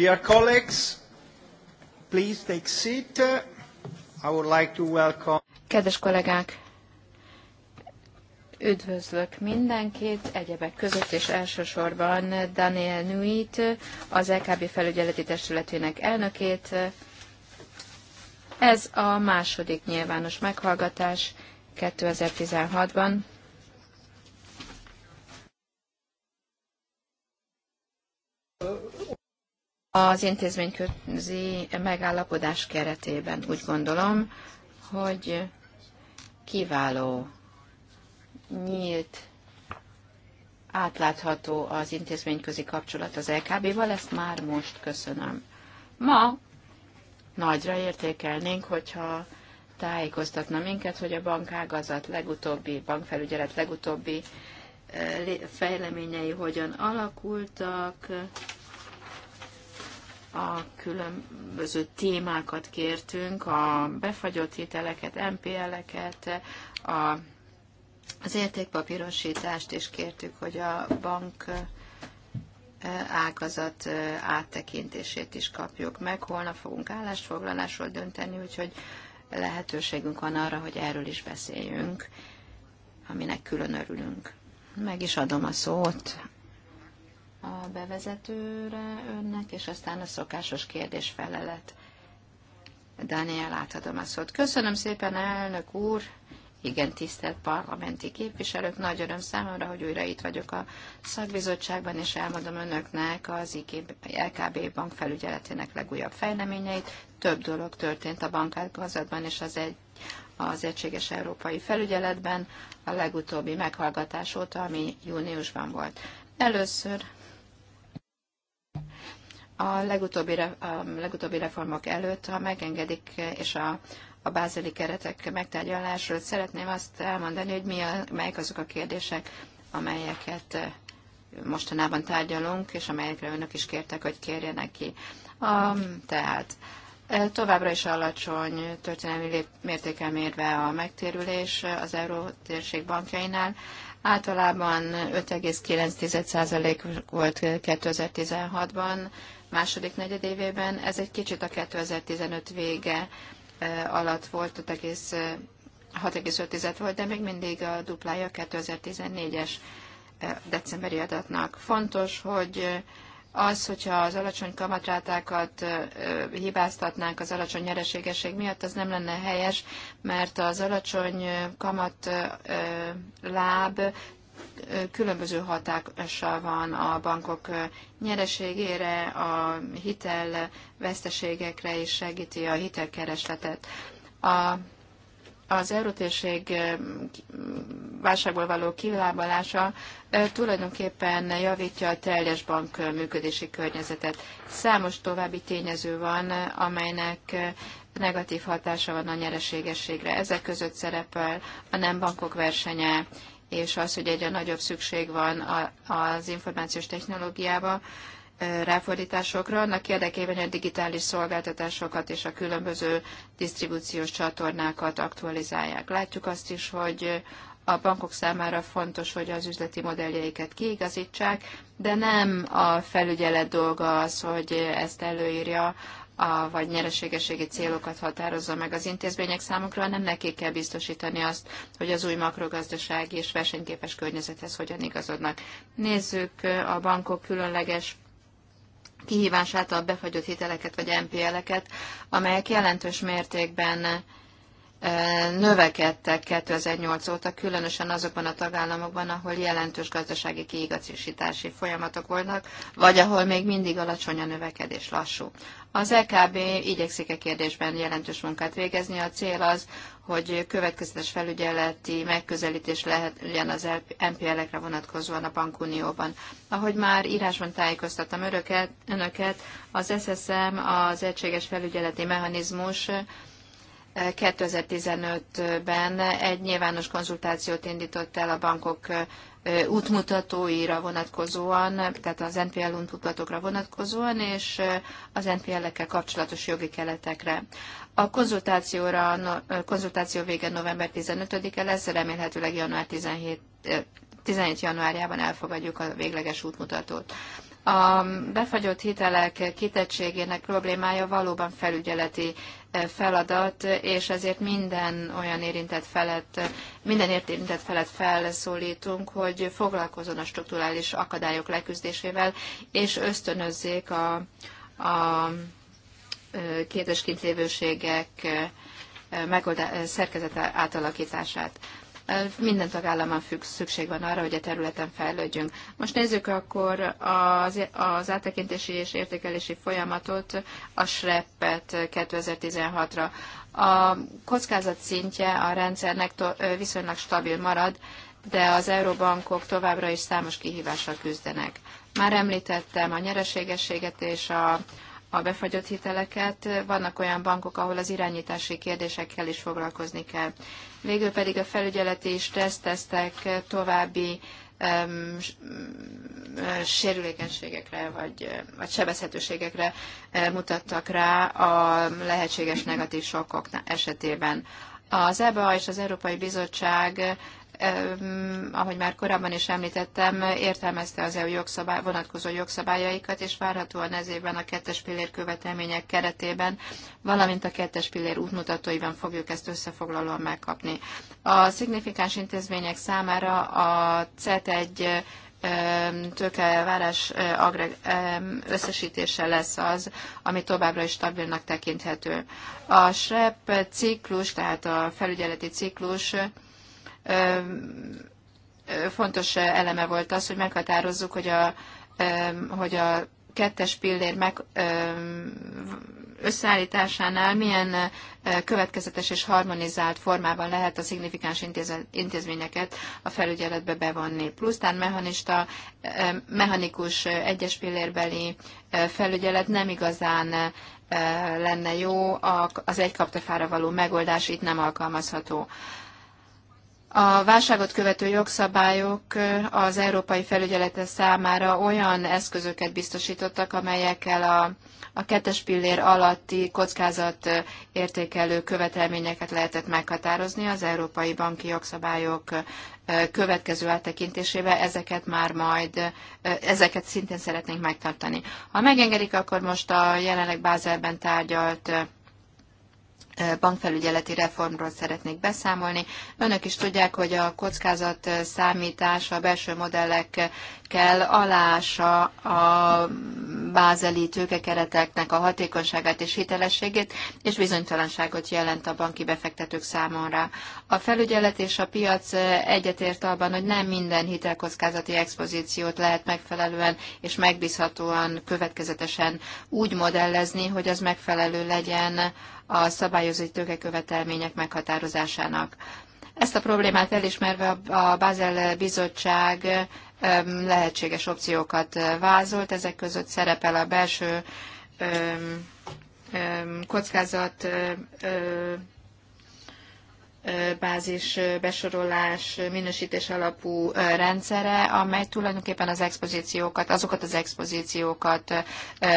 Dear colleagues, please take seat. I would like to welcome... Kedves kollégák, üdvözlök mindenkit, egyebek között és elsősorban Daniel Nuit, az EKB felügyeleti testületének elnökét. Ez a második nyilvános meghallgatás 2016-ban az intézményközi megállapodás keretében. Úgy gondolom, hogy kiváló, nyílt, átlátható az intézményközi kapcsolat az LKB-val, ezt már most köszönöm. Ma nagyra értékelnénk, hogyha tájékoztatna minket, hogy a bankágazat legutóbbi, bankfelügyelet legutóbbi eh, fejleményei hogyan alakultak, a különböző témákat kértünk, a befagyott hiteleket, MPL-eket, a, az értékpapírosítást, és kértük, hogy a bank ágazat áttekintését is kapjuk meg. Holnap fogunk állásfoglalásról dönteni, úgyhogy lehetőségünk van arra, hogy erről is beszéljünk, aminek külön örülünk. Meg is adom a szót a bevezetőre önnek, és aztán a szokásos kérdés-felelet. Daniel, átadom a szót. Köszönöm szépen, elnök úr! Igen, tisztelt parlamenti képviselők, nagy öröm számomra, hogy újra itt vagyok a szakbizottságban, és elmondom önöknek az IKB, LKB bank felügyeletének legújabb fejleményeit. Több dolog történt a bankágazatban, és az egy az Egységes Európai Felügyeletben a legutóbbi meghallgatás óta, ami júniusban volt. Először a legutóbbi, a legutóbbi reformok előtt, ha megengedik, és a, a bázeli keretek megtárgyalásról, szeretném azt elmondani, hogy mi a, melyik azok a kérdések, amelyeket eh, mostanában tárgyalunk, és amelyekre önök is kértek, hogy kérjenek ki. A, tehát eh, továbbra is alacsony történelmi mértékkel mérve a megtérülés az térség bankjainál. Általában 5,9% volt 2016-ban, eh, második negyedévében. Ez egy kicsit a 2015 vége alatt volt, egész 6,5 volt, de még mindig a duplája a 2014-es decemberi adatnak. Fontos, hogy az, hogyha az alacsony kamatrátákat hibáztatnánk az alacsony nyereségesség miatt, az nem lenne helyes, mert az alacsony kamat láb különböző hatással van a bankok nyereségére, a hitel veszteségekre és segíti a hitelkeresletet. A, az eurotérség válságból való kilábalása tulajdonképpen javítja a teljes bank működési környezetet. Számos további tényező van, amelynek negatív hatása van a nyereségességre. Ezek között szerepel a nem bankok versenye, és az, hogy egyre nagyobb szükség van az információs technológiába, ráfordításokra, annak érdekében, a digitális szolgáltatásokat és a különböző disztribúciós csatornákat aktualizálják. Látjuk azt is, hogy a bankok számára fontos, hogy az üzleti modelljeiket kiigazítsák, de nem a felügyelet dolga az, hogy ezt előírja a, vagy nyereségességi célokat határozza meg az intézmények számukra, hanem nekik kell biztosítani azt, hogy az új makrogazdasági és versenyképes környezethez hogyan igazodnak. Nézzük a bankok különleges kihívását a befagyott hiteleket vagy NPL-eket, amelyek jelentős mértékben növekedtek 2008 óta, különösen azokban a tagállamokban, ahol jelentős gazdasági kiigazítási folyamatok voltak, vagy ahol még mindig alacsony a növekedés lassú. Az EKB igyekszik a e kérdésben jelentős munkát végezni. A cél az, hogy következetes felügyeleti megközelítés lehet legyen az MPL-ekre vonatkozóan a bankunióban. Ahogy már írásban tájékoztattam önöket, az SSM, az Egységes Felügyeleti Mechanizmus 2015-ben egy nyilvános konzultációt indított el a bankok útmutatóira vonatkozóan, tehát az NPL útmutatókra vonatkozóan, és az NPL-ekkel kapcsolatos jogi keletekre. A konzultációra, konzultáció vége november 15-e lesz, remélhetőleg január 17, 17 januárjában elfogadjuk a végleges útmutatót. A befagyott hitelek kitettségének problémája valóban felügyeleti eh, feladat, és ezért minden olyan érintett felett, minden érintett felett felszólítunk, hogy foglalkozzon a strukturális akadályok leküzdésével, és ösztönözzék a, a eh, kétes kintlévőségek eh, megoldá- átalakítását minden tagállamban függ, szükség van arra, hogy a területen fejlődjünk. Most nézzük akkor az, az áttekintési és értékelési folyamatot, a SREP-et 2016-ra. A kockázat szintje a rendszernek viszonylag stabil marad, de az euróbankok továbbra is számos kihívással küzdenek. Már említettem a nyereségességet és a, a befagyott hiteleket, vannak olyan bankok, ahol az irányítási kérdésekkel is foglalkozni kell. Végül pedig a felügyeleti stressztesztek további sérülékenységekre vagy, vagy sebezhetőségekre eh, mutattak rá a lehetséges negatív sokkok esetében. Az EBA és az Európai Bizottság ahogy már korábban is említettem, értelmezte az EU jogszabály, vonatkozó jogszabályaikat, és várhatóan ez évben a kettes pillér követelmények keretében, valamint a kettes pillér útmutatóiban fogjuk ezt összefoglalóan megkapni. A szignifikáns intézmények számára a CET1 tőkevárás összesítése lesz az, ami továbbra is stabilnak tekinthető. A SREP ciklus, tehát a felügyeleti ciklus fontos eleme volt az, hogy meghatározzuk, hogy a, hogy a kettes pillér meg, összeállításánál milyen következetes és harmonizált formában lehet a szignifikáns intézményeket a felügyeletbe bevonni. Plusztán mechanista, mechanikus egyes pillérbeli felügyelet nem igazán lenne jó, az egykaptafára való megoldás itt nem alkalmazható. A válságot követő jogszabályok az európai felügyelete számára olyan eszközöket biztosítottak, amelyekkel a, a kettes pillér alatti kockázat értékelő követelményeket lehetett meghatározni az európai banki jogszabályok következő áttekintésével. ezeket már majd, ezeket szintén szeretnénk megtartani. Ha megengedik, akkor most a jelenleg Bázelben tárgyalt bankfelügyeleti reformról szeretnék beszámolni. Önök is tudják, hogy a kockázat számítása, a belső modellekkel alása a bázeli tőkekereteknek a hatékonyságát és hitelességét, és bizonytalanságot jelent a banki befektetők számára. A felügyelet és a piac egyetért abban, hogy nem minden hitelkockázati expozíciót lehet megfelelően és megbízhatóan, következetesen úgy modellezni, hogy az megfelelő legyen a szabályozói tőkekövetelmények meghatározásának. Ezt a problémát elismerve a Bázel bizottság lehetséges opciókat vázolt, ezek között szerepel a belső kockázat bázis besorolás minősítés alapú rendszere, amely tulajdonképpen az expozíciókat, azokat az expozíciókat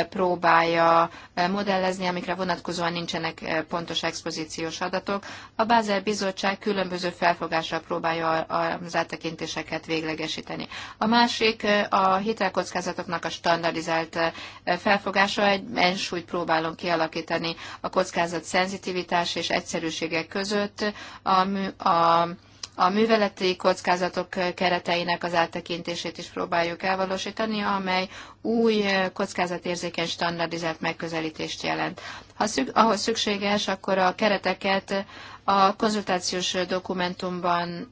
próbálja modellezni, amikre vonatkozóan nincsenek pontos expozíciós adatok. A Bázel Bizottság különböző felfogásra próbálja az áttekintéseket véglegesíteni. A másik a hitelkockázatoknak a standardizált felfogása, egy ensúlyt próbálunk kialakítani a kockázat szenzitivitás és egyszerűségek között, a, mű, a a műveleti kockázatok kereteinek az áttekintését is próbáljuk elvalósítani, amely új kockázatérzékeny standardizált megközelítést jelent. Ha szük, ahhoz szükséges, akkor a kereteket a konzultációs dokumentumban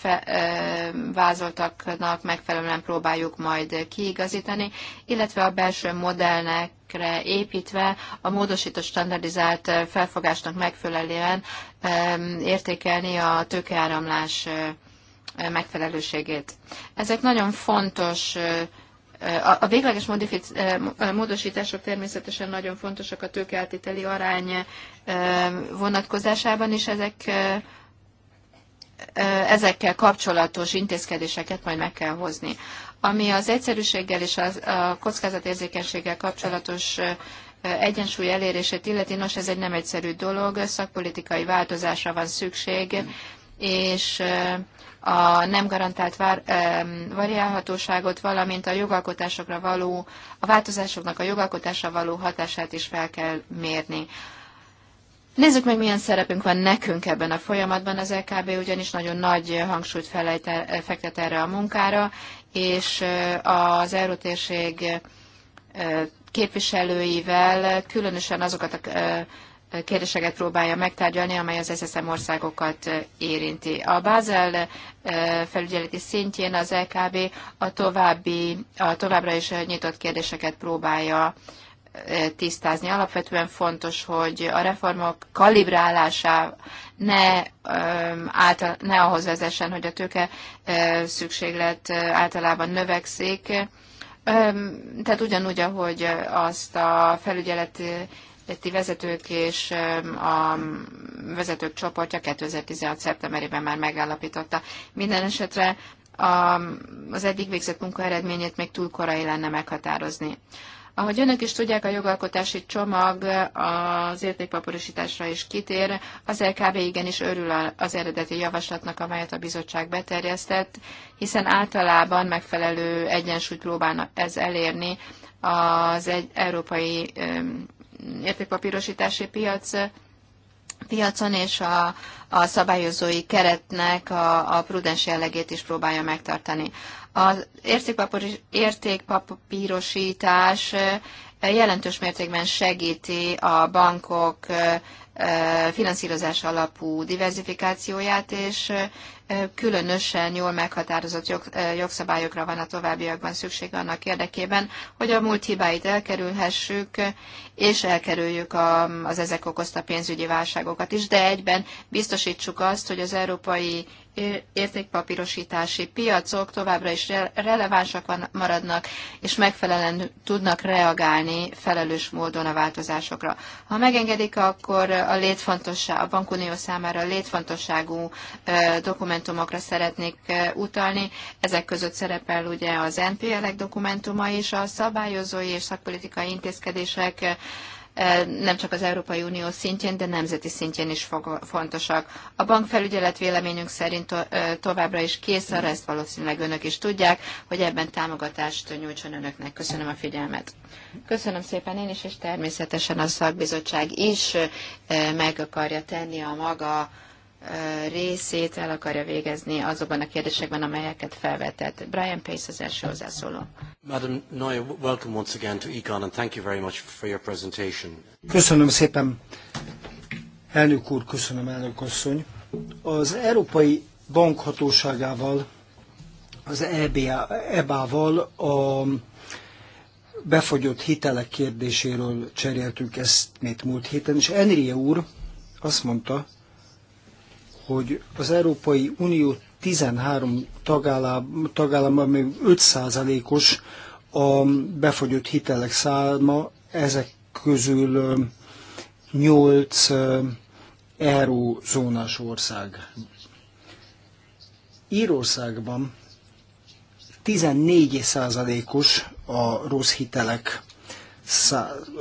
fe, vázoltaknak megfelelően próbáljuk majd kiigazítani, illetve a belső modellnek építve a módosított standardizált felfogásnak megfelelően értékelni a tőkeáramlás megfelelőségét. Ezek nagyon fontos a végleges modific- módosítások természetesen nagyon fontosak a tőkeáltételi arány vonatkozásában is, ezek, ezekkel kapcsolatos intézkedéseket majd meg kell hozni. Ami az egyszerűséggel és a kockázatérzékenységgel kapcsolatos egyensúly elérését illeti, nos ez egy nem egyszerű dolog, szakpolitikai változásra van szükség, és a nem garantált vár, variálhatóságot, valamint a jogalkotásokra való, a változásoknak a jogalkotásra való hatását is fel kell mérni. Nézzük meg, milyen szerepünk van nekünk ebben a folyamatban. Az LKB ugyanis nagyon nagy hangsúlyt felejte, fektet erre a munkára, és az eurótérség képviselőivel különösen azokat a kérdéseket próbálja megtárgyalni, amely az SSM országokat érinti. A Bázel felügyeleti szintjén az LKB e a, további, a továbbra is nyitott kérdéseket próbálja tisztázni. Alapvetően fontos, hogy a reformok kalibrálása ne, által, ne ahhoz vezessen, hogy a tőke szükséglet általában növekszik, tehát ugyanúgy, ahogy azt a felügyeleti vezetők és a vezetők csoportja 2016. szeptemberében már megállapította. Minden esetre az eddig végzett munka eredményét még túl korai lenne meghatározni. Ahogy önök is tudják, a jogalkotási csomag az értékpaporosításra is kitér. Az LKB igenis örül az eredeti javaslatnak, amelyet a bizottság beterjesztett, hiszen általában megfelelő egyensúlyt próbálna ez elérni az egy európai értékpapírosítási piac piacon, és a, a szabályozói keretnek a, a prudens jellegét is próbálja megtartani. Az értékpapírosítás jelentős mértékben segíti a bankok finanszírozás alapú diversifikációját, és különösen jól meghatározott jog, jogszabályokra van a továbbiakban szükség annak érdekében, hogy a múlt hibáit elkerülhessük, és elkerüljük a, az ezek okozta pénzügyi válságokat is, de egyben biztosítsuk azt, hogy az európai értékpapírosítási piacok továbbra is relevánsak maradnak, és megfelelően tudnak reagálni felelős módon a változásokra. Ha megengedik, akkor a létfontosság, a bankunió számára létfontosságú dokumentumokra szeretnék utalni. Ezek között szerepel ugye az NPL-ek dokumentuma és a szabályozói és szakpolitikai intézkedések nem csak az Európai Unió szintjén, de nemzeti szintjén is fontosak. A bankfelügyelet véleményünk szerint továbbra is kész arra, ezt valószínűleg önök is tudják, hogy ebben támogatást nyújtson önöknek. Köszönöm a figyelmet. Köszönöm szépen én is, és természetesen a szakbizottság is meg akarja tenni a maga Eh, részét el akarja végezni azokban a kérdésekben, amelyeket felvetett. Brian Pace az első hozzászóló. Madam Noya, welcome once again to Econ, and thank you very much for your presentation. Köszönöm szépen, elnök úr, köszönöm, elnök asszony. Az Európai Bankhatóságával, az EBA-val a e befagyott hitelek kérdéséről cseréltük ezt, mit múlt héten, és Enrie úr azt mondta, hogy az Európai Unió 13 tagállam, még 5%-os a befogyott hitelek száma, ezek közül 8 eurózónás ország. Írországban 14%-os a rossz hitelek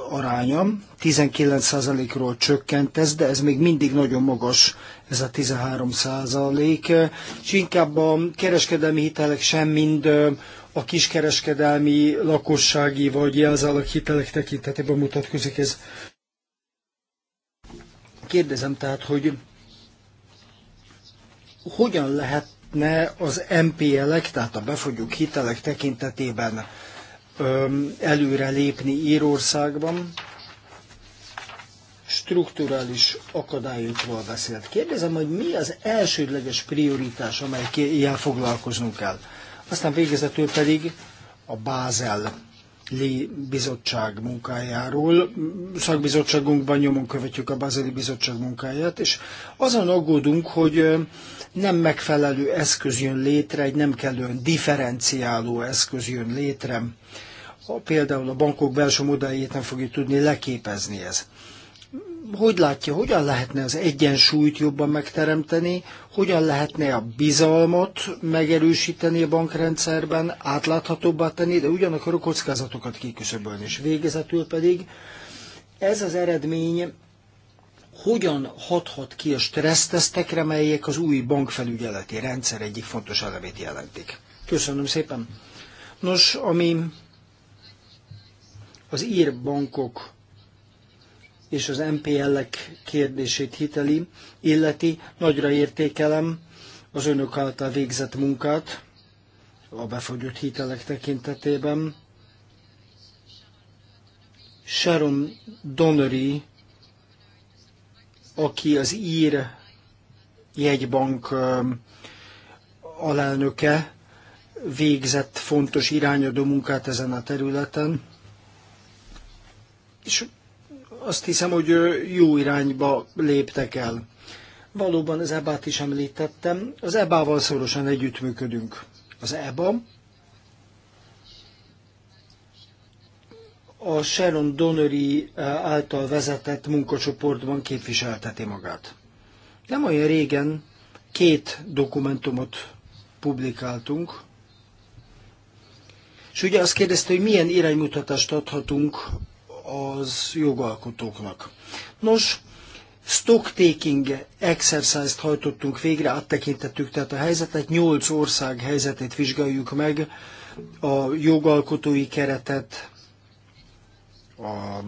aránya 19%-ról csökkent ez, de ez még mindig nagyon magas, ez a 13%, és inkább a kereskedelmi hitelek sem mind a kiskereskedelmi, lakossági vagy jelzálak hitelek tekintetében mutatkozik ez. Kérdezem tehát, hogy hogyan lehetne az MPL-ek, tehát a befogyók hitelek tekintetében előre lépni Írországban, strukturális akadályokról beszélt. Kérdezem, hogy mi az elsődleges prioritás, amely ilyen foglalkoznunk kell. Aztán végezetül pedig a Bázel bizottság munkájáról. Szakbizottságunkban nyomon követjük a Bázeli bizottság munkáját, és azon aggódunk, hogy nem megfelelő eszköz jön létre, egy nem kellően differenciáló eszköz jön létre. A, például a bankok belső modelljét nem fogja tudni leképezni ez. Hogy látja, hogyan lehetne az egyensúlyt jobban megteremteni, hogyan lehetne a bizalmat megerősíteni a bankrendszerben, átláthatóbbá tenni, de ugyanakkor a kockázatokat kiküszöbölni. És végezetül pedig ez az eredmény hogyan hathat ki a stressztesztekre, melyek az új bankfelügyeleti rendszer egyik fontos elemét jelentik. Köszönöm szépen. Nos, ami az ír bankok és az MPL-ek kérdését hiteli, illeti, nagyra értékelem az önök által végzett munkát a befogyott hitelek tekintetében. Sharon Donnery aki az ír jegybank alelnöke, végzett fontos irányadó munkát ezen a területen, és azt hiszem, hogy jó irányba léptek el. Valóban az EBA-t is említettem, az EBA-val szorosan együttműködünk. Az EBA a Sharon Donnery eh, által vezetett munkacsoportban képviselteti magát. Nem olyan régen két dokumentumot publikáltunk, és ugye azt kérdezte, hogy milyen iránymutatást adhatunk az jogalkotóknak. Nos, stocktaking exercise-t hajtottunk végre, áttekintettük tehát a helyzetet, nyolc ország helyzetét vizsgáljuk meg, a jogalkotói keretet, a,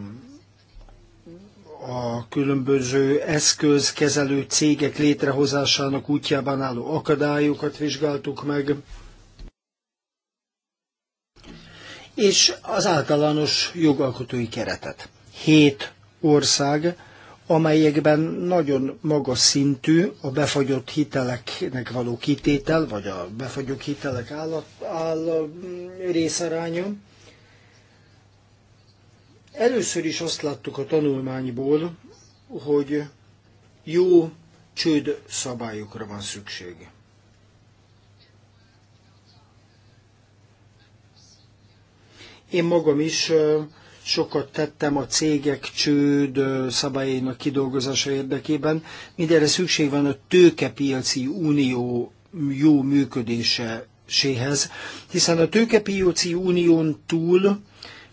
a különböző eszközkezelő cégek létrehozásának útjában álló akadályokat vizsgáltuk meg, és az általános jogalkotói keretet. Hét ország, amelyekben nagyon magas szintű a befagyott hiteleknek való kitétel, vagy a befagyott hitelek áll, áll részaránya, Először is azt láttuk a tanulmányból, hogy jó csőd szabályokra van szükség. Én magam is sokat tettem a cégek csőd szabályainak kidolgozása érdekében. Mindenre szükség van a tőkepiaci unió jó működése hiszen a tőkepiaci unión túl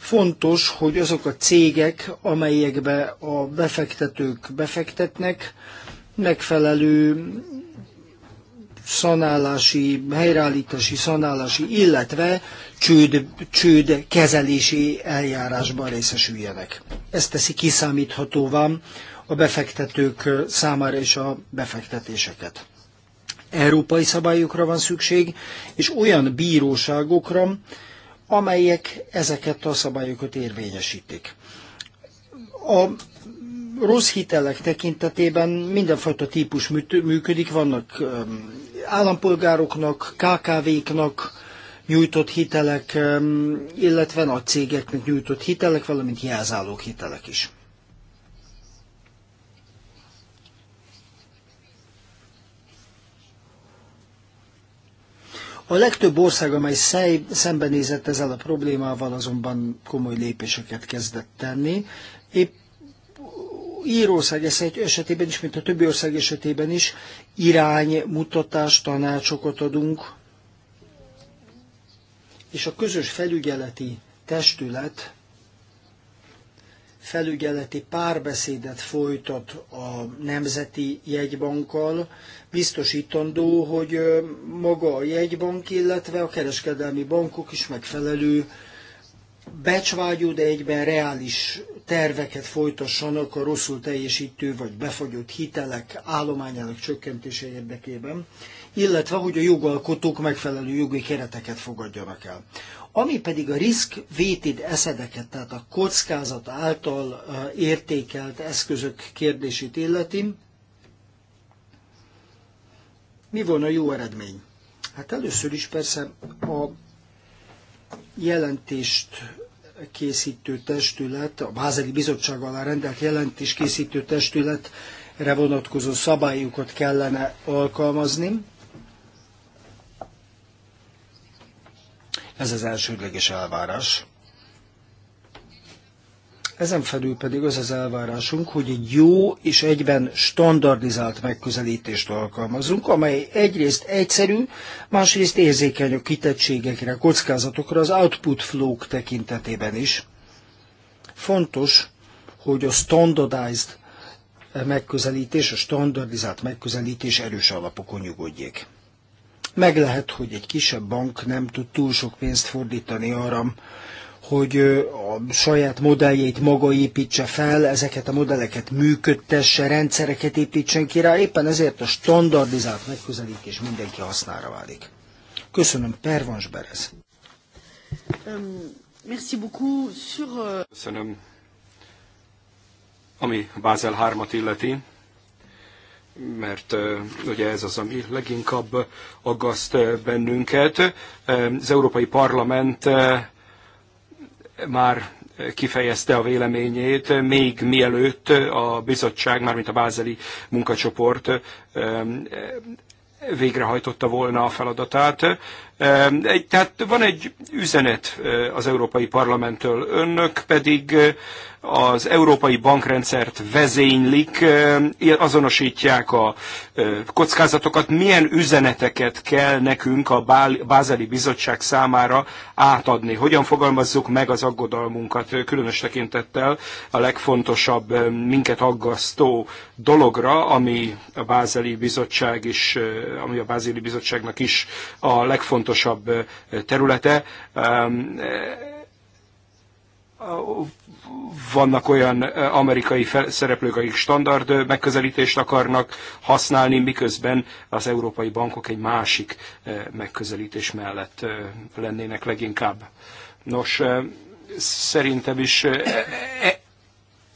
Fontos, hogy azok a cégek, amelyekbe a befektetők befektetnek, megfelelő szanálási, helyreállítási szanálási, illetve csőd, csőd kezelési eljárásban részesüljenek. Ez teszi kiszámíthatóvá a befektetők számára és a befektetéseket. Európai szabályokra van szükség, és olyan bíróságokra, amelyek ezeket a szabályokat érvényesítik. A rossz hitelek tekintetében mindenfajta típus működik, vannak állampolgároknak, KKV-knak nyújtott hitelek, illetve nagy cégeknek nyújtott hitelek, valamint jelzálók hitelek is. A legtöbb ország, amely szej, szembenézett ezzel a problémával, azonban komoly lépéseket kezdett tenni. Épp Írország esetében is, mint a többi ország esetében is iránymutatást, tanácsokat adunk, és a közös felügyeleti testület felügyeleti párbeszédet folytat a Nemzeti Jegybankkal, biztosítandó, hogy maga a jegybank, illetve a kereskedelmi bankok is megfelelő becsvágyú, de egyben reális terveket folytassanak a rosszul teljesítő vagy befagyott hitelek állományának csökkentése érdekében, illetve hogy a jogalkotók megfelelő jogi kereteket fogadjanak el. Ami pedig a risk vétid eszedeket, tehát a kockázat által értékelt eszközök kérdését illeti, mi volna jó eredmény? Hát először is persze a jelentést készítő testület, a Bázeli Bizottság alá rendelt jelentést készítő testületre vonatkozó szabályokat kellene alkalmazni, Ez az elsődleges elvárás. Ezen felül pedig az az elvárásunk, hogy egy jó és egyben standardizált megközelítést alkalmazunk, amely egyrészt egyszerű, másrészt érzékeny a kitettségekre, a kockázatokra, az output flow tekintetében is. Fontos, hogy a standardized megközelítés, a standardizált megközelítés erős alapokon nyugodjék. Meg lehet, hogy egy kisebb bank nem tud túl sok pénzt fordítani arra, hogy a saját modelljeit maga építse fel, ezeket a modelleket működtesse, rendszereket építsen ki rá, éppen ezért a standardizált megközelítés mindenki hasznára válik. Köszönöm, Pervans Berez. Merci beaucoup. Sur... Köszönöm. Ami Bázel 3-at illeti, mert ugye ez az, ami leginkább aggaszt bennünket. Az Európai Parlament már kifejezte a véleményét, még mielőtt a bizottság, mármint a bázeli munkacsoport végrehajtotta volna a feladatát. Tehát van egy üzenet az Európai Parlamenttől, önök pedig az európai bankrendszert vezénylik, azonosítják a kockázatokat, milyen üzeneteket kell nekünk a Bázeli Bizottság számára átadni, hogyan fogalmazzuk meg az aggodalmunkat, különös tekintettel a legfontosabb minket aggasztó dologra, ami a Bázeli Bizottság is, ami a Bázeli Bizottságnak is a legfontosabb területe vannak olyan amerikai szereplők, akik standard megközelítést akarnak használni, miközben az európai bankok egy másik megközelítés mellett lennének leginkább. Nos, szerintem is e, e,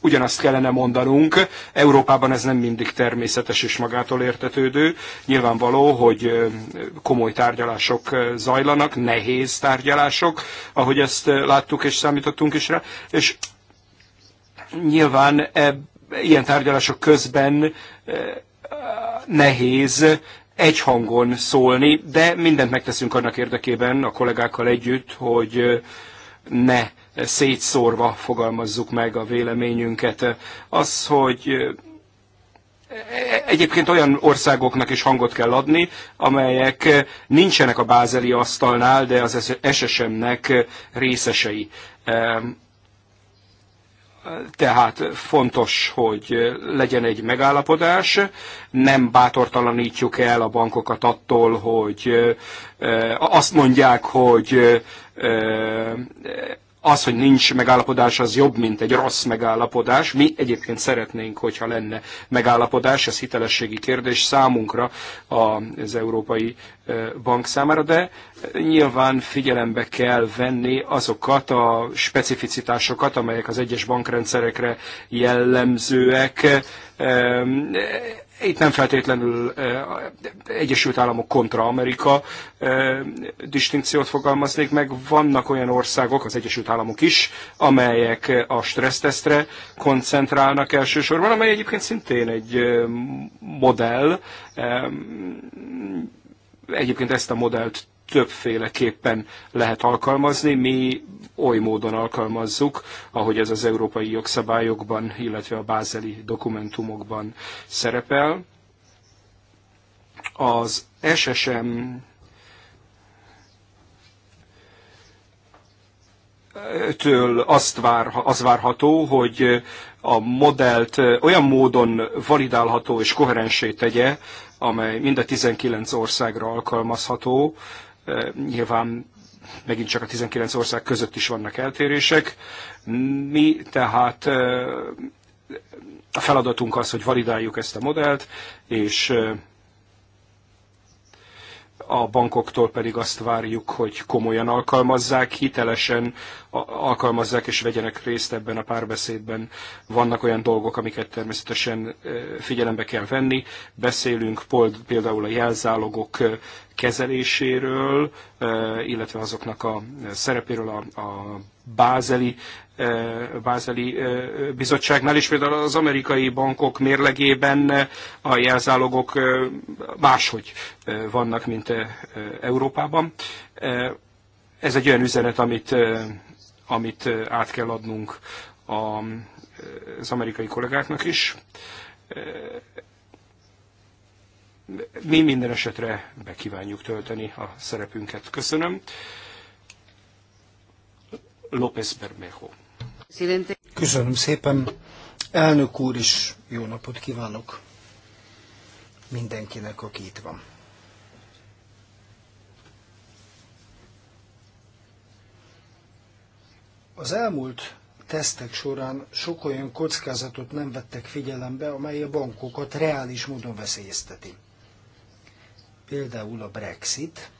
ugyanazt kellene mondanunk. Európában ez nem mindig természetes és magától értetődő. Nyilvánvaló, hogy komoly tárgyalások zajlanak, nehéz tárgyalások, ahogy ezt láttuk és számítottunk is rá. És Nyilván e, ilyen tárgyalások közben e, nehéz egy hangon szólni, de mindent megteszünk annak érdekében a kollégákkal együtt, hogy e, ne szétszórva fogalmazzuk meg a véleményünket. Az, hogy egyébként olyan országoknak is hangot kell adni, amelyek nincsenek a bázeli asztalnál, de az SSM-nek részesei tehát fontos, hogy legyen egy megállapodás, nem bátortalanítjuk el a bankokat attól, hogy azt mondják, hogy az, hogy nincs megállapodás, az jobb, mint egy rossz megállapodás. Mi egyébként szeretnénk, hogyha lenne megállapodás, ez hitelességi kérdés számunkra az Európai Bank számára, de nyilván figyelembe kell venni azokat a specificitásokat, amelyek az egyes bankrendszerekre jellemzőek itt nem feltétlenül Egyesült Államok kontra Amerika distinkciót fogalmaznék meg. Vannak olyan országok, az Egyesült Államok is, amelyek a stressztesztre koncentrálnak elsősorban, amely egyébként szintén egy modell. Egyébként ezt a modellt többféleképpen lehet alkalmazni. Mi oly módon alkalmazzuk, ahogy ez az európai jogszabályokban, illetve a bázeli dokumentumokban szerepel. Az SSM től azt vár, az várható, hogy a modellt olyan módon validálható és koherensé tegye, amely mind a 19 országra alkalmazható, Nyilván megint csak a 19 ország között is vannak eltérések. Mi tehát a feladatunk az, hogy validáljuk ezt a modellt, és a bankoktól pedig azt várjuk, hogy komolyan alkalmazzák, hitelesen alkalmazzák és vegyenek részt ebben a párbeszédben. Vannak olyan dolgok, amiket természetesen figyelembe kell venni. Beszélünk például a jelzálogok kezeléséről, illetve azoknak a szerepéről a, bázeli, bázeli bizottságnál, és például az amerikai bankok mérlegében a jelzálogok máshogy vannak, mint Európában. Ez egy olyan üzenet, amit amit át kell adnunk a, az amerikai kollégáknak is. Mi minden esetre bekívánjuk tölteni a szerepünket. Köszönöm. López Bermejo. Köszönöm szépen. Elnök úr is jó napot kívánok mindenkinek, aki itt van. Az elmúlt tesztek során sok olyan kockázatot nem vettek figyelembe, amely a bankokat reális módon veszélyezteti. Például a Brexit,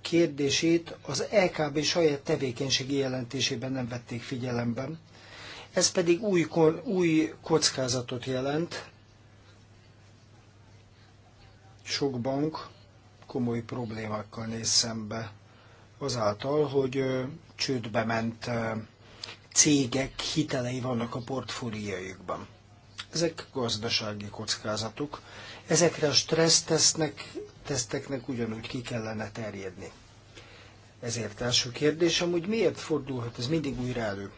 kérdését az EKB saját tevékenységi jelentésében nem vették figyelembe. Ez pedig új, új kockázatot jelent. Sok bank komoly problémákkal néz szembe azáltal, hogy csődbe ment cégek hitelei vannak a portfóliójukban. Ezek gazdasági kockázatok. Ezekre a stressztesznek, teszteknek ugyanúgy ki kellene terjedni. Ezért első kérdésem, hogy miért fordulhat ez mindig újra elő,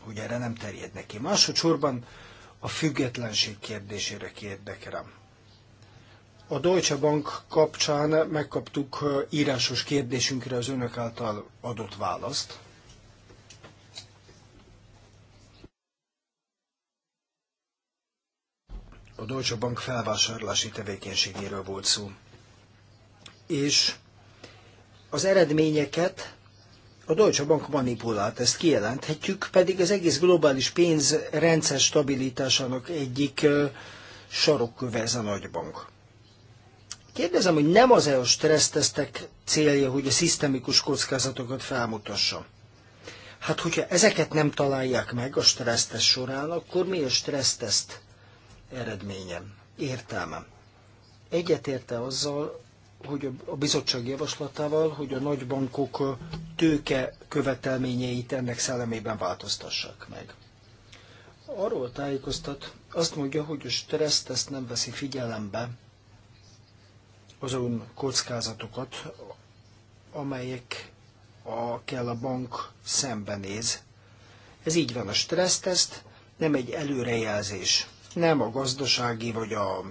hogy erre nem terjed neki. Másodszorban a függetlenség kérdésére kérdek a Deutsche Bank kapcsán megkaptuk írásos kérdésünkre az önök által adott választ. A Deutsche Bank felvásárlási tevékenységéről volt szó. És az eredményeket a Deutsche Bank manipulált, ezt kijelenthetjük, pedig az egész globális pénzrendszer stabilitásának egyik sarokköve ez a nagybank. Kérdezem, hogy nem az EU stressztesztek célja, hogy a szisztemikus kockázatokat felmutassa. Hát, hogyha ezeket nem találják meg a stressztesz során, akkor mi a stresszteszt eredménye, értelme? Egyetérte azzal, hogy a bizottság javaslatával, hogy a nagybankok tőke követelményeit ennek szellemében változtassák meg. Arról tájékoztat, azt mondja, hogy a stresszteszt nem veszi figyelembe azon kockázatokat, amelyek a, kell a bank szembenéz. Ez így van a stresszteszt, nem egy előrejelzés. Nem a gazdasági vagy a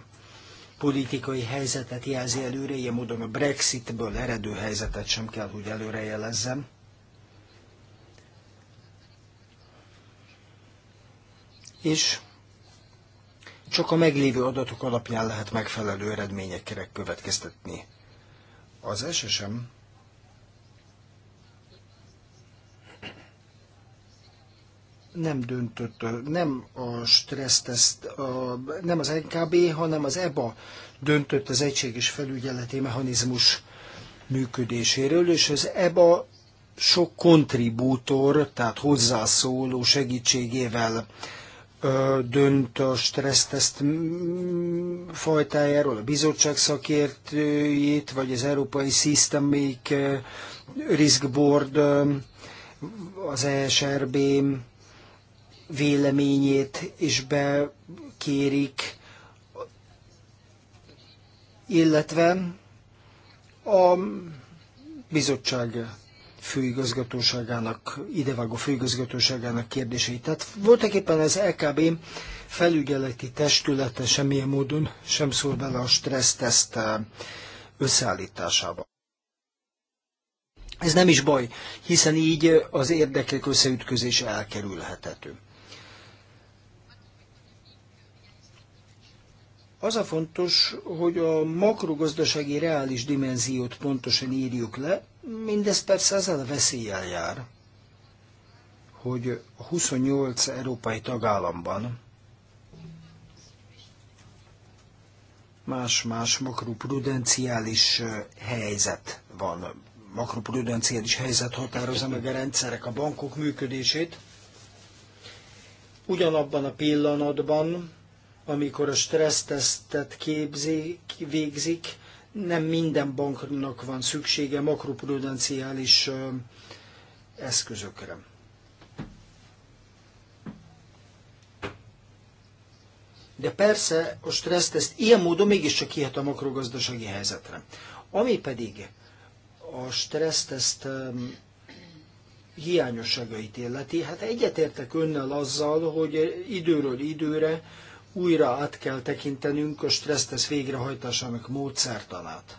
politikai helyzetet jelzi előre, ilyen módon a Brexitből eredő helyzetet sem kell, hogy előrejelezzem. És csak a meglévő adatok alapján lehet megfelelő eredményekre következtetni. Az SSM nem döntött, nem a stresszteszt, nem az NKB, hanem az EBA döntött az egységes felügyeleti mechanizmus működéséről, és az EBA sok kontribútor, tehát hozzászóló segítségével dönt a stresszteszt fajtájáról, a bizottság szakértőjét, vagy az Európai Systemic Risk Board, az ESRB véleményét is bekérik, illetve a bizottság főigazgatóságának, idevágó főigazgatóságának kérdéseit. Tehát voltak éppen az LKB felügyeleti testülete semmilyen módon sem szól bele a stresszteszt eh, összeállításába. Ez nem is baj, hiszen így az érdekek összeütközése elkerülhetető. Az a fontos, hogy a makrogazdasági reális dimenziót pontosan írjuk le, Mindez persze azzal a veszéllyel jár, hogy a 28 európai tagállamban más-más makroprudenciális helyzet van. Makroprudenciális helyzet határozza meg a rendszerek, a bankok működését. Ugyanabban a pillanatban, amikor a stressztesztet képzik, végzik, nem minden banknak van szüksége makroprudenciális eszközökre. De persze a stresszteszt ilyen módon mégiscsak kihet a makrogazdasági helyzetre. Ami pedig a stresszteszt hiányosságait illeti, hát egyetértek önnel azzal, hogy időről időre újra át kell tekintenünk a stressztesz végrehajtásának módszertanát.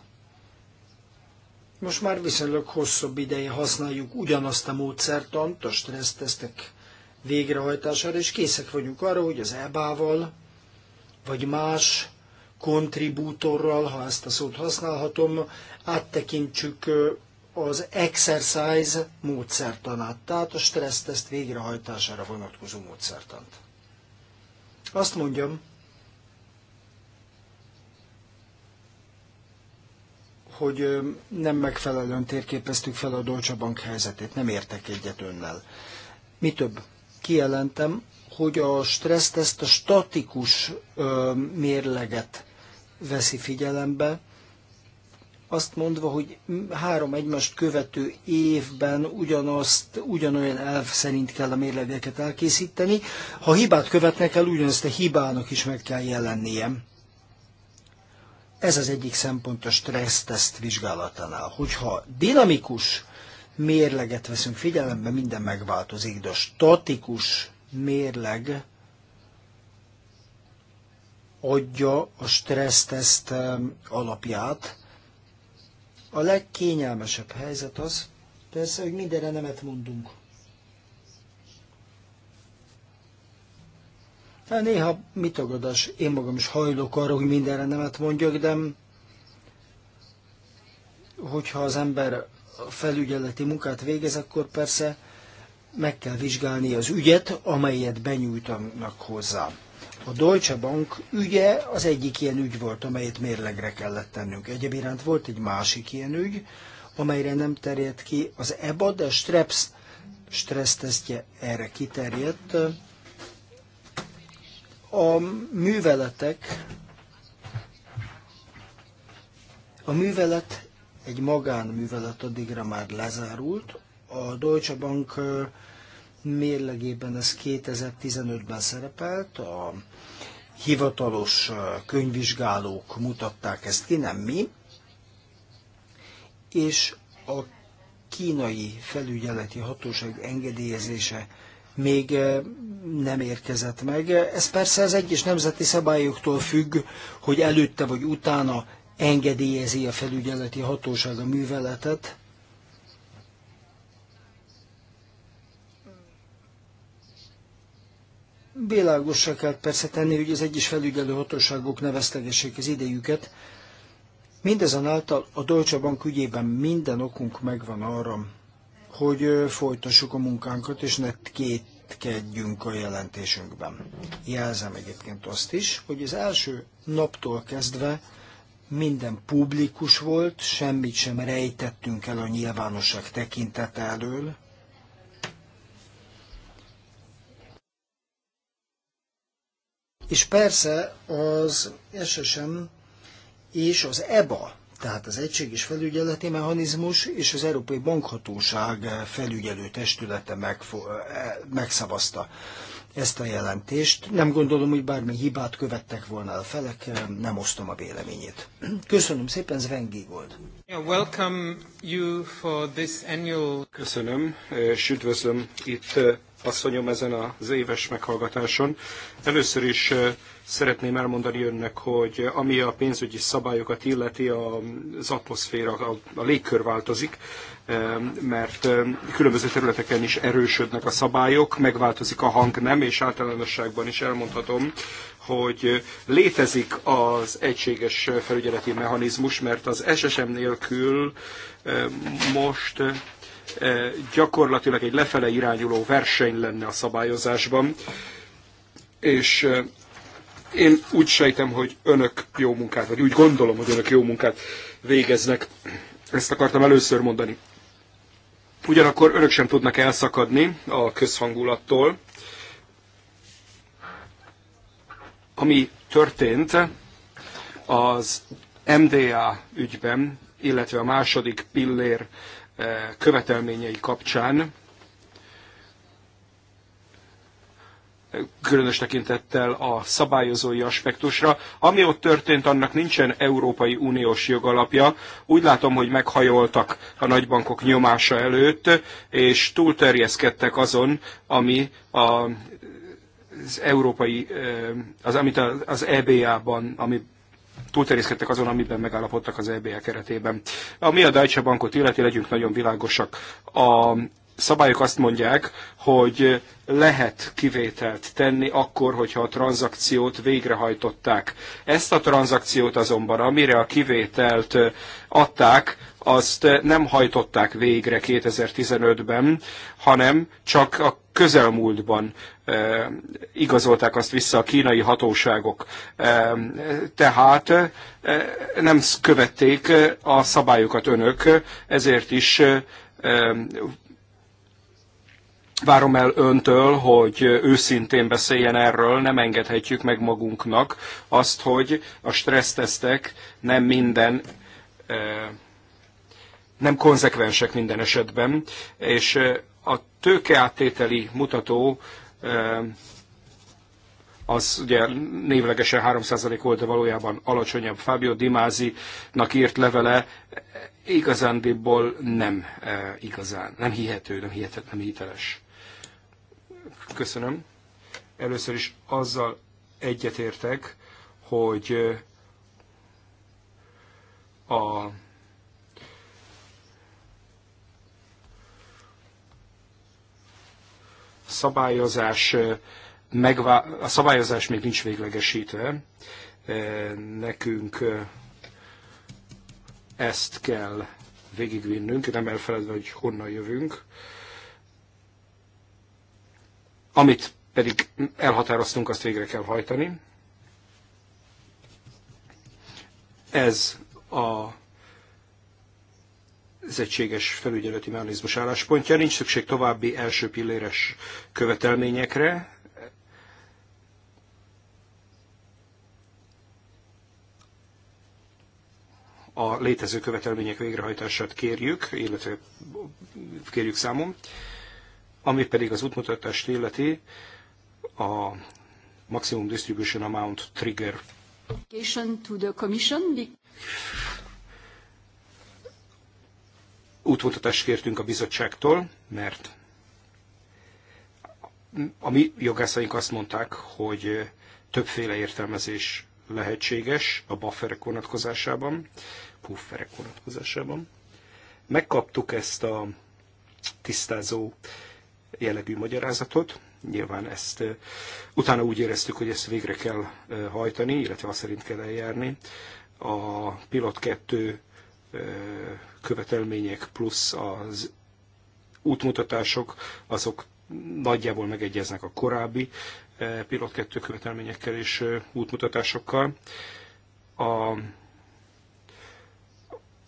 Most már viszonylag hosszabb ideje használjuk ugyanazt a módszertant a stressztesztek végrehajtására, és készek vagyunk arra, hogy az EBA-val, vagy más kontribútorral, ha ezt a szót használhatom, áttekintsük az exercise módszertanát, tehát a stresszteszt végrehajtására vonatkozó módszertant. Azt mondjam, hogy nem megfelelően térképeztük fel a Deutsche Bank helyzetét, nem értek egyet önnel. Mi több, kijelentem, hogy a stresszteszt a statikus mérleget veszi figyelembe, azt mondva, hogy három egymást követő évben ugyanazt, ugyanolyan elv szerint kell a mérlegeket elkészíteni. Ha hibát követnek el, ugyanazt a hibának is meg kell jelennie. Ez az egyik szempont a stresszteszt vizsgálatánál. Hogyha dinamikus mérleget veszünk figyelembe, minden megváltozik, de a statikus mérleg adja a stresszteszt alapját, a legkényelmesebb helyzet az, persze, hogy mindenre nemet mondunk. Hát néha mit tagadás, én magam is hajlok arra, hogy mindenre nemet mondjak, de hogyha az ember felügyeleti munkát végez, akkor persze meg kell vizsgálni az ügyet, amelyet benyújtanak hozzá. A Deutsche Bank ügye az egyik ilyen ügy volt, amelyet mérlegre kellett tennünk. Egyebiránt volt egy másik ilyen ügy, amelyre nem terjedt ki az EBA, de a Streps stressztesztje erre kiterjedt. A műveletek, a művelet, egy magánművelet addigra már lezárult, a Deutsche Bank mérlegében ez 2015-ben szerepelt, a hivatalos könyvvizsgálók mutatták ezt ki, nem mi, és a kínai felügyeleti hatóság engedélyezése még nem érkezett meg. Ez persze az egyes nemzeti szabályoktól függ, hogy előtte vagy utána engedélyezi a felügyeleti hatóság a műveletet, Világosra kell persze tenni, hogy az egyes felügyelő hatóságok neveztegessék az idejüket. Mindezonáltal a Deutsche Bank ügyében minden okunk megvan arra, hogy folytassuk a munkánkat, és ne kétkedjünk a jelentésünkben. Jelzem egyébként azt is, hogy az első naptól kezdve minden publikus volt, semmit sem rejtettünk el a nyilvánosság tekintete elől, És persze az SSM és az EBA, tehát az Egységes Felügyeleti Mechanizmus és az Európai Bankhatóság felügyelő testülete e, megszavazta ezt a jelentést. Nem gondolom, hogy bármi hibát követtek volna a felek, nem osztom a véleményét. Köszönöm szépen, Sven Giegold. Welcome you for this annual... Köszönöm, és üdvözlöm itt asszonyom ezen az éves meghallgatáson. Először is eh, szeretném elmondani önnek, hogy ami a pénzügyi szabályokat illeti, az atmoszféra, a légkör változik, eh, mert eh, különböző területeken is erősödnek a szabályok, megváltozik a hang, nem és általánosságban is elmondhatom, hogy létezik az egységes felügyeleti mechanizmus, mert az SSM nélkül most Eh, gyakorlatilag egy lefele irányuló verseny lenne a szabályozásban, és eh, én úgy sejtem, hogy önök jó munkát, vagy úgy gondolom, hogy önök jó munkát végeznek. Ezt akartam először mondani. Ugyanakkor önök sem tudnak elszakadni a közhangulattól. Ami történt az MDA ügyben, illetve a második pillér követelményei kapcsán, különös tekintettel a szabályozói aspektusra. Ami ott történt, annak nincsen Európai Uniós jogalapja. Úgy látom, hogy meghajoltak a nagybankok nyomása előtt, és túlterjeszkedtek azon, ami a az európai, az, amit az EBA-ban, ami túlterjeszkedtek azon, amiben megállapodtak az EBA keretében. Ami a Deutsche Bankot illeti, legyünk nagyon világosak. A szabályok azt mondják, hogy lehet kivételt tenni akkor, hogyha a tranzakciót végrehajtották. Ezt a tranzakciót azonban, amire a kivételt adták, azt nem hajtották végre 2015-ben, hanem csak a közelmúltban e, igazolták azt vissza a kínai hatóságok. E, tehát e, nem követték a szabályokat önök, ezért is e, Várom el öntől, hogy őszintén beszéljen erről, nem engedhetjük meg magunknak azt, hogy a stressztesztek nem minden eh, nem konzekvensek minden esetben, és eh, a tőkeáttételi mutató eh, az ugye névlegesen 3% volt, de valójában alacsonyabb. Fábio Dimázinak írt levele igazándiból nem igazán, nem hihető, nem hihetet, nem hiteles. Köszönöm. Először is azzal egyetértek, hogy a szabályozás megvá- a szabályozás még nincs véglegesítve. Nekünk ezt kell végigvinnünk, nem elfeledve, hogy honnan jövünk. Amit pedig elhatároztunk, azt végre kell hajtani. Ez a az egységes felügyeleti mechanizmus álláspontja. Nincs szükség további első pilléres követelményekre. A létező követelmények végrehajtását kérjük, illetve kérjük számon. Ami pedig az útmutatást illeti, a maximum distribution amount trigger. To the commission. Útmutatást kértünk a bizottságtól, mert a mi jogászaink azt mondták, hogy többféle értelmezés lehetséges a bufferek vonatkozásában, pufferek vonatkozásában. Megkaptuk ezt a tisztázó jellegű magyarázatot. Nyilván ezt utána úgy éreztük, hogy ezt végre kell hajtani, illetve azt szerint kell eljárni. A Pilot 2 követelmények plusz az útmutatások, azok nagyjából megegyeznek a korábbi Pilot 2 követelményekkel és útmutatásokkal. A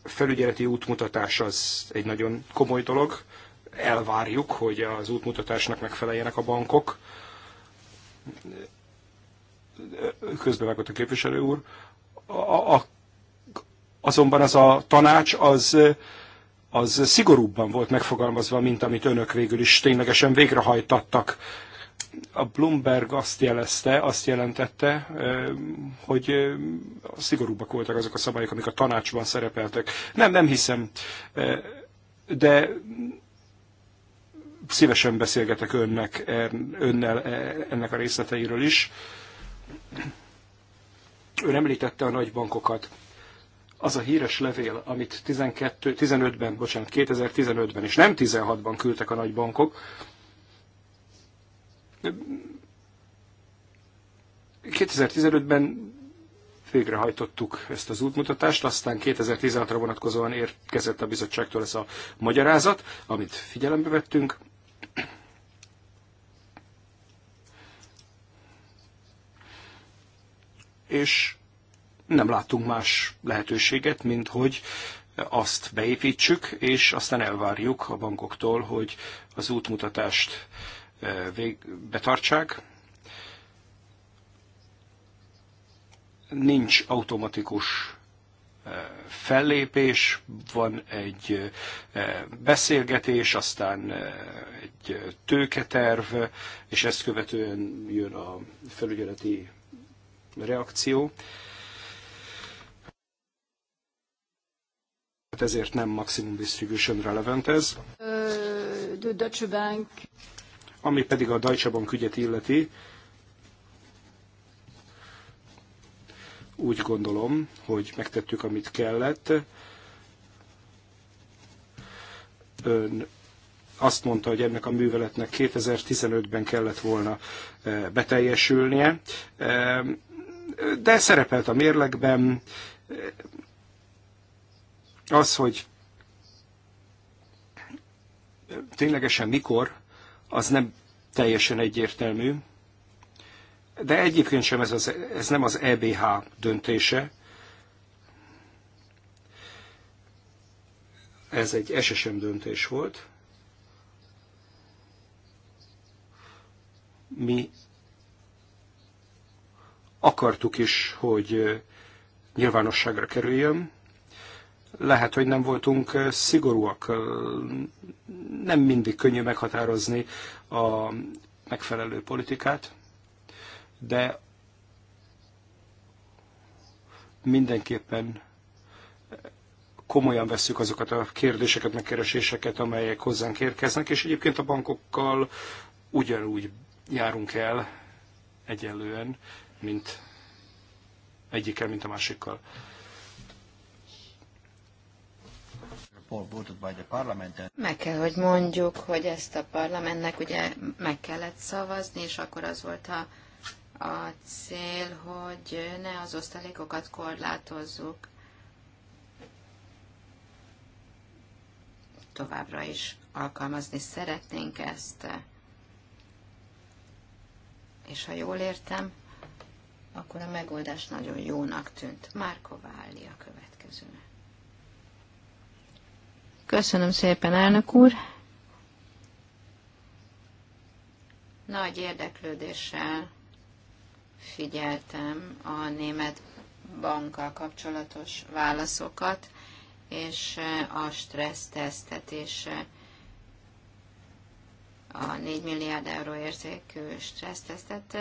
felügyeleti útmutatás az egy nagyon komoly dolog, elvárjuk, hogy az útmutatásnak megfeleljenek a bankok. Közbevágott a képviselő úr. A, a, azonban az a tanács az, az szigorúbban volt megfogalmazva, mint amit önök végül is ténylegesen végrehajtattak. A Bloomberg azt jelezte, azt jelentette, hogy szigorúbbak voltak azok a szabályok, amik a tanácsban szerepeltek. Nem, nem hiszem, de Szívesen beszélgetek önnek, önnel e, ennek a részleteiről is. Ön említette a nagy bankokat. Az a híres levél, amit 12, 15-ben, bocsánat, 2015-ben és nem 16-ban küldtek a nagy bankok, de 2015-ben végrehajtottuk ezt az útmutatást, aztán 2016-ra vonatkozóan érkezett a bizottságtól ez a magyarázat, amit figyelembe vettünk, és nem látunk más lehetőséget, mint hogy azt beépítsük, és aztán elvárjuk a bankoktól, hogy az útmutatást e, betartsák. Nincs automatikus e, fellépés, van egy e, beszélgetés, aztán egy tőketerv, és ezt követően jön a felügyeleti reakció. Hát ezért nem maximum distribution relevant ez. De Deutsche Bank. Ami pedig a Deutsche Bank ügyet illeti, úgy gondolom, hogy megtettük, amit kellett. Ön azt mondta, hogy ennek a műveletnek 2015-ben kellett volna eh, beteljesülnie. Eh, de szerepelt a mérlegben az, hogy ténylegesen mikor, az nem teljesen egyértelmű, de egyébként sem ez, az, ez nem az EBH döntése, ez egy SSM döntés volt. Mi akartuk is, hogy nyilvánosságra kerüljön. Lehet, hogy nem voltunk szigorúak, nem mindig könnyű meghatározni a megfelelő politikát, de mindenképpen komolyan vesszük azokat a kérdéseket, megkereséseket, amelyek hozzánk érkeznek, és egyébként a bankokkal ugyanúgy járunk el egyenlően, mint egyikkel, mint a másikkal. Meg kell, hogy mondjuk, hogy ezt a parlamentnek ugye meg kellett szavazni, és akkor az volt a, a cél, hogy ne az osztalékokat korlátozzuk továbbra is alkalmazni szeretnénk ezt. És ha jól értem, akkor a megoldás nagyon jónak tűnt. Márko Válli a következő. Köszönöm szépen, elnök úr! Nagy érdeklődéssel figyeltem a német bankkal kapcsolatos válaszokat, és a stressztesztet és a 4 milliárd euró értékű stressztesztet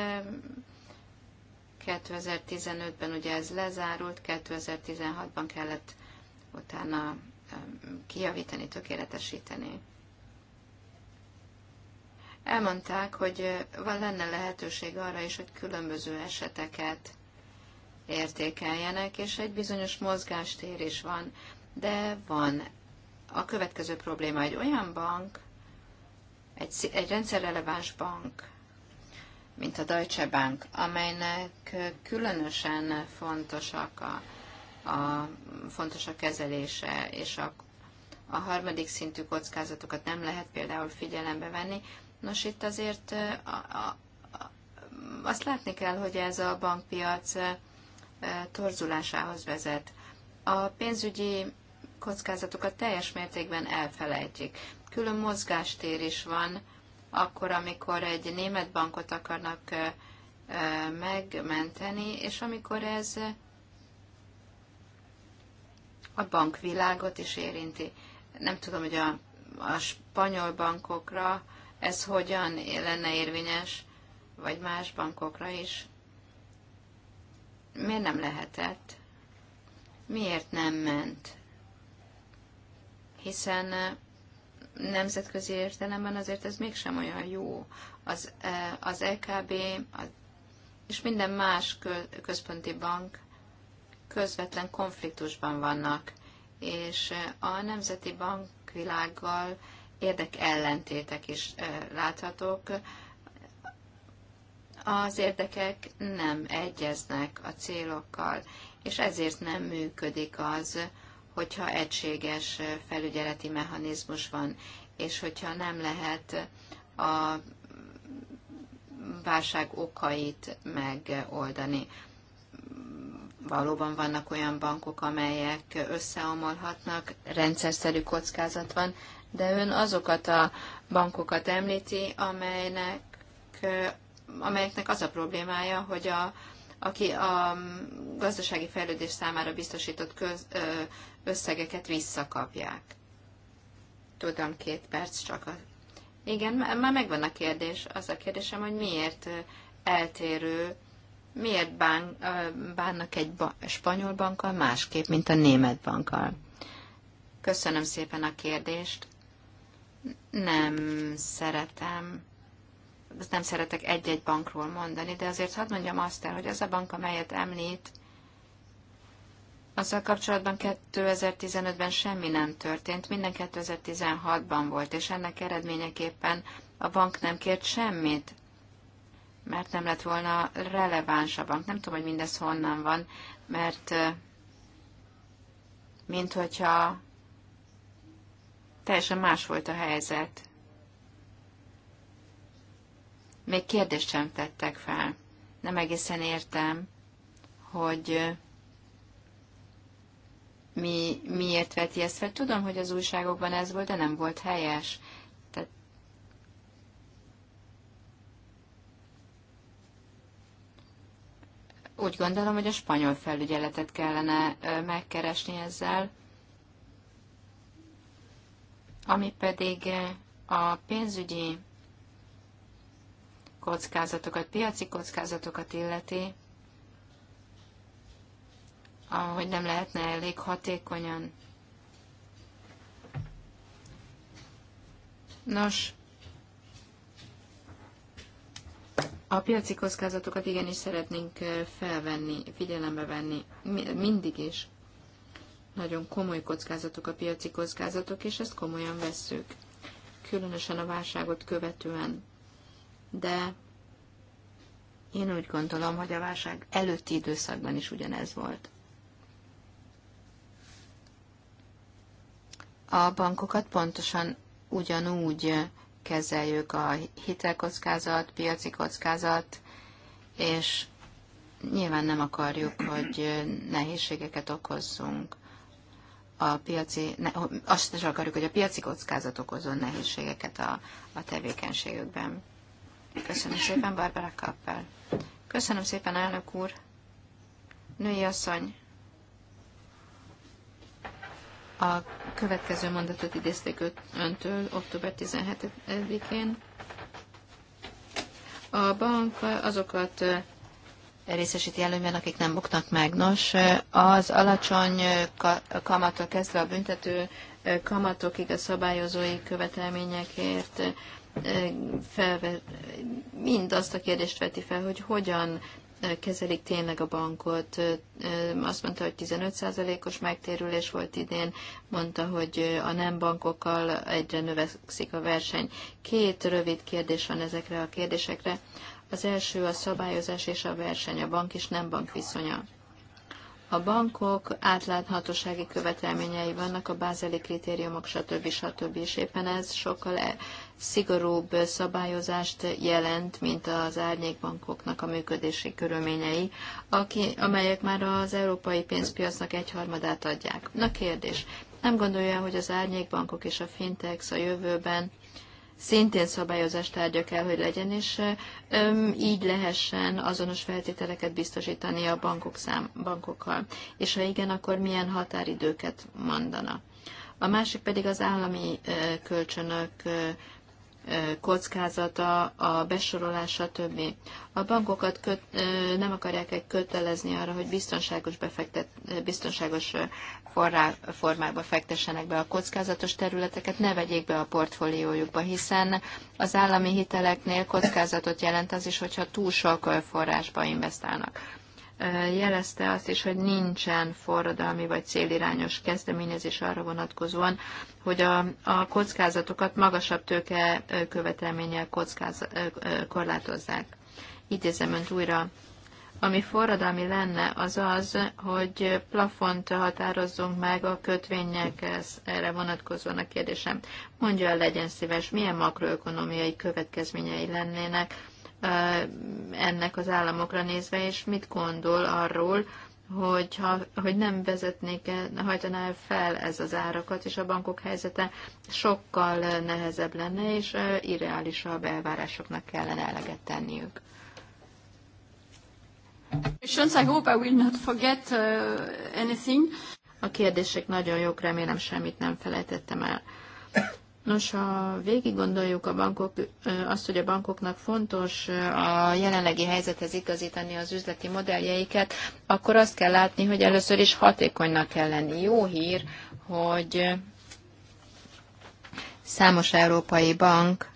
2015-ben ugye ez lezárult, 2016-ban kellett utána kijavítani, tökéletesíteni. Elmondták, hogy van lenne lehetőség arra is, hogy különböző eseteket értékeljenek, és egy bizonyos mozgástér is van, de van a következő probléma. Egy olyan bank, egy, egy rendszerreleváns bank, mint a Deutsche Bank, amelynek különösen fontosak a, a, fontos a kezelése, és a, a harmadik szintű kockázatokat nem lehet például figyelembe venni. Nos, itt azért a, a, a, azt látni kell, hogy ez a bankpiac torzulásához vezet. A pénzügyi kockázatokat teljes mértékben elfelejtjük. Külön mozgástér is van, akkor, amikor egy német bankot akarnak megmenteni, és amikor ez a bankvilágot is érinti. Nem tudom, hogy a, a spanyol bankokra ez hogyan lenne érvényes, vagy más bankokra is. Miért nem lehetett? Miért nem ment? Hiszen nemzetközi értelemben azért ez mégsem olyan jó. Az, e, az LKB e az, és minden más központi bank közvetlen konfliktusban vannak, és e, a nemzeti bankvilággal érdek ellentétek is láthatók. Az érdekek nem egyeznek a célokkal, és ezért nem működik az, hogyha egységes felügyeleti mechanizmus van, és hogyha nem lehet a válság okait megoldani. Valóban vannak olyan bankok, amelyek összeomolhatnak, rendszerszerű kockázat van, de ön azokat a bankokat említi, amelynek, amelyeknek az a problémája, hogy a, aki a gazdasági fejlődés számára biztosított köz, ö, összegeket visszakapják. Tudom, két perc csak. A... Igen, már megvan a kérdés. Az a kérdésem, hogy miért eltérő, miért bán, bánnak egy ba, spanyol bankkal másképp, mint a német bankkal. Köszönöm szépen a kérdést. Nem szeretem nem szeretek egy-egy bankról mondani, de azért hadd mondjam azt el, hogy az a bank, amelyet említ, azzal kapcsolatban 2015-ben semmi nem történt, minden 2016-ban volt, és ennek eredményeképpen a bank nem kért semmit, mert nem lett volna releváns a bank. Nem tudom, hogy mindez honnan van, mert mint hogyha teljesen más volt a helyzet. Még kérdést sem tettek fel. Nem egészen értem, hogy mi, miért veti ezt fel. Tudom, hogy az újságokban ez volt, de nem volt helyes. Tehát úgy gondolom, hogy a spanyol felügyeletet kellene megkeresni ezzel, ami pedig a pénzügyi kockázatokat, piaci kockázatokat illeti, ahogy nem lehetne elég hatékonyan. Nos, a piaci kockázatokat igenis szeretnénk felvenni, figyelembe venni, mindig is. Nagyon komoly kockázatok a piaci kockázatok, és ezt komolyan vesszük. Különösen a válságot követően. De én úgy gondolom, hogy a válság előtti időszakban is ugyanez volt. a bankokat pontosan ugyanúgy kezeljük a hitelkockázat, piaci kockázat, és nyilván nem akarjuk, hogy nehézségeket okozzunk. A piaci, ne, azt is akarjuk, hogy a piaci kockázat okozon nehézségeket a, a tevékenységükben. Köszönöm szépen, Barbara Kappel. Köszönöm szépen, elnök úr. Női asszony, a következő mondatot idézték öntől október 17-én. A bank azokat részesíti előnyben, akik nem buknak meg. Nos, az alacsony kamattól kezdve a büntető kamatokig a szabályozói követelményekért felver, mind azt a kérdést veti fel, hogy hogyan kezelik tényleg a bankot. Azt mondta, hogy 15%-os megtérülés volt idén, mondta, hogy a nem bankokkal egyre növekszik a verseny. Két rövid kérdés van ezekre a kérdésekre. Az első a szabályozás és a verseny, a bank és nem bank viszonya. A bankok átláthatósági követelményei vannak, a bázeli kritériumok, stb. stb. És éppen ez sokkal szigorúbb szabályozást jelent, mint az árnyékbankoknak a működési körülményei, aki, amelyek már az európai pénzpiacnak egyharmadát adják. Na kérdés, nem gondolja, hogy az árnyékbankok és a fintechs a jövőben szintén szabályozást tárgya kell, hogy legyen, és öm, így lehessen azonos feltételeket biztosítani a bankok szám, bankokkal. És ha igen, akkor milyen határidőket mondana? A másik pedig az állami kölcsönök kockázata, a besorolás, többi. A bankokat köt, nem akarják egy kötelezni arra, hogy biztonságos, befektet, biztonságos forrá, formákba fektessenek be a kockázatos területeket, ne vegyék be a portfóliójukba, hiszen az állami hiteleknél kockázatot jelent az is, hogyha túl sok forrásba investálnak jelezte azt is, hogy nincsen forradalmi vagy célirányos kezdeményezés arra vonatkozóan, hogy a, a kockázatokat magasabb tőke követelménnyel kockáz, korlátozzák. Idézem önt újra. Ami forradalmi lenne, az az, hogy plafont határozzunk meg a kötvények erre vonatkozóan a kérdésem. Mondja, legyen szíves, milyen makroökonomiai következményei lennének ennek az államokra nézve, és mit gondol arról, hogy, ha, hogy nem vezetnék, hajtaná fel ez az árakat, és a bankok helyzete sokkal nehezebb lenne, és irreálisabb elvárásoknak kellene eleget tenniük. I hope I will not forget anything. A kérdések nagyon jók, remélem semmit nem felejtettem el. Nos, ha végig gondoljuk a bankok, azt, hogy a bankoknak fontos a jelenlegi helyzethez igazítani az üzleti modelljeiket, akkor azt kell látni, hogy először is hatékonynak kell lenni. Jó hír, hogy számos európai bank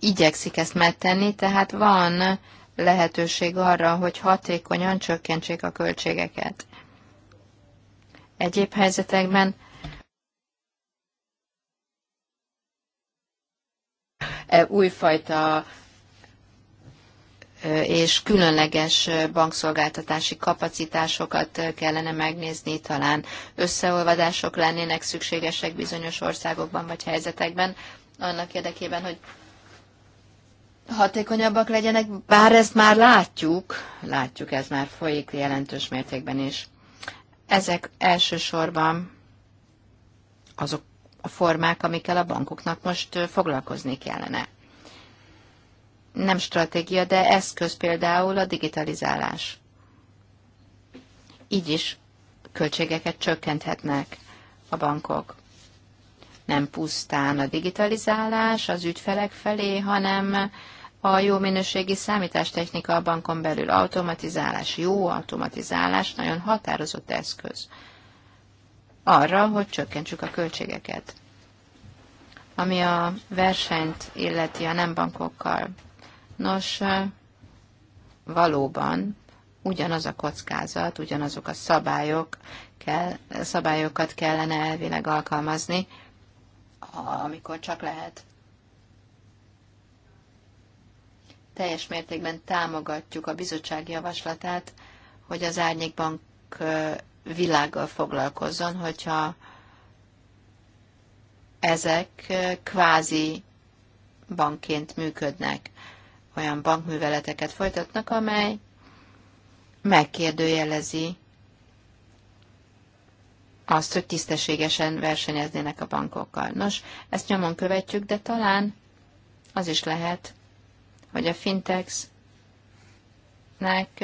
igyekszik ezt megtenni, tehát van lehetőség arra, hogy hatékonyan csökkentsék a költségeket. Egyéb helyzetekben E, újfajta e, és különleges bankszolgáltatási kapacitásokat kellene megnézni, talán összeolvadások lennének szükségesek bizonyos országokban vagy helyzetekben, annak érdekében, hogy hatékonyabbak legyenek, bár ezt már látjuk, látjuk, ez már folyik jelentős mértékben is. Ezek elsősorban azok a formák, amikkel a bankoknak most foglalkozni kellene. Nem stratégia, de eszköz például a digitalizálás. Így is költségeket csökkenthetnek a bankok. Nem pusztán a digitalizálás az ügyfelek felé, hanem a jó minőségi számítástechnika a bankon belül automatizálás, jó automatizálás, nagyon határozott eszköz arra, hogy csökkentsük a költségeket. Ami a versenyt illeti a nem bankokkal. Nos, valóban ugyanaz a kockázat, ugyanazok a szabályok kell, szabályokat kellene elvileg alkalmazni, amikor csak lehet. Teljes mértékben támogatjuk a bizottság javaslatát, hogy az árnyékbank világgal foglalkozzon, hogyha ezek kvázi bankként működnek. Olyan bankműveleteket folytatnak, amely megkérdőjelezi azt, hogy tisztességesen versenyeznének a bankokkal. Nos, ezt nyomon követjük, de talán az is lehet, hogy a fintechnek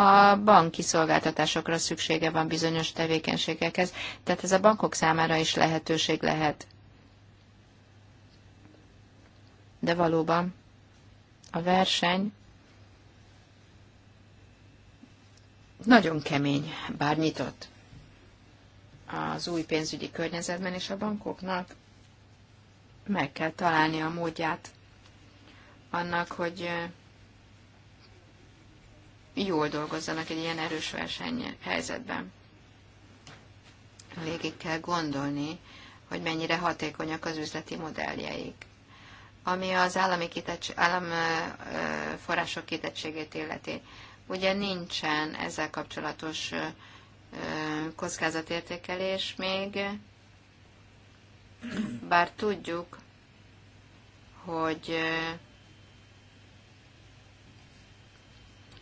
a banki szolgáltatásokra szüksége van bizonyos tevékenységekhez, tehát ez a bankok számára is lehetőség lehet. De valóban a verseny nagyon kemény, bár nyitott az új pénzügyi környezetben, és a bankoknak meg kell találni a módját annak, hogy jól dolgozzanak egy ilyen erős versenyhelyzetben. Végig kell gondolni, hogy mennyire hatékonyak az üzleti modelljeik. Ami az állami kitetts- források kitettségét illeti. Ugye nincsen ezzel kapcsolatos kockázatértékelés még, bár tudjuk, hogy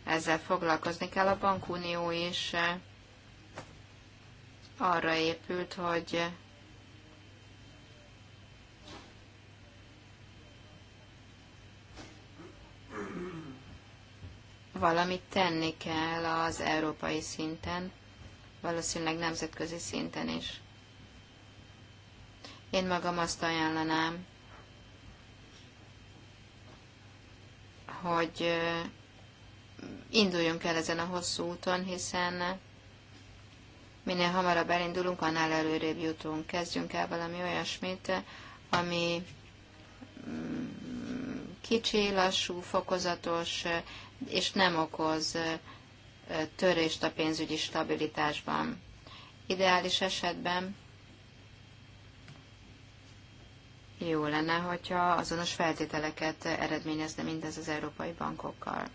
ezzel foglalkozni kell. A bankunió is arra épült, hogy valamit tenni kell az európai szinten, valószínűleg nemzetközi szinten is. Én magam azt ajánlanám, hogy induljunk el ezen a hosszú úton, hiszen minél hamarabb elindulunk, annál előrébb jutunk. Kezdjünk el valami olyasmit, ami mm, kicsi, lassú, fokozatos, és nem okoz törést a pénzügyi stabilitásban. Ideális esetben jó lenne, hogyha azonos feltételeket eredményezne mindez az európai bankokkal.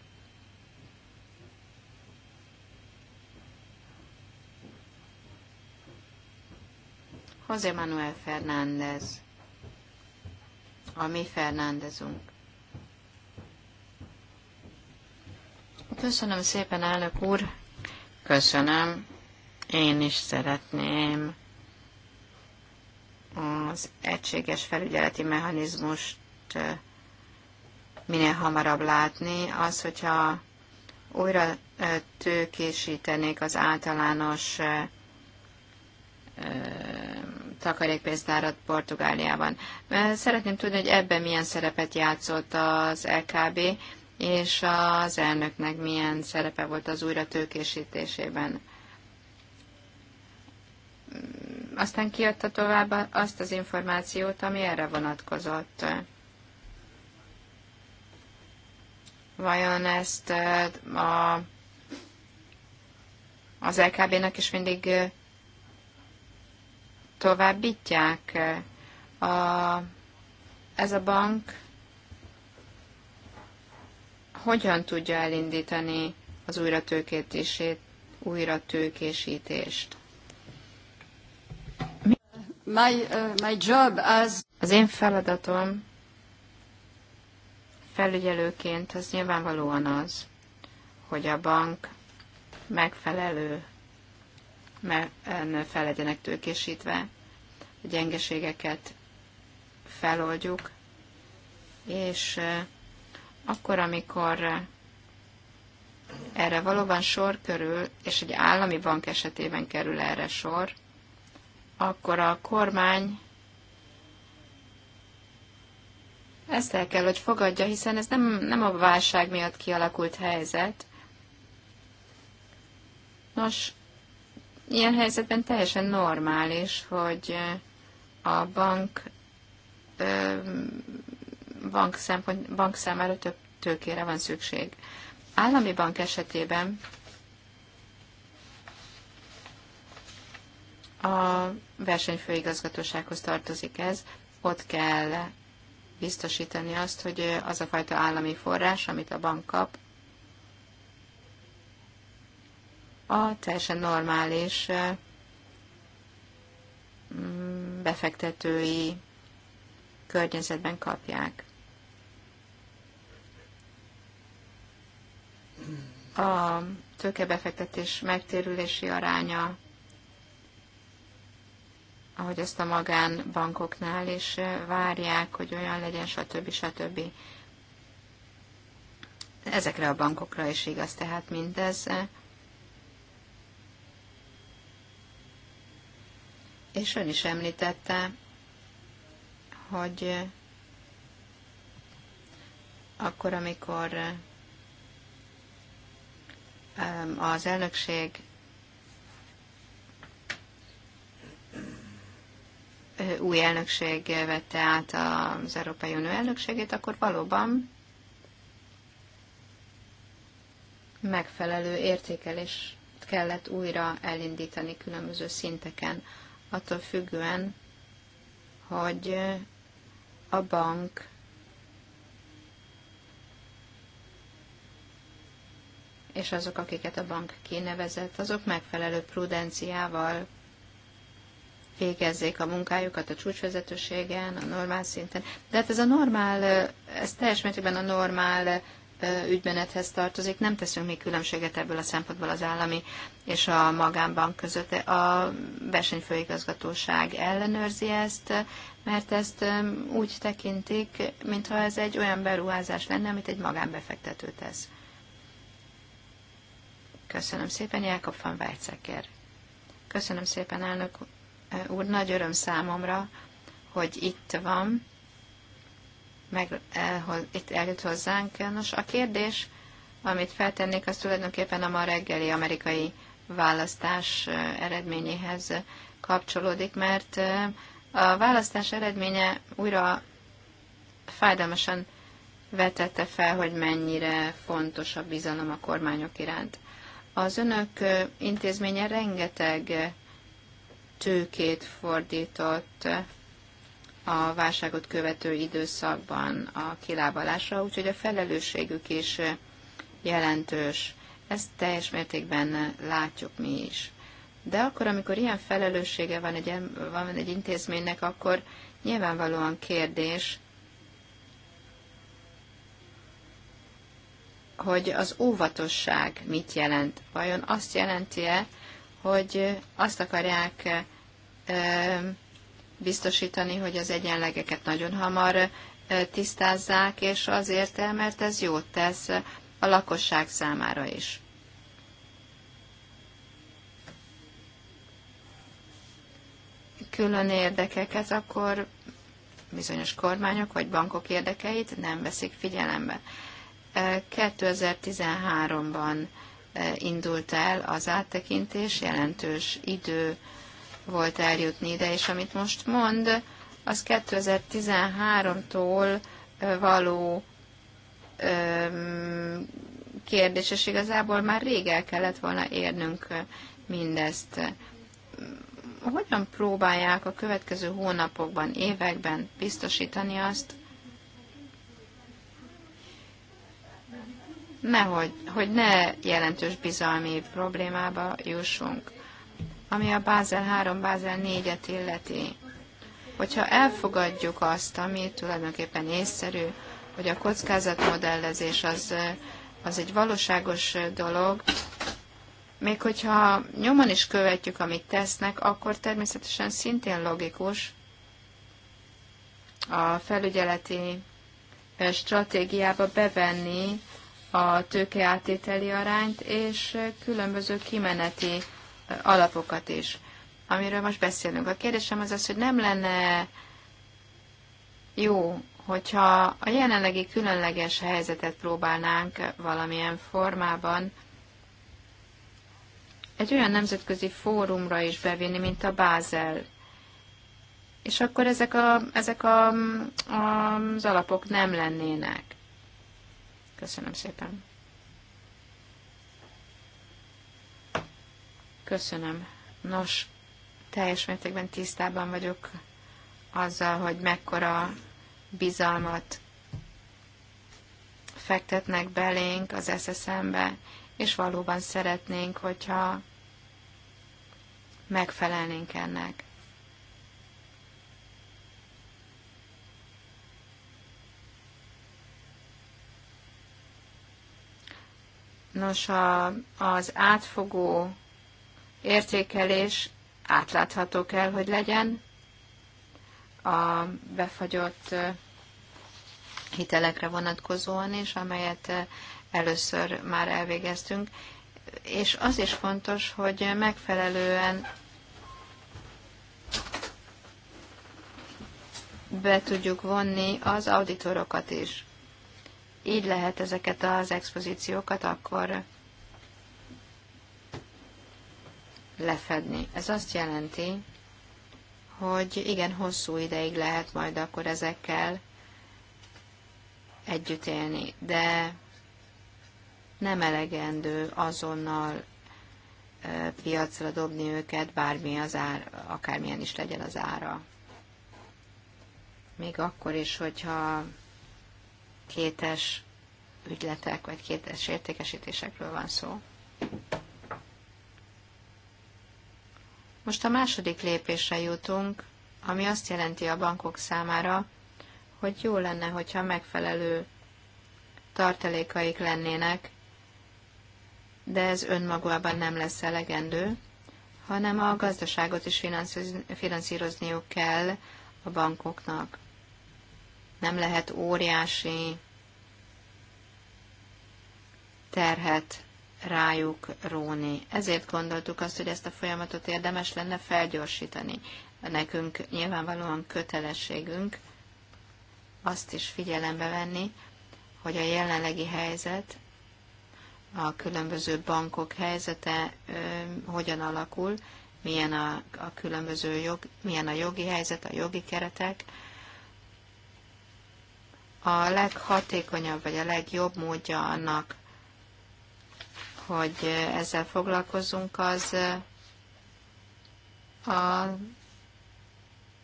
José Manuel Fernández, a mi Fernándezunk. Köszönöm szépen, elnök úr. Köszönöm. Én is szeretném az egységes felügyeleti mechanizmust minél hamarabb látni. Az, hogyha újra tőkésítenék az általános takarékpénztárat Portugáliában. Szeretném tudni, hogy ebben milyen szerepet játszott az LKB, és az elnöknek milyen szerepe volt az újra tőkésítésében. Aztán kiadta tovább azt az információt, ami erre vonatkozott. Vajon ezt a, az LKB-nak is mindig továbbítják. Eh, a, ez a bank hogyan tudja elindítani az újratőkésítést? újratőkésítést? My, uh, my job as... Az én feladatom felügyelőként az nyilvánvalóan az, hogy a bank megfelelő fel legyenek tőkésítve, a gyengeségeket feloldjuk, és akkor, amikor erre valóban sor körül, és egy állami bank esetében kerül erre sor, akkor a kormány ezt el kell, hogy fogadja, hiszen ez nem, nem a válság miatt kialakult helyzet. Nos, Ilyen helyzetben teljesen normális, hogy a bank, bank, szempont, bank számára több tőkére van szükség. Állami bank esetében a versenyfőigazgatósághoz tartozik ez, ott kell biztosítani azt, hogy az a fajta állami forrás, amit a bank kap, a teljesen normális mm, befektetői környezetben kapják. A tőkebefektetés megtérülési aránya, ahogy ezt a magánbankoknál is várják, hogy olyan legyen, stb. stb. Ezekre a bankokra is igaz, tehát mindez. És ön is említette, hogy akkor, amikor um, az elnökség új elnökség vette át az Európai Unió elnökségét, akkor valóban megfelelő értékelést kellett újra elindítani különböző szinteken attól függően, hogy a bank és azok, akiket a bank kinevezett, azok megfelelő prudenciával végezzék a munkájukat a csúcsvezetőségen, a normál szinten. De hát ez a normál, ez teljes mértékben a normál ügymenethez tartozik, nem teszünk még különbséget ebből a szempontból az állami és a magánbank között. A versenyfőigazgatóság ellenőrzi ezt, mert ezt úgy tekintik, mintha ez egy olyan beruházás lenne, amit egy magánbefektető tesz. Köszönöm szépen, Jákob van Weizsäcker. Köszönöm szépen, elnök úr, nagy öröm számomra, hogy itt van meg, el, eh, itt eljut hozzánk. Nos, a kérdés, amit feltennék, az tulajdonképpen a ma reggeli amerikai választás eh, eredményéhez kapcsolódik, mert eh, a választás eredménye újra fájdalmasan vetette fel, hogy mennyire fontos a bizalom a kormányok iránt. Az önök intézménye rengeteg tőkét fordított a válságot követő időszakban a kilábalásra, úgyhogy a felelősségük is jelentős. Ezt teljes mértékben látjuk mi is. De akkor, amikor ilyen felelőssége van egy, van egy intézménynek, akkor nyilvánvalóan kérdés, hogy az óvatosság mit jelent. Vajon azt jelenti-e, hogy azt akarják biztosítani, hogy az egyenlegeket nagyon hamar e, tisztázzák, és azért, e, mert ez jót tesz a lakosság számára is. Külön érdekeket akkor bizonyos kormányok vagy bankok érdekeit nem veszik figyelembe. 2013-ban e, indult el az áttekintés, jelentős idő volt eljutni ide, és amit most mond, az 2013-tól való kérdés, és igazából már rég el kellett volna érnünk mindezt. Hogyan próbálják a következő hónapokban, években biztosítani azt, nehogy, hogy ne jelentős bizalmi problémába jussunk ami a Bázel 3, Bázel 4-et illeti. Hogyha elfogadjuk azt, ami tulajdonképpen észszerű, hogy a kockázatmodellezés az, az egy valóságos dolog, még hogyha nyomon is követjük, amit tesznek, akkor természetesen szintén logikus a felügyeleti stratégiába bevenni a tőkeáttételi arányt és különböző kimeneti alapokat is, amiről most beszélünk. A kérdésem az az, hogy nem lenne jó, hogyha a jelenlegi különleges helyzetet próbálnánk valamilyen formában egy olyan nemzetközi fórumra is bevinni, mint a Bázel. És akkor ezek, a, ezek a, az alapok nem lennének. Köszönöm szépen. Köszönöm. Nos, teljes mértékben tisztában vagyok azzal, hogy mekkora bizalmat fektetnek belénk az SSM-be, és valóban szeretnénk, hogyha megfelelnénk ennek. Nos, a, az átfogó értékelés átlátható kell, hogy legyen a befagyott hitelekre vonatkozóan is, amelyet először már elvégeztünk, és az is fontos, hogy megfelelően be tudjuk vonni az auditorokat is. Így lehet ezeket az expozíciókat akkor lefedni. Ez azt jelenti, hogy igen, hosszú ideig lehet majd akkor ezekkel együtt élni, de nem elegendő azonnal piacra dobni őket, bármi az ár, akármilyen is legyen az ára. Még akkor is, hogyha kétes ügyletek vagy kétes értékesítésekről van szó. Most a második lépésre jutunk, ami azt jelenti a bankok számára, hogy jó lenne, hogyha megfelelő tartalékaik lennének, de ez önmagában nem lesz elegendő, hanem a gazdaságot is finanszírozniuk kell a bankoknak. Nem lehet óriási terhet rájuk róni. Ezért gondoltuk azt, hogy ezt a folyamatot érdemes lenne felgyorsítani. Nekünk nyilvánvalóan kötelességünk azt is figyelembe venni, hogy a jelenlegi helyzet, a különböző bankok helyzete ö, hogyan alakul, milyen a, a különböző jog, milyen a jogi helyzet, a jogi keretek. A leghatékonyabb vagy a legjobb módja annak, hogy ezzel foglalkozzunk, az a,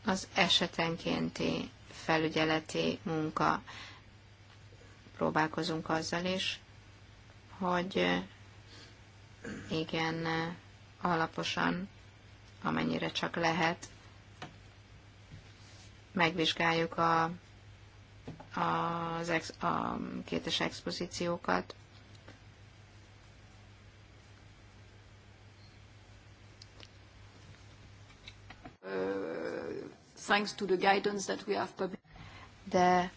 az esetenkénti felügyeleti munka. Próbálkozunk azzal is, hogy igen, alaposan, amennyire csak lehet, megvizsgáljuk a, az ex, a kétes expozíciókat, Uh, thanks to the guidance that we have published. De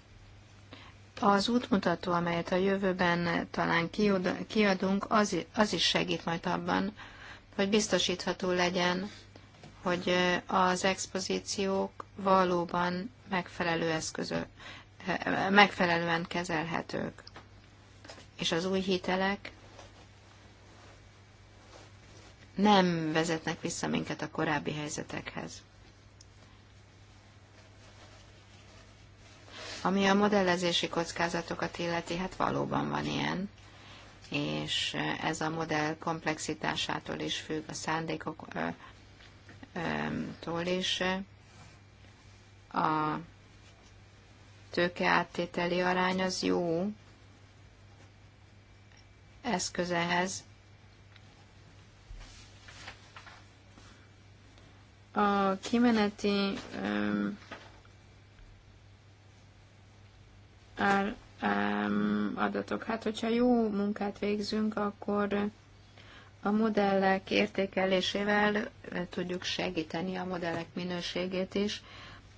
az útmutató, amelyet a jövőben talán kiadunk, az, az is segít majd abban, hogy biztosítható legyen, hogy az expozíciók valóban megfelelő eszközök, eh, megfelelően kezelhetők. És az új hitelek nem vezetnek vissza minket a korábbi helyzetekhez. Ami a modellezési kockázatokat illeti, hát valóban van ilyen, és ez a modell komplexitásától is függ, a szándékoktól is. A tőkeáttételi arány az jó eszközehez, a kimeneti um, ár, um, adatok. Hát, hogyha jó munkát végzünk, akkor a modellek értékelésével tudjuk segíteni a modellek minőségét is,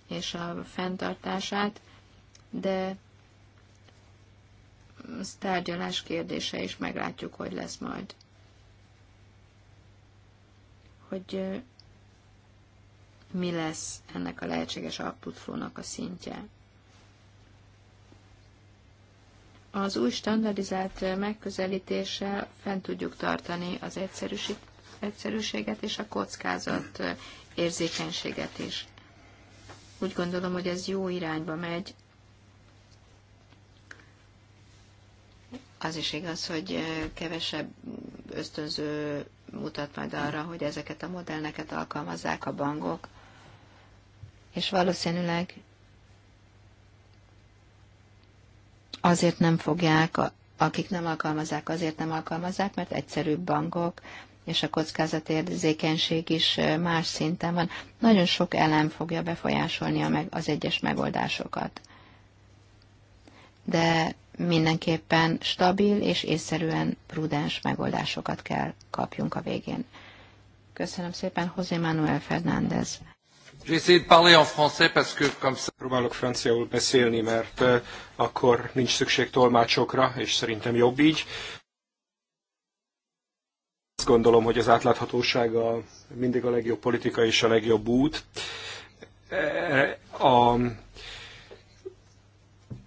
és a fenntartását, de az tárgyalás kérdése is meglátjuk, hogy lesz majd. Hogy mi lesz ennek a lehetséges output flow-nak a szintje. Az új standardizált megközelítéssel fent tudjuk tartani az egyszerűséget és a kockázat érzékenységet is. Úgy gondolom, hogy ez jó irányba megy. Az is igaz, hogy kevesebb ösztönző mutat majd arra, hogy ezeket a modelleket alkalmazzák a bankok, és valószínűleg azért nem fogják, akik nem alkalmazzák, azért nem alkalmazzák, mert egyszerűbb bankok, és a kockázatérzékenység is más szinten van. Nagyon sok elem fogja befolyásolni a meg, az egyes megoldásokat. De mindenképpen stabil és észszerűen prudens megoldásokat kell kapjunk a végén. Köszönöm szépen, José Manuel Fernández. Próbálok franciául beszélni, mert akkor nincs szükség tolmácsokra, és szerintem jobb így. Azt gondolom, hogy az átláthatóság a, mindig a legjobb politika és a legjobb út. E, a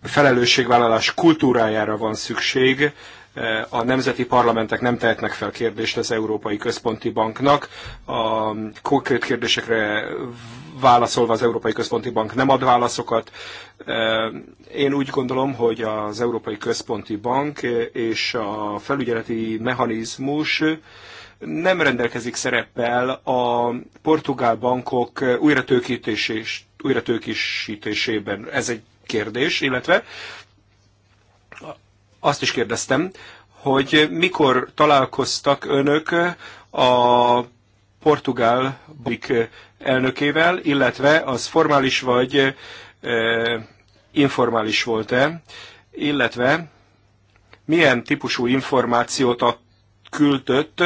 felelősségvállalás kultúrájára van szükség, e, a nemzeti parlamentek nem tehetnek fel kérdést az Európai Központi Banknak. A konkrét kérdésekre válaszolva az Európai Központi Bank nem ad válaszokat. Én úgy gondolom, hogy az Európai Központi Bank és a felügyeleti mechanizmus nem rendelkezik szereppel a portugál bankok újratőkítés, újratőkisítésében. Ez egy kérdés, illetve azt is kérdeztem, hogy mikor találkoztak önök a portugál bik elnökével, illetve az formális vagy informális volt-e, illetve milyen típusú információt küldött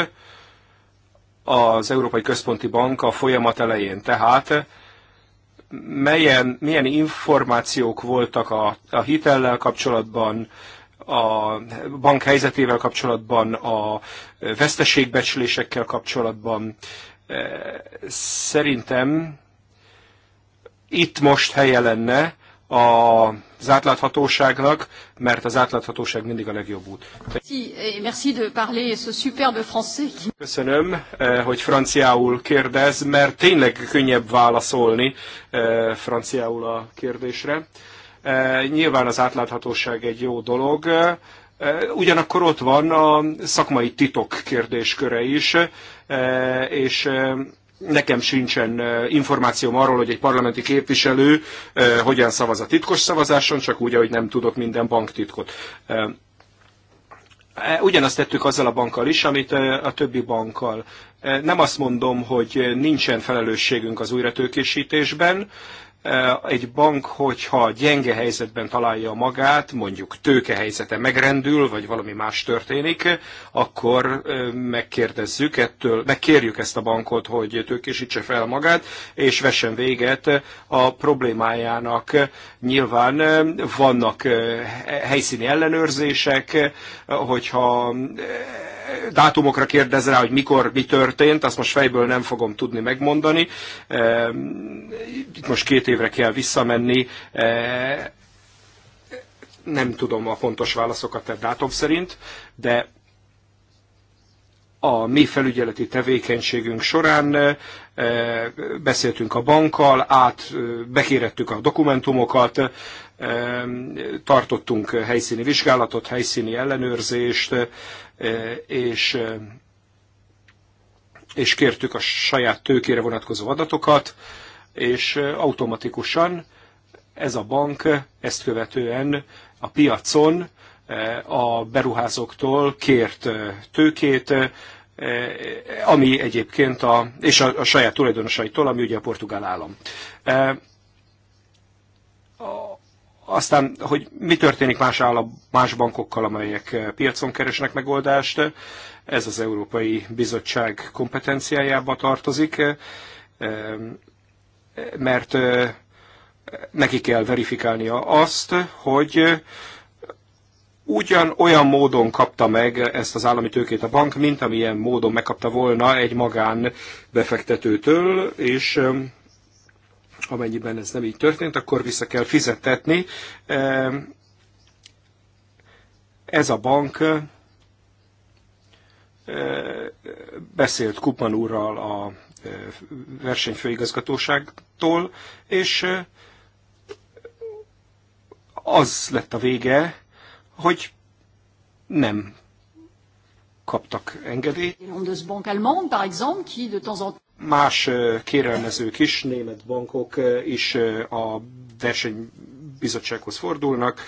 az Európai Központi Bank a folyamat elején. Tehát melyen, milyen információk voltak a, a hitellel kapcsolatban, a bank helyzetével kapcsolatban, a veszteségbecslésekkel kapcsolatban, Szerintem itt most helye lenne az átláthatóságnak, mert az átláthatóság mindig a legjobb út. Köszönöm, eh, hogy franciául kérdez, mert tényleg könnyebb válaszolni eh, franciául a kérdésre. Eh, nyilván az átláthatóság egy jó dolog, ugyanakkor ott van a szakmai titok kérdésköre is és nekem sincsen információm arról, hogy egy parlamenti képviselő hogyan szavaz a titkos szavazáson, csak úgy, ahogy nem tudok minden banktitkot. E, ugyanazt tettük azzal a bankkal is, amit a többi bankkal. Nem azt mondom, hogy nincsen felelősségünk az újratőkésítésben, Eh, egy bank, hogyha gyenge helyzetben találja magát, mondjuk tőkehelyzete megrendül, vagy valami más történik, akkor eh, megkérdezzük ettől, megkérjük ezt a bankot, hogy tőkésítse fel magát, és vessen véget a problémájának. Nyilván eh, vannak helyszíni ellenőrzések, hogyha dátumokra kérdez rá, hogy mikor mi történt, azt most fejből nem fogom tudni megmondani. Ehm, itt most két évre kell visszamenni, ehm, nem tudom a pontos válaszokat a dátum szerint, de a mi felügyeleti tevékenységünk során ehm, beszéltünk a bankkal, át bekérettük a dokumentumokat, Tartottunk helyszíni vizsgálatot, helyszíni ellenőrzést, e, és, e, és kértük a saját tőkére vonatkozó adatokat, és e, automatikusan ez a bank ezt követően a piacon a beruházóktól kért tőkét, ami egyébként a, és a, a saját tulajdonosaitól, ami ugye a portugál állam. A, aztán, hogy mi történik más, állap, más bankokkal, amelyek eh, piacon keresnek megoldást, ez az Európai Bizottság kompetenciájába tartozik, eh, mert eh, neki kell verifikálnia azt, hogy ugyan olyan módon kapta meg ezt az állami tőkét a bank, mint amilyen módon megkapta volna egy magán befektetőtől, és amennyiben ez nem így történt, akkor vissza kell fizetetni. Ez a bank eh, beszélt Kupan úrral a eh, versenyfőigazgatóságtól, és eh, az lett a vége, hogy nem kaptak engedélyt. Más kérelmezők is, német bankok is a versenybizottsághoz fordulnak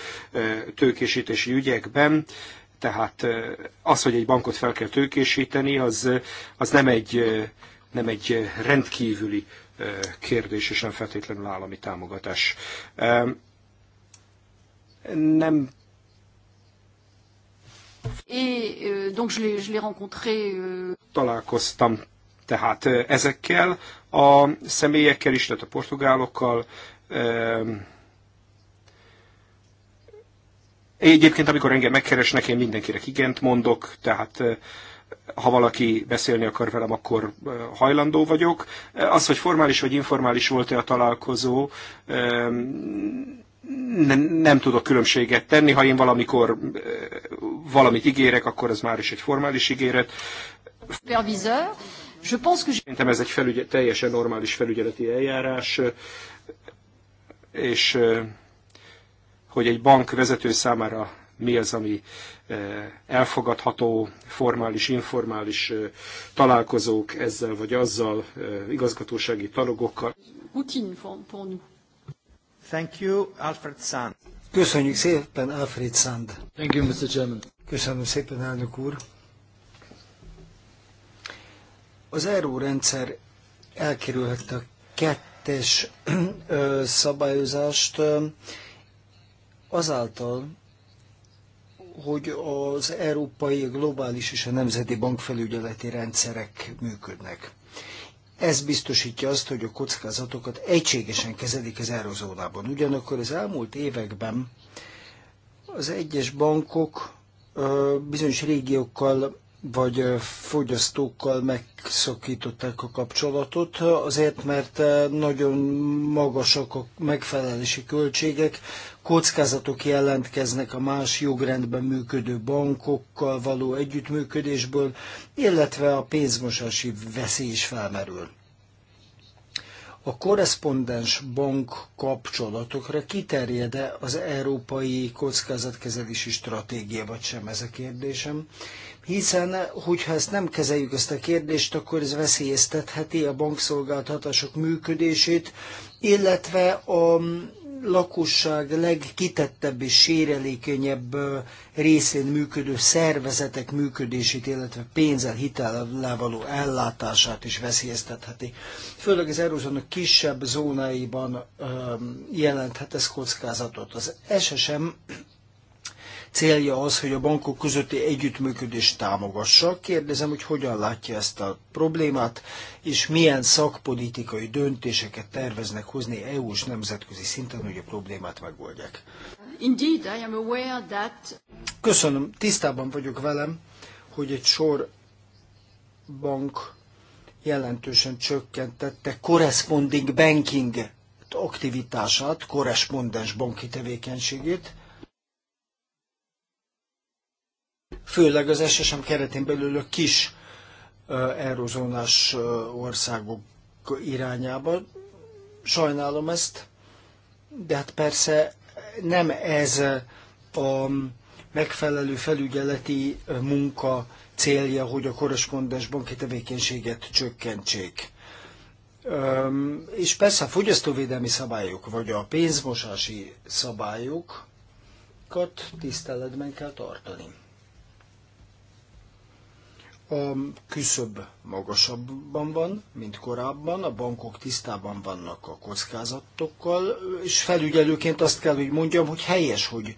tőkésítési ügyekben, tehát az, hogy egy bankot fel kell tőkésíteni, az, az nem, egy, nem egy rendkívüli kérdés, és nem feltétlenül állami támogatás. Nem Euh, euh, Találkoztam tehát euh, ezekkel a személyekkel is, tehát a portugálokkal, um, Egyébként, amikor engem megkeresnek, én mindenkire igent mondok, tehát ha valaki beszélni akar velem, akkor hajlandó vagyok. Az, hogy formális vagy informális volt-e a találkozó, um, nem, nem tudok különbséget tenni. Ha én valamikor valamit ígérek, akkor ez már is egy formális ígéret. Szerintem ez egy felügye, teljesen normális felügyeleti eljárás, és hogy egy bank vezető számára mi az, ami elfogadható, formális, informális találkozók ezzel vagy azzal, igazgatósági talogokkal. Routine pour nous Thank you, Alfred Sand. Köszönjük szépen, Alfred Sand. Thank you, Mr. Chairman. Köszönöm szépen, elnök úr. Az ERO rendszer elkerülhette a kettes ö, szabályozást ö, azáltal, hogy az európai, globális és a nemzeti bankfelügyeleti rendszerek működnek. Ez biztosítja azt, hogy a kockázatokat egységesen kezelik az eurozónában. Ugyanakkor az elmúlt években az egyes bankok bizonyos régiókkal vagy fogyasztókkal megszakították a kapcsolatot, azért mert nagyon magasak a megfelelési költségek, kockázatok jelentkeznek a más jogrendben működő bankokkal való együttműködésből, illetve a pénzmosási veszély is felmerül. A korrespondens bank kapcsolatokra kiterjed-e az európai kockázatkezelési stratégia, vagy sem ez a kérdésem? Hiszen, hogyha ezt nem kezeljük ezt a kérdést, akkor ez veszélyeztetheti a bankszolgáltatások működését, illetve a lakosság legkitettebb és sérelékenyebb részén működő szervezetek működését, illetve pénzzel, hitellel való ellátását is veszélyeztetheti. Főleg az a kisebb zónáiban jelenthet ez kockázatot. Az SSM célja az, hogy a bankok közötti együttműködést támogassa. Kérdezem, hogy hogyan látja ezt a problémát, és milyen szakpolitikai döntéseket terveznek hozni EU és nemzetközi szinten, hogy a problémát megoldják. Indeed, I am aware that... Köszönöm, tisztában vagyok velem, hogy egy sor bank jelentősen csökkentette corresponding banking aktivitását, korrespondens banki tevékenységét, főleg az SSM keretén belül a kis eurozónás országok irányába. Sajnálom ezt, de hát persze nem ez a megfelelő felügyeleti munka célja, hogy a korrespondens banki tevékenységet csökkentsék. És persze a fogyasztóvédelmi szabályok, vagy a pénzmosási szabályokat tiszteletben kell tartani. A küszöb magasabban van, mint korábban, a bankok tisztában vannak a kockázatokkal, és felügyelőként azt kell, hogy mondjam, hogy helyes, hogy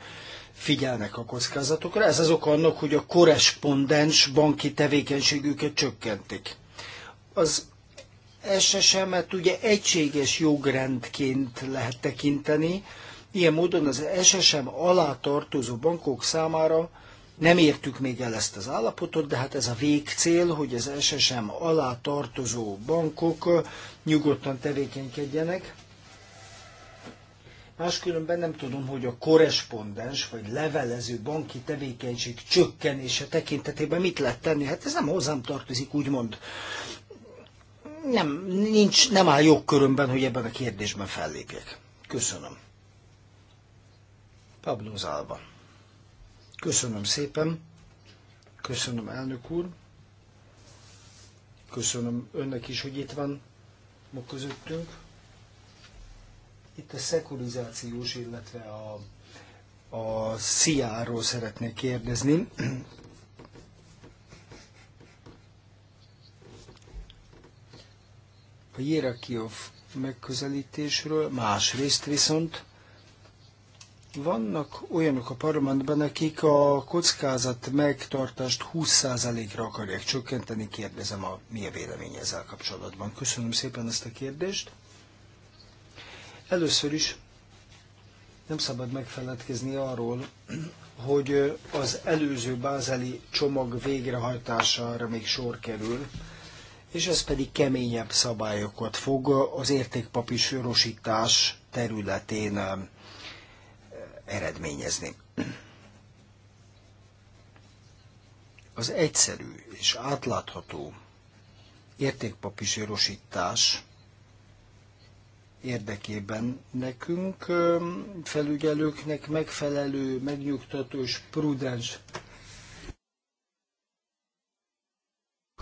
figyelnek a kockázatokra. Ez az oka annak, hogy a korrespondens banki tevékenységüket csökkentik. Az SSM-et ugye egységes jogrendként lehet tekinteni, ilyen módon az SSM alá tartozó bankok számára nem értük még el ezt az állapotot, de hát ez a végcél, hogy az SSM alá tartozó bankok nyugodtan tevékenykedjenek. Máskülönben nem tudom, hogy a korrespondens vagy levelező banki tevékenység csökkenése tekintetében mit lehet tenni. Hát ez nem hozzám tartozik, úgymond. Nem, nincs, nem áll jogkörömben, hogy ebben a kérdésben fellépjek. Köszönöm. Pablo Zalba. Köszönöm szépen. Köszönöm, elnök úr. Köszönöm önnek is, hogy itt van ma közöttünk. Itt a szekurizációs, illetve a, a CIA-ról szeretnék kérdezni. A hierarchy megközelítésről, másrészt viszont vannak olyanok a parlamentben, akik a kockázat megtartást 20%-ra akarják csökkenteni, kérdezem, a mi a vélemény ezzel kapcsolatban. Köszönöm szépen ezt a kérdést. Először is nem szabad megfeledkezni arról, hogy az előző bázeli csomag végrehajtására még sor kerül, és ez pedig keményebb szabályokat fog az értékpapírosítás területén eredményezni. Az egyszerű és átlátható értékpapírsírosítás érdekében nekünk, felügyelőknek megfelelő, megnyugtató és prudens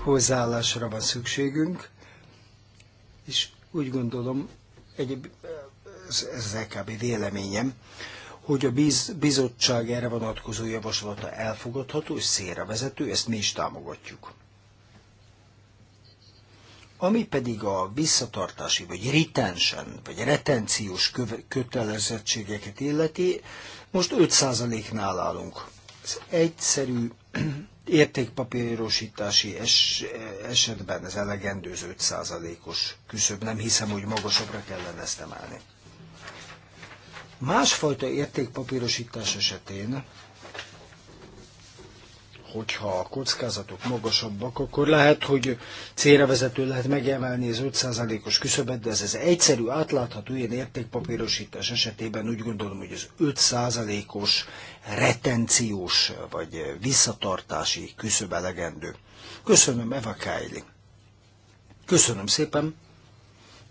hozzáállásra van szükségünk, és úgy gondolom, egy, ez, ez az LKB véleményem, hogy a biz, bizottság erre vonatkozó javaslata elfogadható és vezető, ezt mi is támogatjuk. Ami pedig a visszatartási, vagy retention, vagy retenciós köve, kötelezettségeket illeti, most 5%-nál állunk. Ez egyszerű értékpapírosítási es, esetben ez elegendő 5%-os küszöb. Nem hiszem, hogy magasabbra kellene ezt emelni. Másfajta értékpapírosítás esetén, hogyha a kockázatok magasabbak, akkor lehet, hogy célra vezető lehet megemelni az 5%-os küszöbet, de ez az egyszerű, átlátható ilyen értékpapírosítás esetében úgy gondolom, hogy az 5%-os retenciós vagy visszatartási küszöb elegendő. Köszönöm, Eva Kájli. Köszönöm szépen,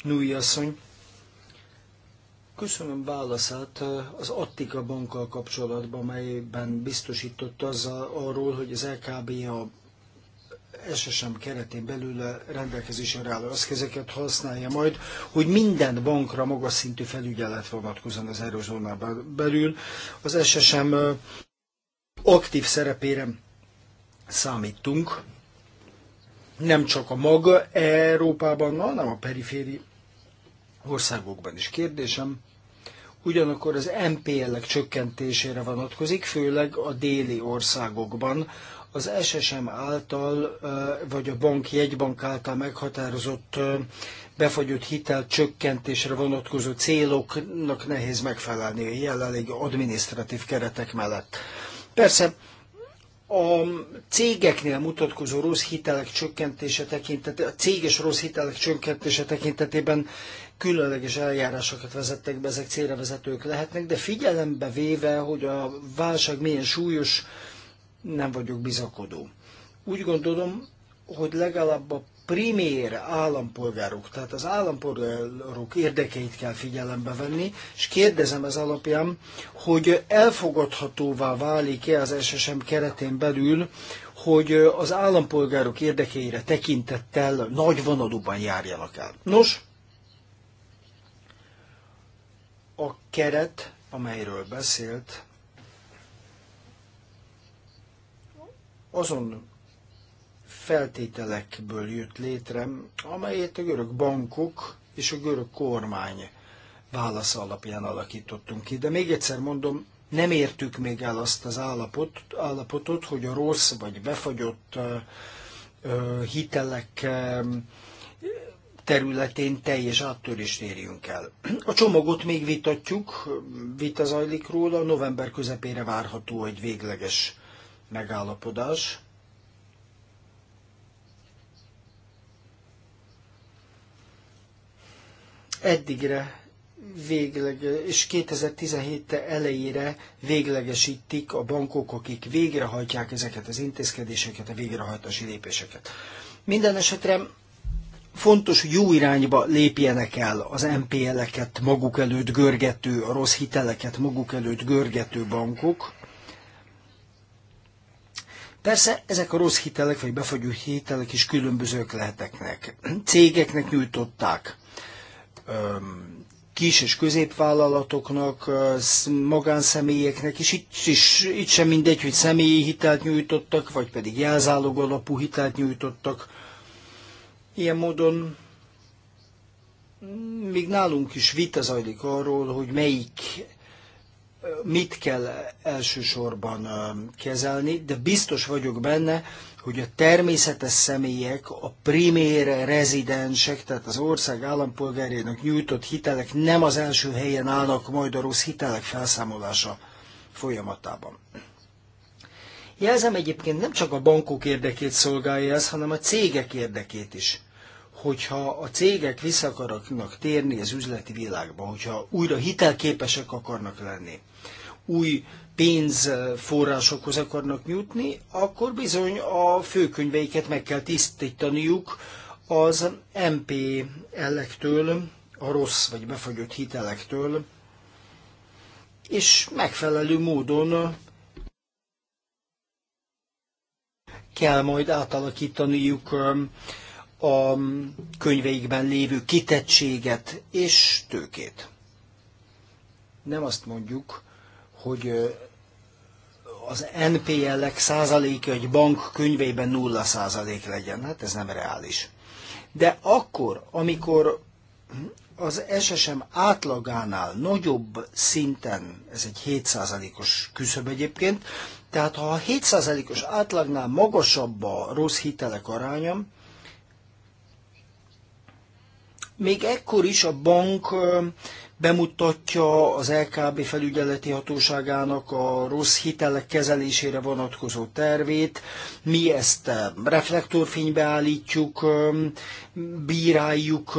Nui asszony. Köszönöm válaszát az Attika bankkal kapcsolatban, melyben biztosított azzal arról, hogy az LKB a SSM keretén belül rendelkezésre álló eszközeket használja majd, hogy minden bankra magas szintű felügyelet vonatkozon az erőzónában belül. Az SSM aktív szerepére számítunk, nem csak a maga Európában, hanem a periféri országokban is. Kérdésem ugyanakkor az MPL-ek csökkentésére vonatkozik, főleg a déli országokban, az SSM által, vagy a bank jegybank által meghatározott befagyott hitel csökkentésre vonatkozó céloknak nehéz megfelelni a jelenlegi adminisztratív keretek mellett. Persze a cégeknél mutatkozó rossz hitelek csökkentése tekintetében, a céges rossz hitelek csökkentése tekintetében különleges eljárásokat vezettek be, ezek célra vezetők lehetnek, de figyelembe véve, hogy a válság milyen súlyos, nem vagyok bizakodó. Úgy gondolom, hogy legalább a primér állampolgárok, tehát az állampolgárok érdekeit kell figyelembe venni, és kérdezem ez alapján, hogy elfogadhatóvá válik-e az SSM keretén belül, hogy az állampolgárok érdekeire tekintettel nagy vonalúban járjanak el. Nos, a keret, amelyről beszélt, azon feltételekből jött létre, amelyet a görög bankok és a görög kormány válasz alapján alakítottunk ki. De még egyszer mondom, nem értük még el azt az állapot, állapotot, hogy a rossz vagy befagyott uh, hitelek uh, területén teljes áttörést érjünk el. A csomagot még vitatjuk, vita zajlik róla, november közepére várható egy végleges megállapodás. eddigre végleg, és 2017 elejére véglegesítik a bankok, akik végrehajtják ezeket az intézkedéseket, a végrehajtási lépéseket. Minden esetre fontos, hogy jó irányba lépjenek el az MPL-eket maguk előtt görgető, a rossz hiteleket maguk előtt görgető bankok. Persze ezek a rossz hitelek, vagy befagyó hitelek is különbözők lehetnek. Cégeknek nyújtották, kis és középvállalatoknak, magánszemélyeknek, és itt, is, itt sem mindegy, hogy személyi hitelt nyújtottak, vagy pedig jelzálog alapú hitelt nyújtottak. Ilyen módon még nálunk is vita zajlik arról, hogy melyik mit kell elsősorban kezelni, de biztos vagyok benne, hogy a természetes személyek, a primér rezidensek, tehát az ország állampolgárjának nyújtott hitelek nem az első helyen állnak majd a rossz hitelek felszámolása folyamatában. Jelzem egyébként nem csak a bankok érdekét szolgálja ez, hanem a cégek érdekét is hogyha a cégek vissza akarnak térni az üzleti világba, hogyha újra hitelképesek akarnak lenni, új pénzforrásokhoz akarnak jutni, akkor bizony a főkönyveiket meg kell tisztítaniuk az MP ektől a rossz vagy befagyott hitelektől, és megfelelő módon kell majd átalakítaniuk a könyveikben lévő kitettséget és tőkét. Nem azt mondjuk, hogy az NPL-ek százaléka egy bank könyveiben nulla százalék legyen. Hát ez nem reális. De akkor, amikor az SSM átlagánál nagyobb szinten, ez egy 7%-os küszöb egyébként, tehát ha a 7%-os átlagnál magasabb a rossz hitelek aránya, még ekkor is a bank bemutatja az LKB felügyeleti hatóságának a rossz hitelek kezelésére vonatkozó tervét. Mi ezt reflektorfénybe állítjuk, bíráljuk,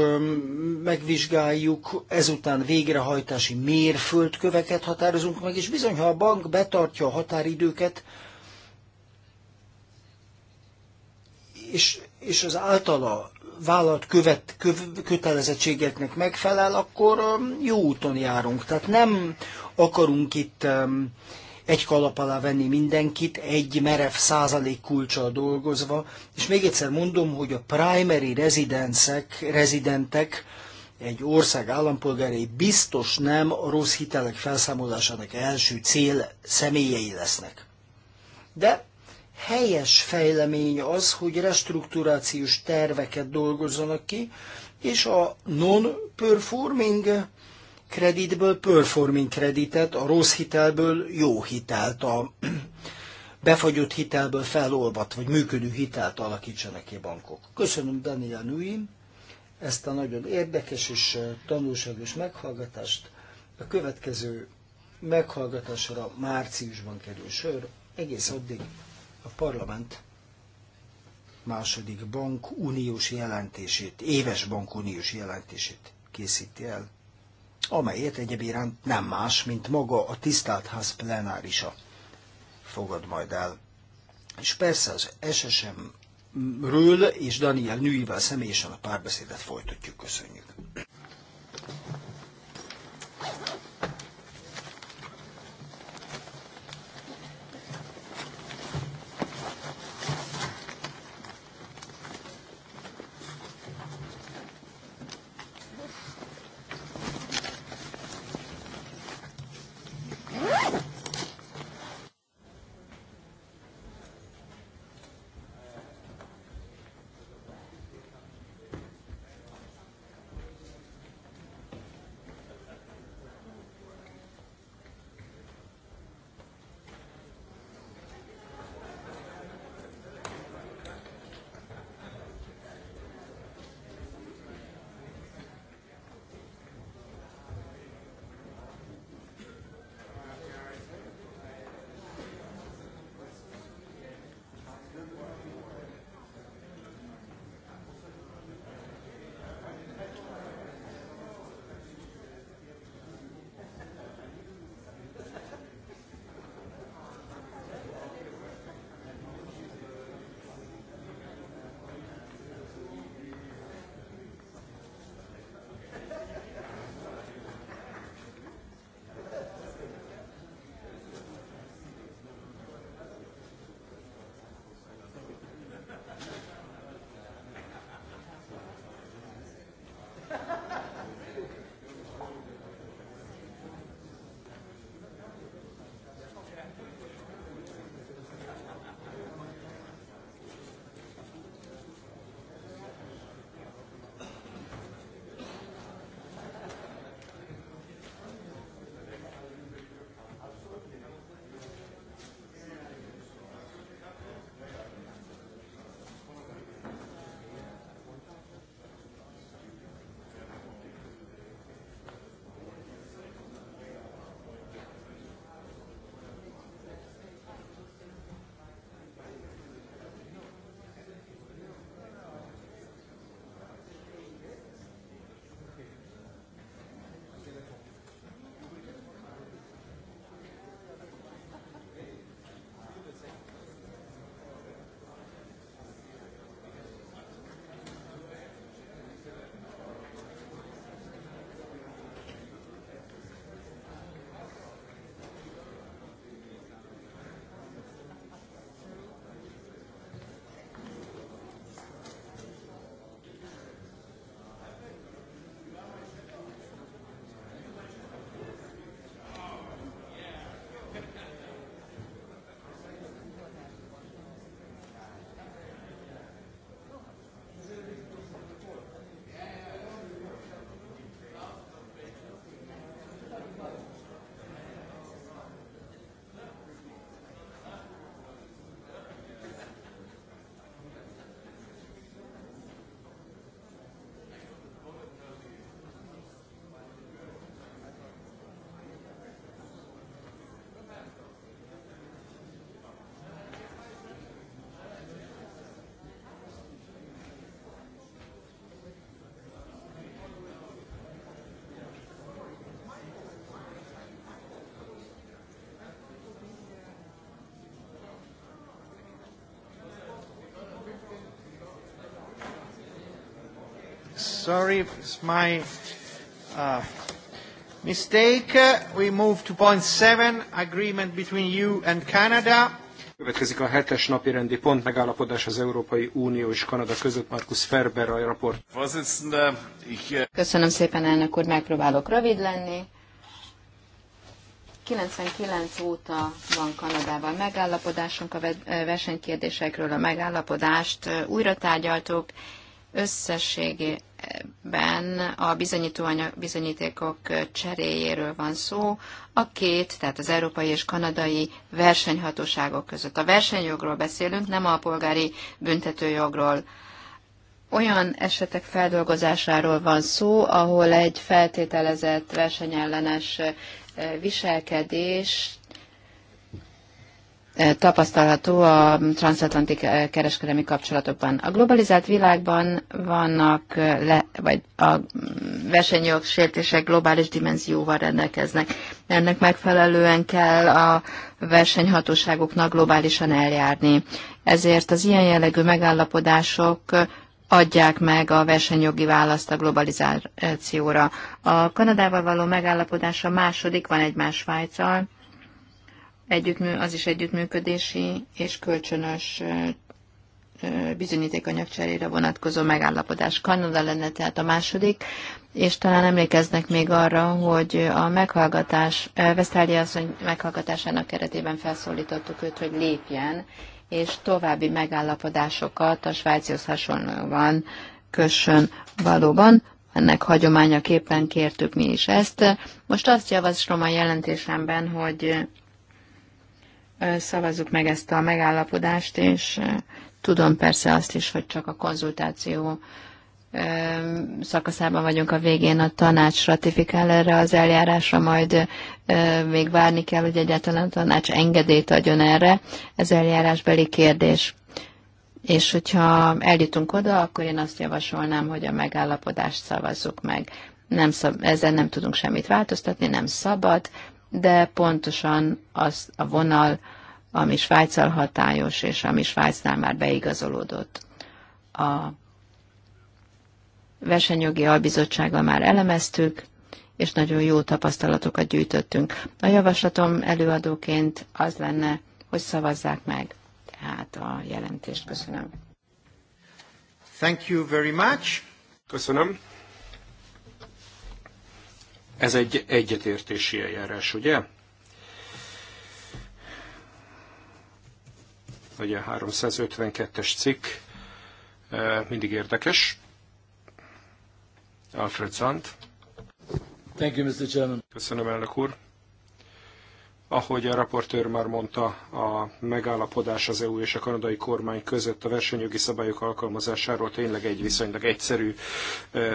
megvizsgáljuk, ezután végrehajtási mérföldköveket határozunk meg, és bizony, ha a bank betartja a határidőket, és, és az általa vállalt követ, köv, kötelezettségeknek megfelel, akkor um, jó úton járunk. Tehát nem akarunk itt um, egy kalap alá venni mindenkit, egy merev százalék kulcsal dolgozva, és még egyszer mondom, hogy a primary rezidensek, rezidentek egy ország állampolgárai biztos nem a rossz hitelek felszámolásának első cél személyei lesznek. De helyes fejlemény az, hogy restrukturációs terveket dolgozzanak ki, és a non-performing kreditből performing kreditet, a rossz hitelből jó hitelt, a befagyott hitelből felolvat, vagy működő hitelt alakítsanak ki bankok. Köszönöm Daniel Nui ezt a nagyon érdekes és tanulságos meghallgatást. A következő meghallgatásra márciusban kerül sor, egész addig a parlament második bank uniós jelentését, éves bank uniós jelentését készíti el, amelyet egyebiránt nem más, mint maga a tisztelt ház plenárisa fogad majd el. És persze az SSM-ről és Daniel Nüivel személyesen a párbeszédet folytatjuk. Köszönjük. Sorry, it's my uh, mistake. We move to point seven, agreement between you and Canada. Következik a hetes napi rendi pont megállapodás az Európai Unió és Kanada között. Markus Ferber a raport. Eh, Köszönöm szépen, elnök úr, megpróbálok rövid lenni. 99 óta van Kanadával megállapodásunk, a eh, versenykérdésekről a megállapodást eh, újra tárgyaltuk, esetben a bizonyítékok cseréjéről van szó a két, tehát az európai és kanadai versenyhatóságok között. A versenyjogról beszélünk, nem a polgári büntetőjogról. Olyan esetek feldolgozásáról van szó, ahol egy feltételezett versenyellenes viselkedést tapasztalható a transatlanti kereskedelmi kapcsolatokban. A globalizált világban vannak, le, vagy a versenyjog sértések globális dimenzióval rendelkeznek. Ennek megfelelően kell a versenyhatóságoknak globálisan eljárni. Ezért az ilyen jellegű megállapodások adják meg a versenyjogi választ a globalizációra. A Kanadával való megállapodás a második, van egy más Svájccal, együttmű, az is együttműködési és kölcsönös cserére vonatkozó megállapodás. Kanada lenne tehát a második, és talán emlékeznek még arra, hogy a meghallgatás, Vesztália asszony meghallgatásának keretében felszólítottuk őt, hogy lépjen, és további megállapodásokat a Svájcihoz hasonlóan kössön valóban. Ennek hagyományaképpen kértük mi is ezt. Most azt javaslom a jelentésemben, hogy szavazzuk meg ezt a megállapodást, és tudom persze azt is, hogy csak a konzultáció szakaszában vagyunk a végén, a tanács ratifikál erre az eljárásra, majd még várni kell, hogy egyáltalán a tanács engedélyt adjon erre. Ez eljárásbeli kérdés. És hogyha eljutunk oda, akkor én azt javasolnám, hogy a megállapodást szavazzuk meg. Nem szab- ezzel nem tudunk semmit változtatni, nem szabad, de pontosan az a vonal, ami Svájccal hatályos, és ami Svájcnál már beigazolódott. A versenyjogi albizottsággal már elemeztük, és nagyon jó tapasztalatokat gyűjtöttünk. A javaslatom előadóként az lenne, hogy szavazzák meg tehát a jelentést. Köszönöm. Thank you very much. Köszönöm. Ez egy egyetértési eljárás, ugye? vagy a 352-es cikk e, mindig érdekes. Alfred Zandt. Thank you, Mr. Chairman. Köszönöm, elnök úr. Ahogy a raportőr már mondta, a megállapodás az EU és a kanadai kormány között a versenyjogi szabályok alkalmazásáról tényleg egy viszonylag egyszerű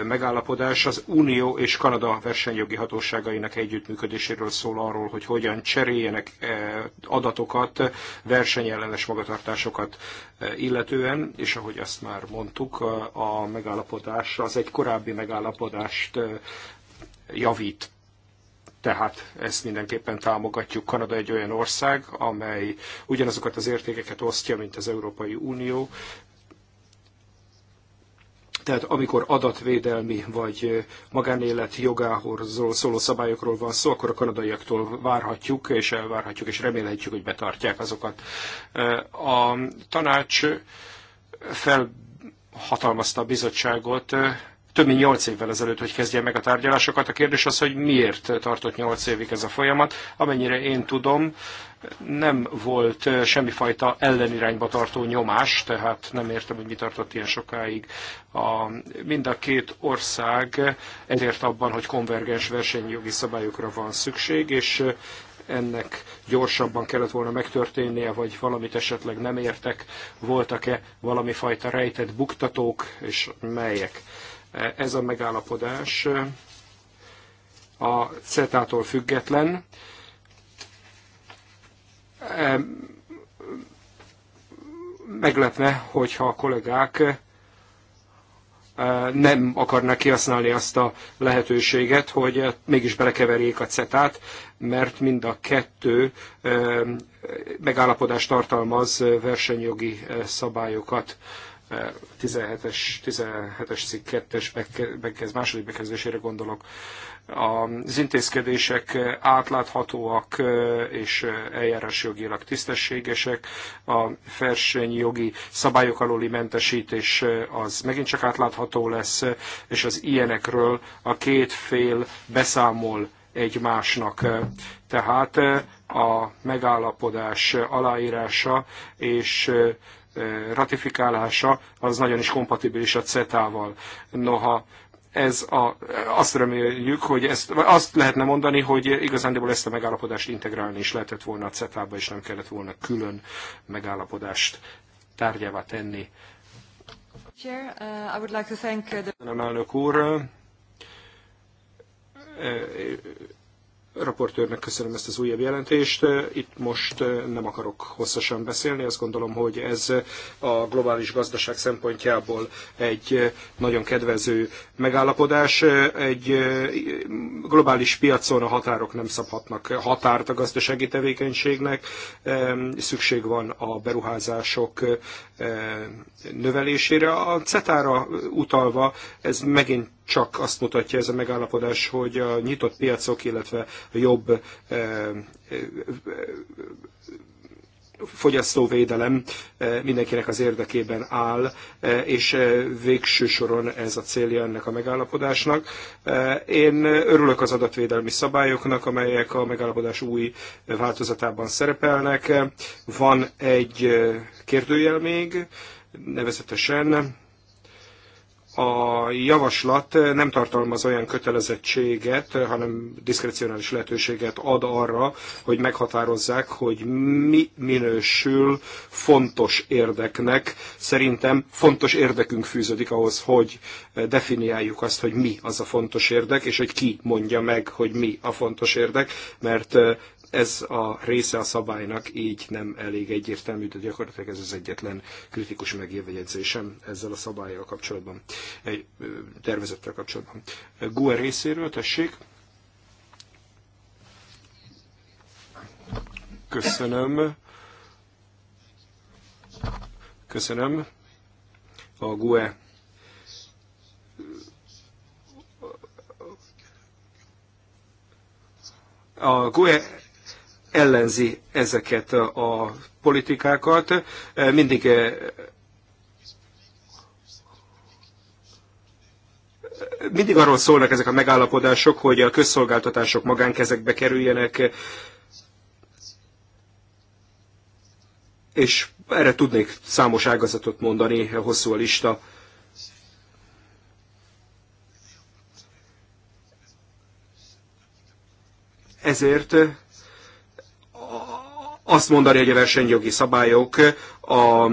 megállapodás. Az Unió és Kanada versenyjogi hatóságainak együttműködéséről szól arról, hogy hogyan cseréljenek adatokat, versenyellenes magatartásokat illetően, és ahogy azt már mondtuk, a megállapodás az egy korábbi megállapodást javít tehát ezt mindenképpen támogatjuk. Kanada egy olyan ország, amely ugyanazokat az értékeket osztja, mint az Európai Unió, tehát amikor adatvédelmi vagy magánélet jogához szóló szabályokról van szó, akkor a kanadaiaktól várhatjuk, és elvárhatjuk, és remélhetjük, hogy betartják azokat. A tanács fel hatalmazta a bizottságot több mint 8 évvel ezelőtt, hogy kezdje meg a tárgyalásokat. A kérdés az, hogy miért tartott 8 évig ez a folyamat. Amennyire én tudom, nem volt semmifajta ellenirányba tartó nyomás, tehát nem értem, hogy mi tartott ilyen sokáig. A, mind a két ország ezért abban, hogy konvergens versenyjogi szabályokra van szükség, és ennek gyorsabban kellett volna megtörténnie, vagy valamit esetleg nem értek, voltak-e valami fajta rejtett buktatók, és melyek. Ez a megállapodás a CETA-tól független. E, meglepne, hogyha a kollégák e, nem akarnak kihasználni azt a lehetőséget, hogy mégis belekeverjék a CETA-t, mert mind a kettő e, megállapodást tartalmaz versenyjogi szabályokat. 17-es, 17-es cikk 2-es bekez, második bekezdésére gondolok. Az intézkedések átláthatóak és eljárásjogilag tisztességesek, a versenyjogi szabályok alóli mentesítés az megint csak átlátható lesz, és az ilyenekről a két fél beszámol egymásnak. Tehát a megállapodás aláírása és ratifikálása az nagyon is kompatibilis a CETA-val. Noha ez a, azt reméljük, hogy ezt, azt lehetne mondani, hogy igazándiból ezt a megállapodást integrálni is lehetett volna a CETA-ba, és nem kellett volna külön megállapodást tárgyává tenni. Chair, uh, I would like to thank uh, the... Elnök úr, uh, raportőrnek köszönöm ezt az újabb jelentést. Itt most eh, nem akarok hosszasan beszélni, azt gondolom, hogy ez a globális gazdaság szempontjából egy eh, nagyon kedvező megállapodás. Eh, egy globális piacon a határok nem szabhatnak határt a gazdasági tevékenységnek. Szükség van a beruházások növelésére. A cetára utalva ez megint csak azt mutatja ez a megállapodás, hogy a nyitott piacok, illetve a jobb eh, eh, eh, fogyasztóvédelem mindenkinek az érdekében áll, és végső soron ez a célja ennek a megállapodásnak. Én örülök az adatvédelmi szabályoknak, amelyek a megállapodás új változatában szerepelnek. Van egy kérdőjel még, nevezetesen a javaslat nem tartalmaz olyan kötelezettséget, hanem diszkrecionális lehetőséget ad arra, hogy meghatározzák, hogy mi minősül fontos érdeknek. Szerintem fontos érdekünk fűződik ahhoz, hogy definiáljuk azt, hogy mi az a fontos érdek, és hogy ki mondja meg, hogy mi a fontos érdek, mert ez a része a szabálynak így nem elég egyértelmű, de gyakorlatilag ez az egyetlen kritikus megjegyzésem ezzel a szabályjal kapcsolatban, egy tervezettel kapcsolatban. GUE részéről, tessék! Köszönöm. Köszönöm. A GUE a GUE ellenzi ezeket a politikákat. E, mindig e, mindig arról szólnak ezek a megállapodások, hogy a közszolgáltatások magánkezekbe kerüljenek, és erre tudnék számos ágazatot mondani, hosszú a lista. Ezért azt mondani, hogy a versenyjogi szabályok a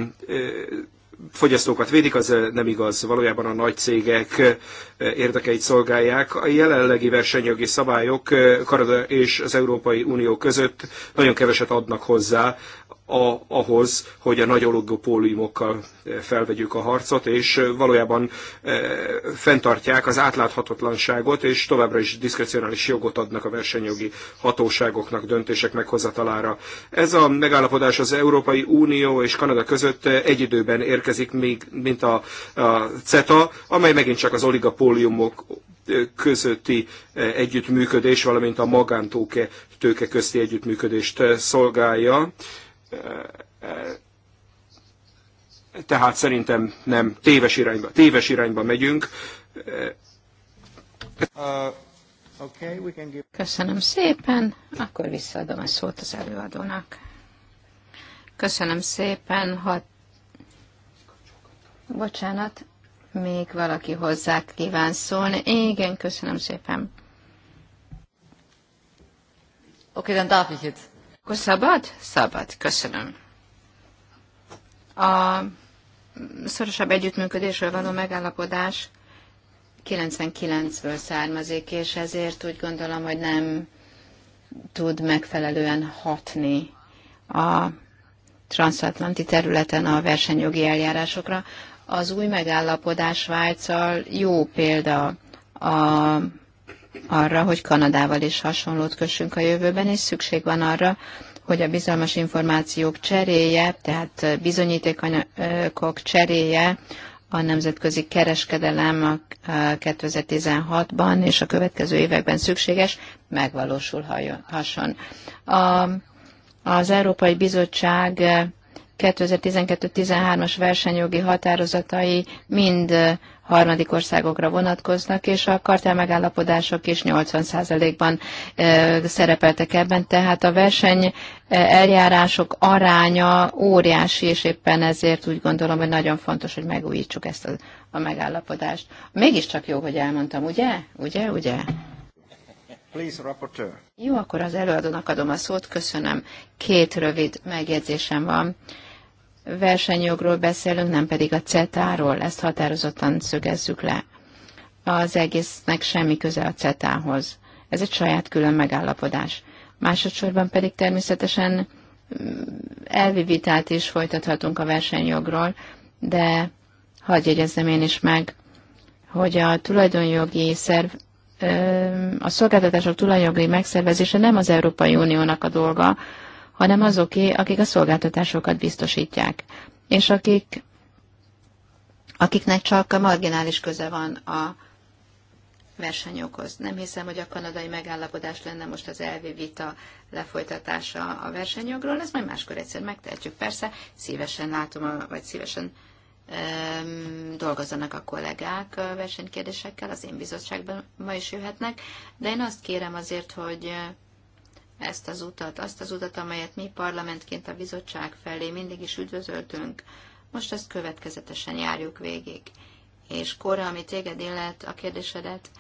fogyasztókat védik, az nem igaz. Valójában a nagy cégek érdekeit szolgálják. A jelenlegi versenyjogi szabályok Kanada és az Európai Unió között nagyon keveset adnak hozzá a, ahhoz, hogy a nagy oligopóliumokkal eh, felvegyük a harcot, és eh, valójában e, fenntartják az átláthatatlanságot, és továbbra is diszkrecionális jogot adnak a versenyjogi hatóságoknak döntések meghozatalára. Ez a megállapodás az Európai Unió és Kanada között egy időben érkezik, még, mint a, a CETA, amely megint csak az oligopóliumok közötti együttműködés, valamint a tőke közti együttműködést szolgálja tehát szerintem nem, téves irányba, téves irányba megyünk. Köszönöm szépen, akkor visszaadom a szót az előadónak. Köszönöm szépen, ha... Bocsánat, még valaki hozzá kíván szólni. Igen, köszönöm szépen. Oké, okay, dann darf ich jetzt. Akkor szabad? Szabad. Köszönöm. A szorosabb együttműködésről való megállapodás 99-ből származik, és ezért úgy gondolom, hogy nem tud megfelelően hatni a transatlanti területen a versenyjogi eljárásokra. Az új megállapodás Svájccal jó példa a arra, hogy Kanadával is hasonlót kössünk a jövőben, és szükség van arra, hogy a bizalmas információk cseréje, tehát bizonyítékok cseréje a nemzetközi kereskedelem a 2016-ban és a következő években szükséges, megvalósulhasson. A, az Európai Bizottság 2012-13-as versenyjogi határozatai mind harmadik országokra vonatkoznak, és a kartel megállapodások is 80%-ban szerepeltek ebben, tehát a verseny eljárások aránya óriási, és éppen ezért úgy gondolom, hogy nagyon fontos, hogy megújítsuk ezt a, a megállapodást. Mégiscsak jó, hogy elmondtam, ugye? Ugye, ugye? Please, Jó, akkor az előadónak adom a szót, köszönöm. Két rövid megjegyzésem van versenyjogról beszélünk, nem pedig a CETA-ról, ezt határozottan szögezzük le. Az egésznek semmi köze a CETA-hoz. Ez egy saját külön megállapodás. Másodszorban pedig természetesen mm, elvi vitát is folytathatunk a versenyjogról, de hagyj jegyezzem én is meg, hogy a tulajdonjogi szerv, a szolgáltatások tulajdonjogi megszervezése nem az Európai Uniónak a dolga, hanem azoké, akik a szolgáltatásokat biztosítják, és akik, akiknek csak a marginális köze van a versenyokhoz. Nem hiszem, hogy a kanadai megállapodás lenne most az elvi vita lefolytatása a versenyjogról, ez majd máskor egyszer megtehetjük. Persze szívesen látom, a, vagy szívesen dolgozzanak a kollégák a versenykérdésekkel, az én bizottságban ma is jöhetnek, de én azt kérem azért, hogy ezt az utat, azt az utat, amelyet mi parlamentként a bizottság felé mindig is üdvözöltünk, most ezt következetesen járjuk végig. És Kóra, ami téged illet a kérdésedet,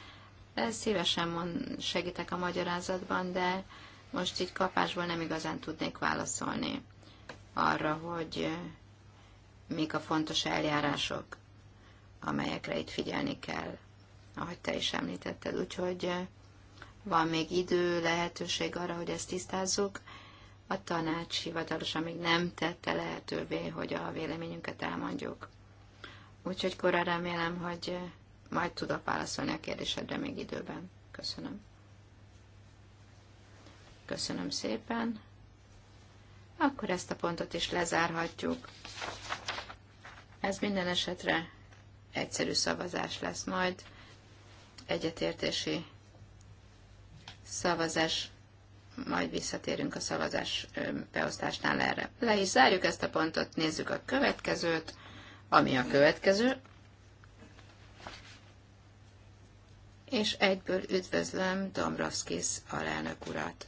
szívesen mond, segítek a magyarázatban, de most így kapásból nem igazán tudnék válaszolni arra, hogy eh, mik a fontos eljárások, amelyekre itt figyelni kell, ahogy te is említetted. Úgyhogy eh, van még idő, lehetőség arra, hogy ezt tisztázzuk. A tanács hivatalosan még nem tette lehetővé, hogy a véleményünket elmondjuk. Úgyhogy korán remélem, hogy majd tudok válaszolni a kérdésedre még időben. Köszönöm. Köszönöm szépen. Akkor ezt a pontot is lezárhatjuk. Ez minden esetre egyszerű szavazás lesz majd, egyetértési szavazás, majd visszatérünk a szavazás beosztásnál erre. Le is zárjuk ezt a pontot, nézzük a következőt, ami a következő. És egyből üdvözlöm Dombrovskis alelnök urat.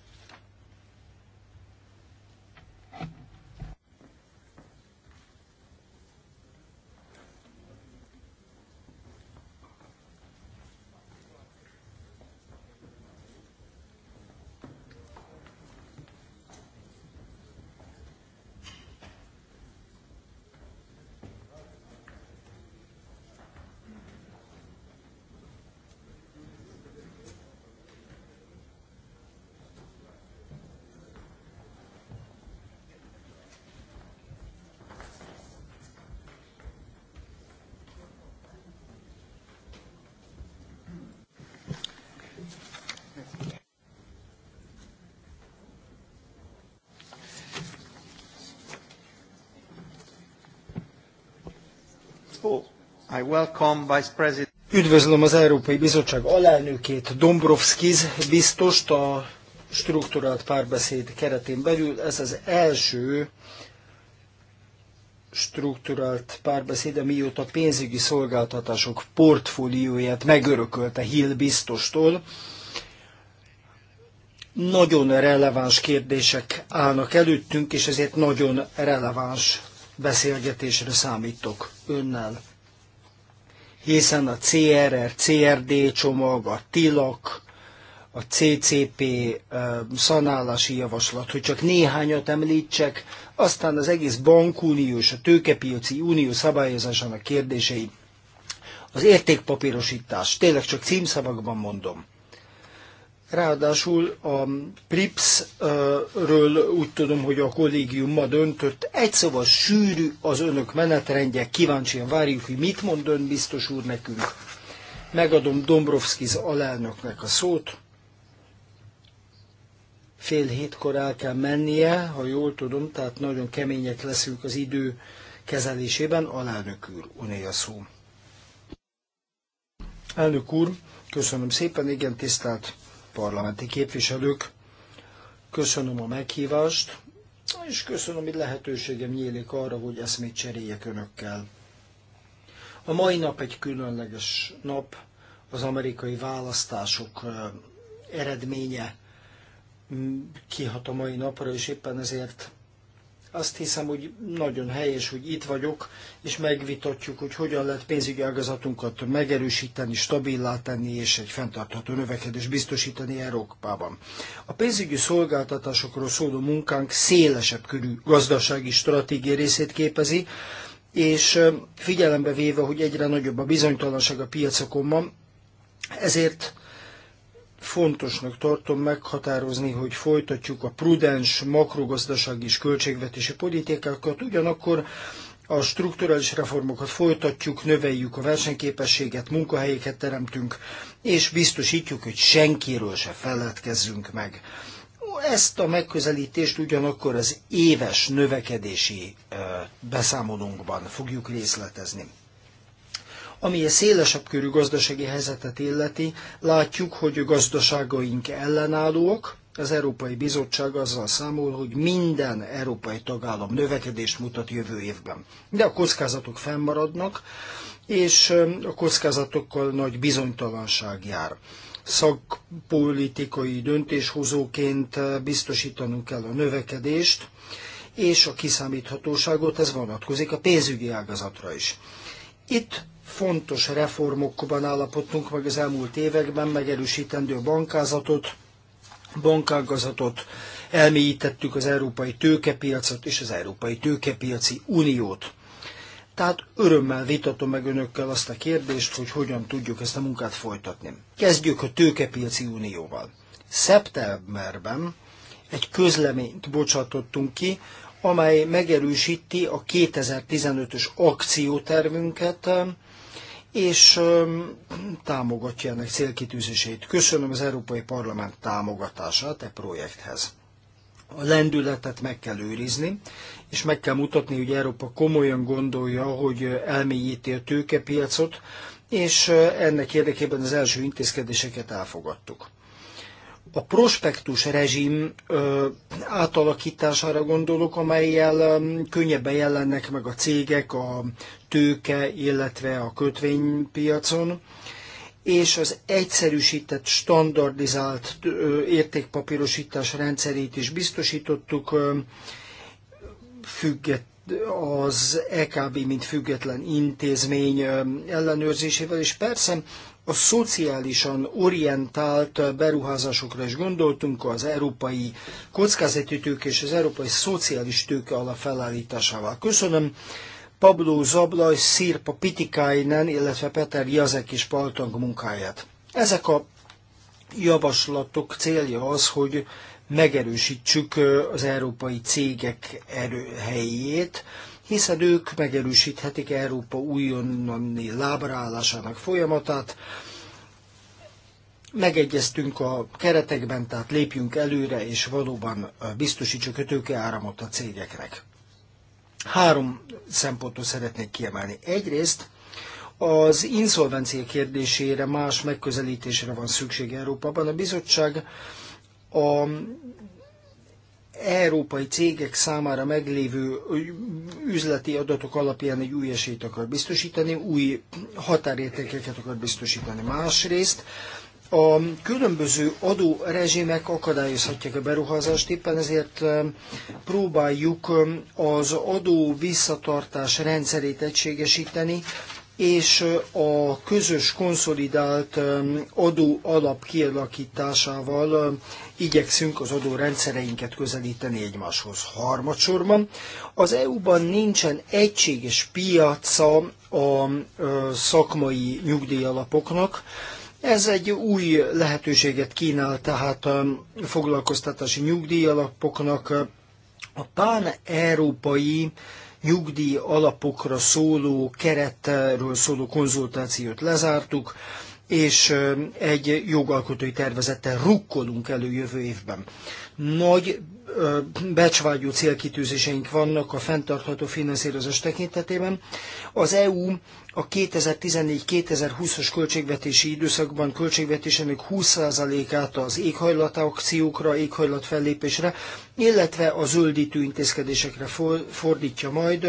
I welcome Vice President. Üdvözlöm az Európai Bizottság alelnökét, Dombrovskis biztost a strukturált párbeszéd keretén belül. Ez az első strukturált párbeszéd, mióta pénzügyi szolgáltatások portfólióját megörökölte Hill biztostól. Nagyon releváns kérdések állnak előttünk, és ezért nagyon releváns beszélgetésre számítok önnel hiszen a CRR, CRD csomag, a TILAK, a CCP szanálási javaslat, hogy csak néhányat említsek, aztán az egész bankuniós, a tőkepiaci unió szabályozásának kérdései, az értékpapírosítás, tényleg csak címszavakban mondom. Ráadásul a PRIPS-ről úgy tudom, hogy a kollégium ma döntött. Egy szóval sűrű az önök menetrendje, kíváncsian várjuk, hogy mit mond ön biztos úr nekünk. Megadom Dombrovskis alelnöknek a szót. Fél hétkor el kell mennie, ha jól tudom, tehát nagyon kemények leszünk az idő kezelésében. Alelnök úr, uné a szó. Elnök úr, köszönöm szépen, igen, tisztelt parlamenti képviselők, köszönöm a meghívást, és köszönöm, hogy lehetőségem nyílik arra, hogy eszmét cseréljek önökkel. A mai nap egy különleges nap, az amerikai választások eredménye kihat a mai napra, és éppen ezért azt hiszem, hogy nagyon helyes, hogy itt vagyok, és megvitatjuk, hogy hogyan lehet pénzügyi ágazatunkat megerősíteni, stabilá tenni, és egy fenntartható növekedés biztosítani Európában. A pénzügyi szolgáltatásokról szóló munkánk szélesebb körű gazdasági stratégia részét képezi, és figyelembe véve, hogy egyre nagyobb a bizonytalanság a piacokon van, ezért fontosnak tartom meghatározni, hogy folytatjuk a prudens makrogazdasági és költségvetési politikákat, ugyanakkor a strukturális reformokat folytatjuk, növeljük a versenyképességet, munkahelyeket teremtünk, és biztosítjuk, hogy senkiről se feledkezzünk meg. Ezt a megközelítést ugyanakkor az éves növekedési beszámolónkban fogjuk részletezni. Ami a szélesebb körű gazdasági helyzetet illeti, látjuk, hogy a gazdaságaink ellenállóak, az Európai Bizottság azzal számol, hogy minden európai tagállam növekedést mutat jövő évben. De a kockázatok fennmaradnak, és um, a kockázatokkal nagy bizonytalanság jár. Szakpolitikai döntéshozóként uh, biztosítanunk kell a növekedést, és a kiszámíthatóságot, ez vonatkozik a pénzügyi ágazatra is. Itt fontos reformokban állapodtunk meg az elmúlt években, megerősítendő a bankázatot, bankágazatot, elmélyítettük az európai tőkepiacot és az európai tőkepiaci uniót. Tehát örömmel vitatom meg önökkel azt a kérdést, hogy hogyan tudjuk ezt a munkát folytatni. Kezdjük a tőkepiaci unióval. Szeptemberben egy közleményt bocsátottunk ki, amely megerősíti a 2015-ös akciótervünket, és támogatja ennek célkitűzését. Köszönöm az Európai Parlament támogatását e projekthez. A lendületet meg kell őrizni, és meg kell mutatni, hogy Európa komolyan gondolja, hogy elmélyíti a tőkepiacot, és ennek érdekében az első intézkedéseket elfogadtuk a prospektus rezsim ö, átalakítására gondolok, amelyel ö, könnyebben jelennek meg a cégek a tőke, illetve a kötvénypiacon, és az egyszerűsített, standardizált ö, értékpapírosítás rendszerét is biztosítottuk, ö, függet, az EKB, mint független intézmény ellenőrzésével, és persze a szociálisan orientált beruházásokra is gondoltunk, az európai kockázati tőke és az európai szociális tőke alap felállításával. Köszönöm Pablo Zablaj, Szirpa Pitikainen, illetve Peter Jazek és Paltang munkáját. Ezek a javaslatok célja az, hogy megerősítsük az európai cégek erőhelyét hiszen ők megerősíthetik Európa újonnani lábraállásának folyamatát. Megegyeztünk a keretekben, tehát lépjünk előre, és valóban biztosítsuk kötőke áramot a cégeknek. Három szempontot szeretnék kiemelni. Egyrészt az inszolvencia kérdésére más megközelítésre van szükség Európában. A bizottság a európai cégek számára meglévő üzleti adatok alapján egy új esélyt akar biztosítani, új határértékeket akar biztosítani. Másrészt a különböző adórezsimek akadályozhatják a beruházást, éppen ezért próbáljuk az adó visszatartás rendszerét egységesíteni, és a közös konszolidált adó alap kialakításával igyekszünk az adórendszereinket közelíteni egymáshoz. Harmadsorban az EU-ban nincsen egységes piaca a szakmai nyugdíjalapoknak, ez egy új lehetőséget kínál, tehát a foglalkoztatási nyugdíjalapoknak a pán-európai nyugdíj alapokra szóló keretről szóló konzultációt lezártuk, és egy jogalkotói tervezettel rukkolunk elő jövő évben. Nagy becsvágyó célkitűzéseink vannak a fenntartható finanszírozás tekintetében. Az EU a 2014-2020-as költségvetési időszakban költségvetésének 20%-át az éghajlatakciókra, éghajlatfellépésre, illetve a zöldítő intézkedésekre fordítja majd.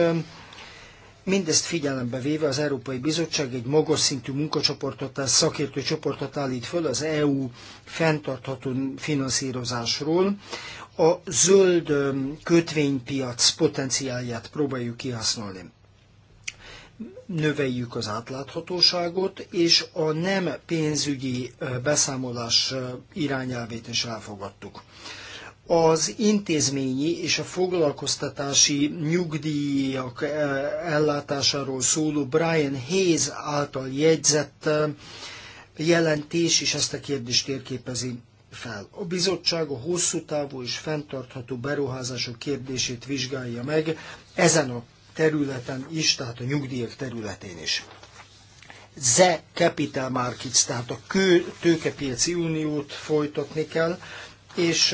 Mindezt figyelembe véve az Európai Bizottság egy magas szintű munkacsoportot, szakértő csoportot állít föl az EU fenntartható finanszírozásról a zöld kötvénypiac potenciálját próbáljuk kihasználni. Növeljük az átláthatóságot, és a nem pénzügyi beszámolás irányelvét is elfogadtuk az intézményi és a foglalkoztatási nyugdíjak ellátásáról szóló Brian Hayes által jegyzett jelentés is ezt a kérdést térképezi fel. A bizottság a hosszú távú és fenntartható beruházások kérdését vizsgálja meg ezen a területen is, tehát a nyugdíjak területén is. The Capital Markets, tehát a kő tőkepiaci uniót folytatni kell, és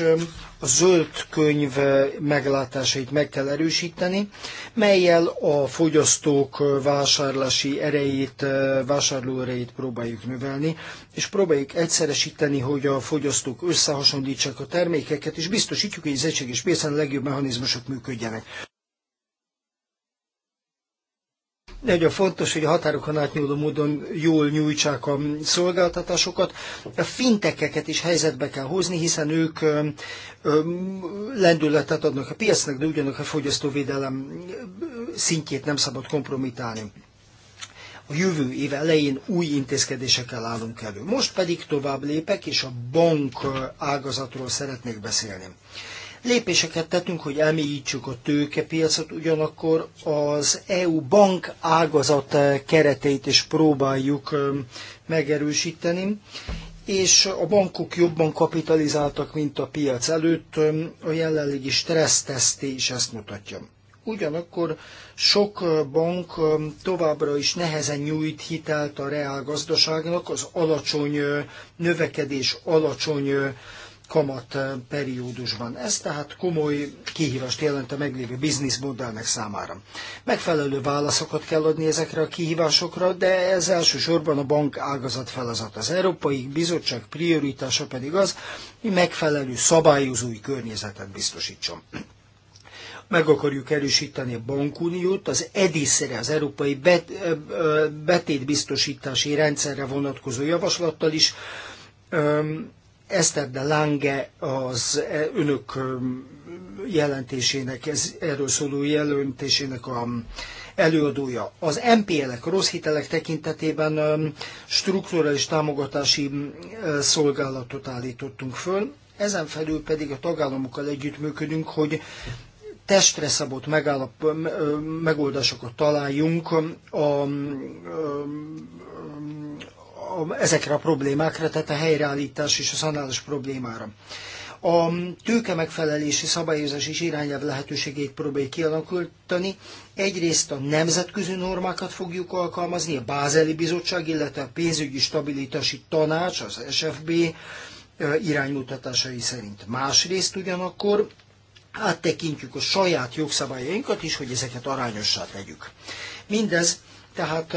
a zöld könyv meglátásait meg kell erősíteni, melyel a fogyasztók vásárlási erejét, vásárló erejét próbáljuk növelni, és próbáljuk egyszeresíteni, hogy a fogyasztók összehasonlítsák a termékeket, és biztosítjuk, hogy az egységes piacon a legjobb mechanizmusok működjenek. Nagyon fontos, hogy a határokon átnyúló módon jól nyújtsák a szolgáltatásokat. A fintekeket is helyzetbe kell hozni, hiszen ők lendületet adnak a piacnak, de ugyanak a fogyasztóvédelem szintjét nem szabad kompromitálni a jövő év elején új intézkedésekkel állunk elő. Most pedig tovább lépek, és a bank ágazatról szeretnék beszélni. Lépéseket tettünk, hogy elmélyítsük a tőkepiacot, ugyanakkor az EU bank ágazat kereteit is próbáljuk megerősíteni, és a bankok jobban kapitalizáltak, mint a piac előtt, a jelenlegi stresszteszté is ezt mutatja. Ugyanakkor sok bank továbbra is nehezen nyújt hitelt a reálgazdaságnak, az alacsony növekedés, alacsony kamat eh, periódusban. Ez tehát komoly kihívást jelent a meglévő bizniszmodellnek számára. Megfelelő válaszokat kell adni ezekre a kihívásokra, de ez elsősorban a bank ágazat feladat. Az Európai Bizottság prioritása pedig az, hogy megfelelő szabályozói környezetet biztosítson. Meg akarjuk erősíteni a bankuniót, az EDIS-re, az Európai Bet- eh, eh, Betétbiztosítási Rendszerre vonatkozó javaslattal is, ehm, Eszter de Lange az eh, önök eh, jelentésének, ez, erről szóló jelentésének a mm, előadója. Az MPL-ek, rossz hitelek tekintetében mm, strukturális támogatási mm, eh, szolgálatot állítottunk föl, ezen felül pedig a tagállamokkal együttműködünk, hogy testre szabott megállap, megoldásokat találjunk a a, ezekre a problémákra, tehát a helyreállítás és a szanálás problémára. A tőke megfelelési szabályozás és irányelv lehetőségét próbáljuk kialakítani. Egyrészt a nemzetközi normákat fogjuk alkalmazni, a Bázeli Bizottság, illetve a pénzügyi stabilitási tanács, az SFB iránymutatásai szerint. Másrészt ugyanakkor áttekintjük a saját jogszabályainkat is, hogy ezeket arányossá tegyük. Mindez tehát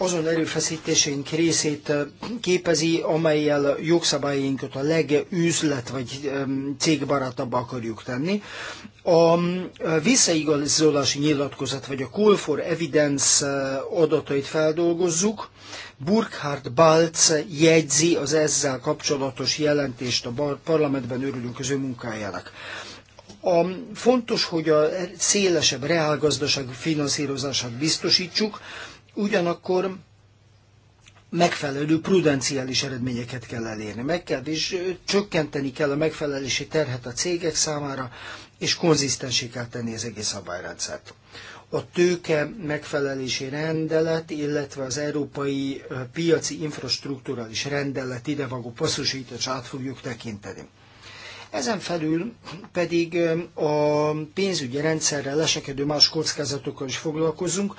azon erőfeszítésénk részét képezi, amelyel jogszabályainkat a legüzlet vagy cégbarátabb akarjuk tenni. A visszaigazolási nyilatkozat vagy a Call for Evidence adatait feldolgozzuk. Burkhard Balc jegyzi az ezzel kapcsolatos jelentést a parlamentben örülünk az ő munkájának. A, fontos, hogy a szélesebb reálgazdaság finanszírozását biztosítsuk, Ugyanakkor megfelelő prudenciális eredményeket kell elérni. Meg kell, és csökkenteni kell a megfelelési terhet a cégek számára, és konzisztensé kell tenni az egész szabályrendszert. A tőke megfelelési rendelet, illetve az európai piaci infrastruktúrális rendelet idevagó passzusítás át fogjuk tekinteni. Ezen felül pedig a pénzügyi rendszerrel lesekedő más kockázatokkal is foglalkozunk,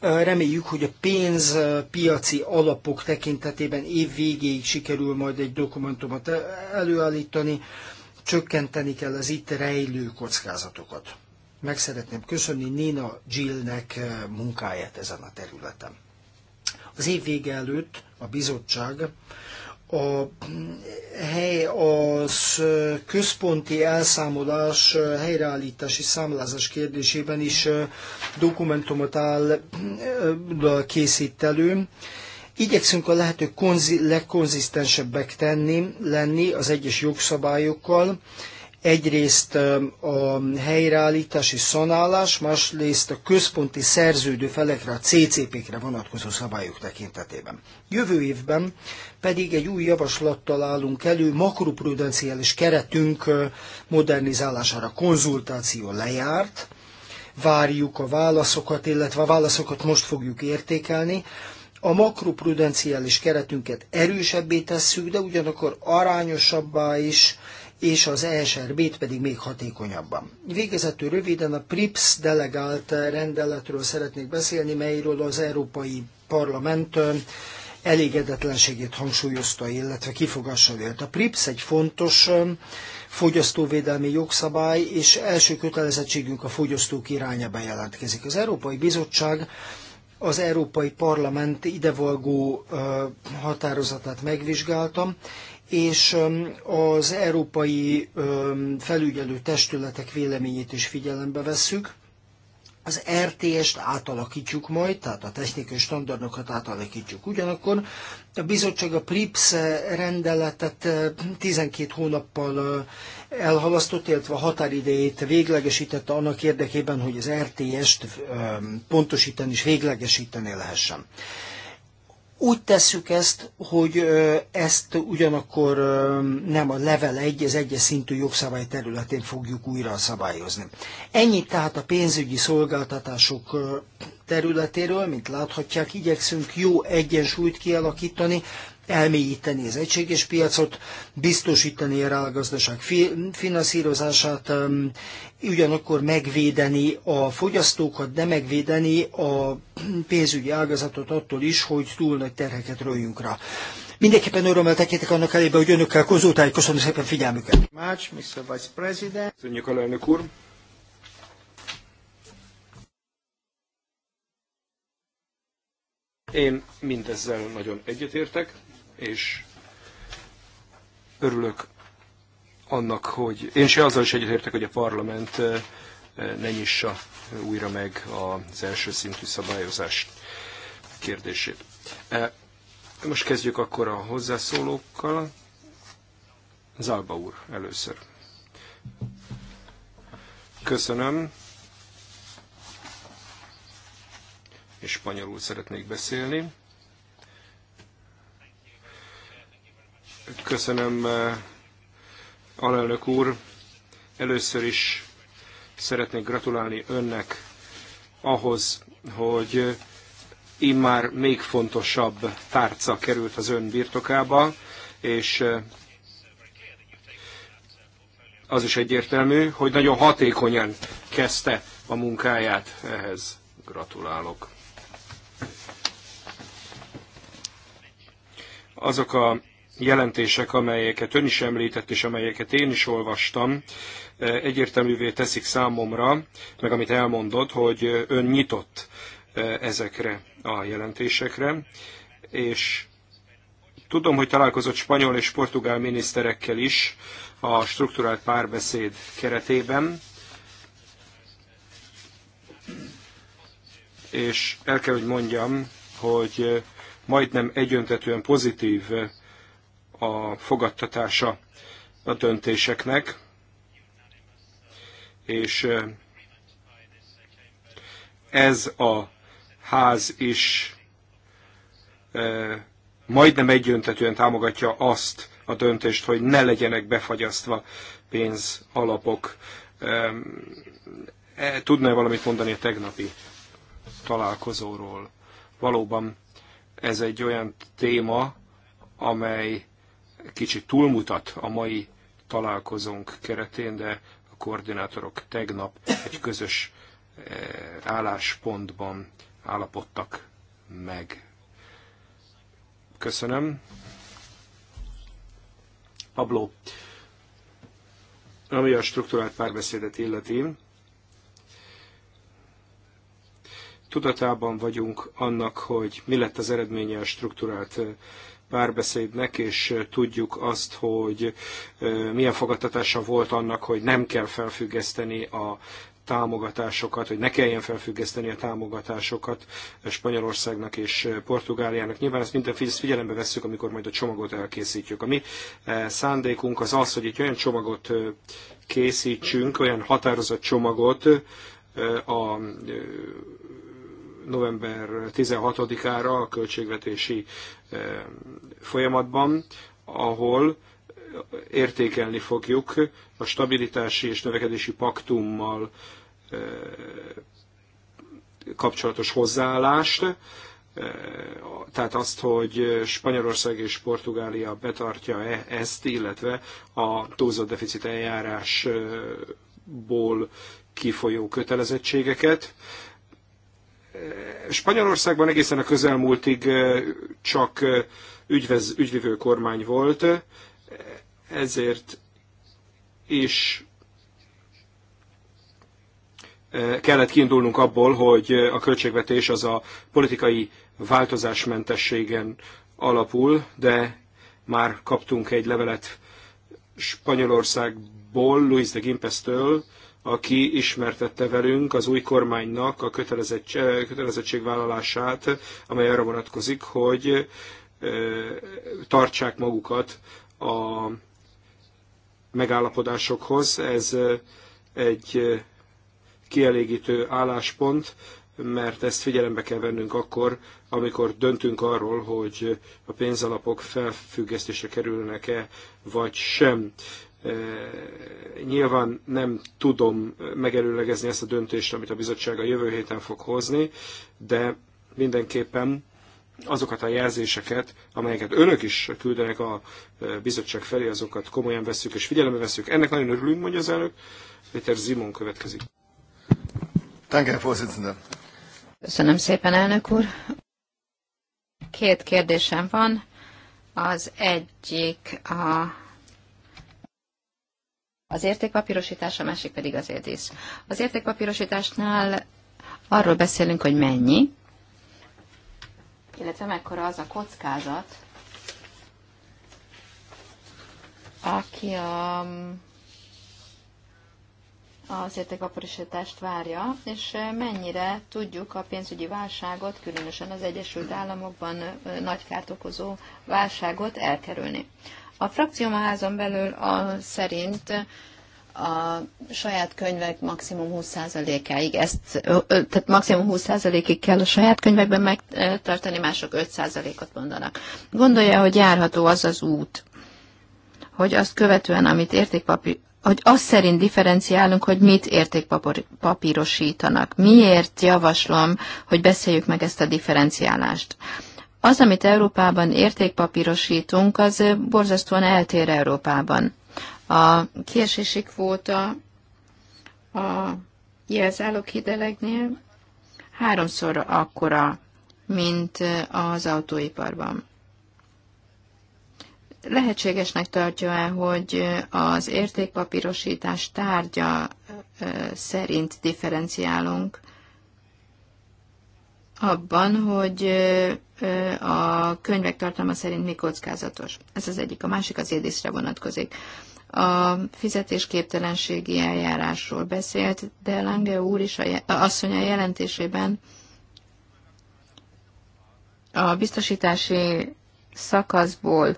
Reméljük, hogy a pénzpiaci alapok tekintetében év végéig sikerül majd egy dokumentumot e, előállítani, csökkenteni kell az itt rejlő kockázatokat. Meg szeretném köszönni Nina Gillnek munkáját ezen a területen. Az év vége előtt a bizottság a hely az központi elszámolás helyreállítási számlázás kérdésében is dokumentumot áll készít elő. Igyekszünk a lehető konzi, legkonzisztensebbek tenni, lenni az egyes jogszabályokkal, Egyrészt a helyreállítási szanálás, másrészt a központi szerződő felekre, a CCP-kre vonatkozó szabályok tekintetében. Jövő évben pedig egy új javaslattal állunk elő makroprudenciális keretünk modernizálására. Konzultáció lejárt, várjuk a válaszokat, illetve a válaszokat most fogjuk értékelni. A makroprudenciális keretünket erősebbé tesszük, de ugyanakkor arányosabbá is, és az ESRB-t pedig még hatékonyabban. Végezetül röviden a PRIPS delegált rendeletről szeretnék beszélni, melyről az Európai Parlament elégedetlenségét hangsúlyozta, illetve kifogással élt. A PRIPS egy fontos fogyasztóvédelmi jogszabály, és első kötelezettségünk a fogyasztók irányába jelentkezik. Az Európai Bizottság az Európai Parlament idevalgó határozatát megvizsgáltam, és az európai felügyelő testületek véleményét is figyelembe vesszük. Az RTS-t átalakítjuk majd, tehát a technikai standardokat átalakítjuk. Ugyanakkor a bizottság a PRIPS rendeletet 12 hónappal elhalasztott, illetve a határidejét véglegesítette annak érdekében, hogy az RTS-t pontosítani és véglegesíteni lehessen. Úgy tesszük ezt, hogy ezt ugyanakkor nem a level 1, az egyes szintű jogszabály területén fogjuk újra szabályozni. Ennyit tehát a pénzügyi szolgáltatások területéről, mint láthatják, igyekszünk jó egyensúlyt kialakítani elmélyíteni az egységes piacot, biztosítani a gazdaság finanszírozását, ugyanakkor megvédeni a fogyasztókat, de megvédeni a pénzügyi ágazatot attól is, hogy túl nagy terheket röljünk rá. Mindenképpen örömmel tekintek annak elébe, hogy önökkel konzultáljuk. Köszönöm szépen figyelmüket. Mács, Mr. Vice President. Köszönjük a elnök úr. Én mindezzel nagyon egyetértek és örülök annak, hogy én se azzal is egyetértek, hogy a parlament eh, eh, ne nyissa újra meg az első szintű szabályozás kérdését. Eh, most kezdjük akkor a hozzászólókkal. Zálba úr először. Köszönöm. És spanyolul szeretnék beszélni. Köszönöm, eh, alelnök úr. Először is szeretnék gratulálni önnek ahhoz, hogy eh, immár még fontosabb tárca került az ön birtokába, és eh, az is egyértelmű, hogy nagyon hatékonyan kezdte a munkáját ehhez. Gratulálok. Azok a jelentések, amelyeket ön is említett, és amelyeket én is olvastam, e, egyértelművé teszik számomra, meg amit elmondott, hogy ön nyitott e, ezekre a jelentésekre, és tudom, hogy találkozott spanyol és portugál miniszterekkel is a strukturált párbeszéd keretében, és el kell, hogy mondjam, hogy majdnem egyöntetően pozitív a fogadtatása a döntéseknek, és ez a ház is majdnem egyöntetően támogatja azt a döntést, hogy ne legyenek befagyasztva pénzalapok. E, Tudná-e valamit mondani a tegnapi találkozóról? Valóban ez egy olyan téma, amely kicsit túlmutat a mai találkozónk keretén, de a koordinátorok tegnap egy közös eh, álláspontban állapodtak meg. Köszönöm. Pablo, ami a struktúrált párbeszédet illeti, tudatában vagyunk annak, hogy mi lett az eredménye a struktúrált eh, párbeszédnek, és tudjuk azt, hogy milyen fogadtatása volt annak, hogy nem kell felfüggeszteni a támogatásokat, hogy ne kelljen felfüggeszteni a támogatásokat Spanyolországnak és Portugáliának. Nyilván ezt minden figyelembe veszük, amikor majd a csomagot elkészítjük. A mi szándékunk az az, hogy egy olyan csomagot készítsünk, olyan határozott csomagot a november 16-ára a költségvetési folyamatban, ahol értékelni fogjuk a stabilitási és növekedési paktummal kapcsolatos hozzáállást, tehát azt, hogy Spanyolország és Portugália betartja -e ezt, illetve a túlzott deficit eljárásból kifolyó kötelezettségeket. Spanyolországban egészen a közelmúltig csak ügyvez, ügyvivő kormány volt, ezért is kellett kiindulnunk abból, hogy a költségvetés az a politikai változásmentességen alapul, de már kaptunk egy levelet Spanyolországból, Luis de Gimpestől aki ismertette velünk az új kormánynak a eh, kötelezettségvállalását, amely arra vonatkozik, hogy eh, tartsák magukat a megállapodásokhoz. Ez eh, egy kielégítő álláspont, mert ezt figyelembe kell vennünk akkor, amikor döntünk arról, hogy a pénzalapok felfüggesztése kerülnek-e, vagy sem. Nyilván nem tudom megerőlegezni ezt a döntést, amit a bizottság a jövő héten fog hozni, de mindenképpen azokat a jelzéseket, amelyeket önök is küldenek a bizottság felé, azokat komolyan veszük és figyelembe veszük. Ennek nagyon örülünk, mondja az elnök. Péter Zimon következik. Köszönöm szépen, elnök úr. Két kérdésem van. Az egyik a az értékpapírosítás, a másik pedig az érdész. Az értékpapírosításnál arról beszélünk, hogy mennyi, illetve mekkora az a kockázat, aki a az értékpaparosítást várja, és mennyire tudjuk a pénzügyi válságot, különösen az Egyesült Államokban nagy kárt okozó válságot elkerülni. A frakcióm a házon belül a szerint a saját könyvek maximum 20%-áig ezt, tehát maximum 20%-ig kell a saját könyvekben megtartani, mások 5%-ot mondanak. Gondolja, hogy járható az az út, hogy azt követően, amit értékpapír, hogy azt szerint differenciálunk, hogy mit értékpapírosítanak. Miért javaslom, hogy beszéljük meg ezt a differenciálást? Az, amit Európában értékpapírosítunk, az borzasztóan eltér Európában. A kiesési kvóta a jelzálók hidelegnél háromszor akkora, mint az autóiparban lehetségesnek tartja-e, hogy az értékpapírosítás tárgya szerint differenciálunk abban, hogy a könyvek tartalma szerint mi kockázatos. Ez az egyik. A másik az édészre vonatkozik. A fizetésképtelenségi eljárásról beszélt, de Lange úr is a, asszony a jelentésében a biztosítási szakaszból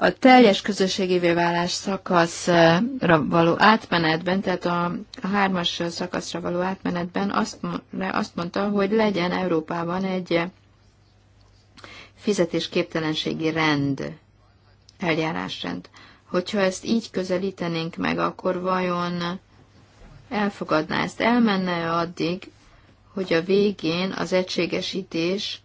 a teljes közösségévé válás szakaszra való átmenetben, tehát a hármas szakaszra való átmenetben azt, azt mondta, hogy legyen Európában egy fizetésképtelenségi rend, eljárásrend. Hogyha ezt így közelítenénk meg, akkor vajon elfogadná ezt? Elmenne -e addig, hogy a végén az egységesítés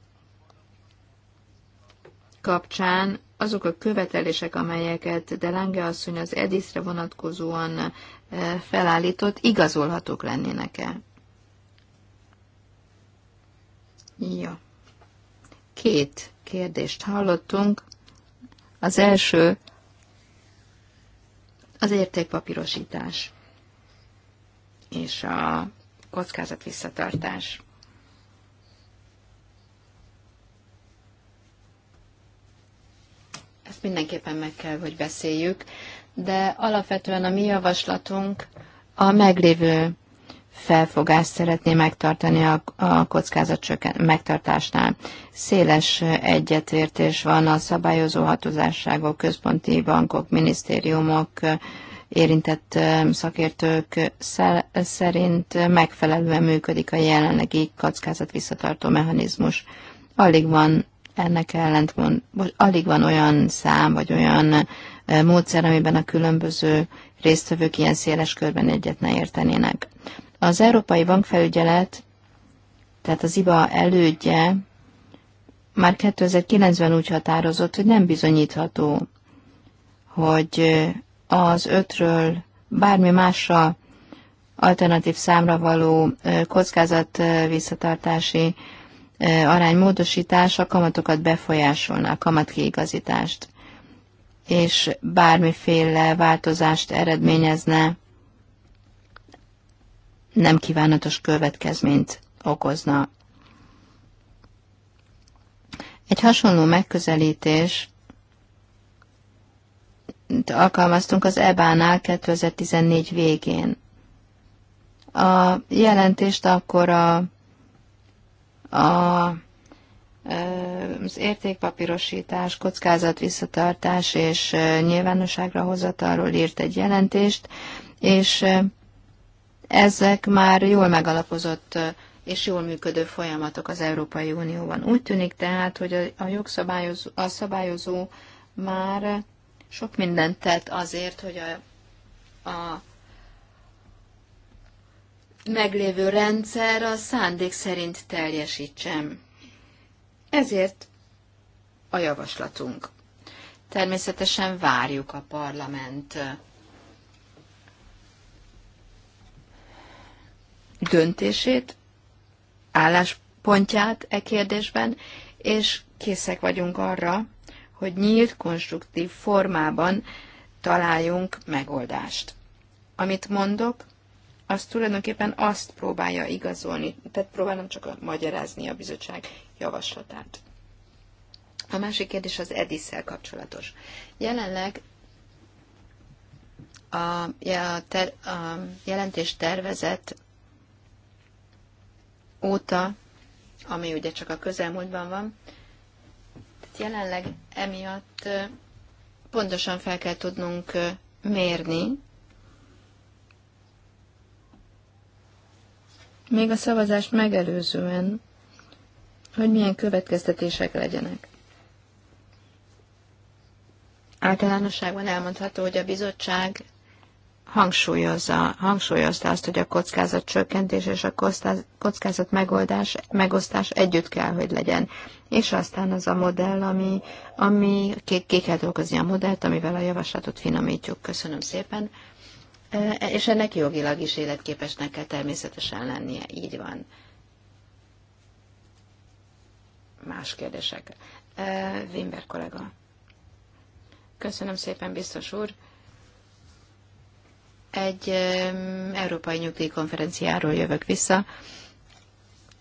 kapcsán azok a követelések, amelyeket de Lange asszony az Ediszre vonatkozóan eh, felállított, igazolhatók lennének el? Ja. Két kérdést hallottunk. Az első az értékpapírosítás és a kockázat visszatartás. Ezt mindenképpen meg kell, hogy beszéljük, de alapvetően a mi javaslatunk a meglévő felfogást szeretné megtartani a, a kockázat megtartásnál. Széles egyetértés van a szabályozó hatózásságok, központi bankok, minisztériumok, érintett szakértők szerint megfelelően működik a jelenlegi kockázat visszatartó mechanizmus. Alig van ennek ellentmond, vagy alig van olyan szám, vagy olyan eh, módszer, amiben a különböző résztvevők ilyen széles körben egyet ne értenének. Az Európai Bankfelügyelet, tehát az IBA elődje már 2009-ben úgy határozott, hogy nem bizonyítható, hogy eh, az ötről bármi másra alternatív számra való eh, kockázat visszatartási arány módosítása kamatokat befolyásolná, a kamatkiigazítást, és bármiféle változást eredményezne, nem kívánatos következményt okozna. Egy hasonló megközelítés alkalmaztunk az EBA-nál 2014 végén. A jelentést akkor a a, az értékpapírosítás, kockázat visszatartás és nyilvánosságra hozatalról írt egy jelentést, és ezek már jól megalapozott és jól működő folyamatok az Európai Unióban. Úgy tűnik tehát, hogy a, jogszabályozó, a szabályozó már sok mindent tett azért, hogy a, a meglévő rendszer a szándék szerint teljesítsem. Ezért a javaslatunk. Természetesen várjuk a parlament döntését, álláspontját e kérdésben, és készek vagyunk arra, hogy nyílt, konstruktív formában találjunk megoldást. Amit mondok, az tulajdonképpen azt próbálja igazolni, tehát próbálom csak magyarázni a bizottság javaslatát. A másik kérdés az Edisszel kapcsolatos. Jelenleg a, ter, a jelentés tervezet óta, ami ugye csak a közelmúltban van, tehát jelenleg emiatt pontosan fel kell tudnunk mérni, még a szavazást megelőzően, hogy milyen következtetések legyenek. Általánosságban elmondható, hogy a bizottság hangsúlyozza, hangsúlyozta azt, hogy a kockázat csökkentés és a kockázat megoldás, megosztás együtt kell, hogy legyen. És aztán az a modell, ami, ami ki, ki kell dolgozni a modellt, amivel a javaslatot finomítjuk. Köszönöm szépen. E, és ennek jogilag is életképesnek kell természetesen lennie. Így van. Más kérdések. E, Wimber kollega. Köszönöm szépen, biztos úr. Egy e, európai nyugdíjkonferenciáról jövök vissza.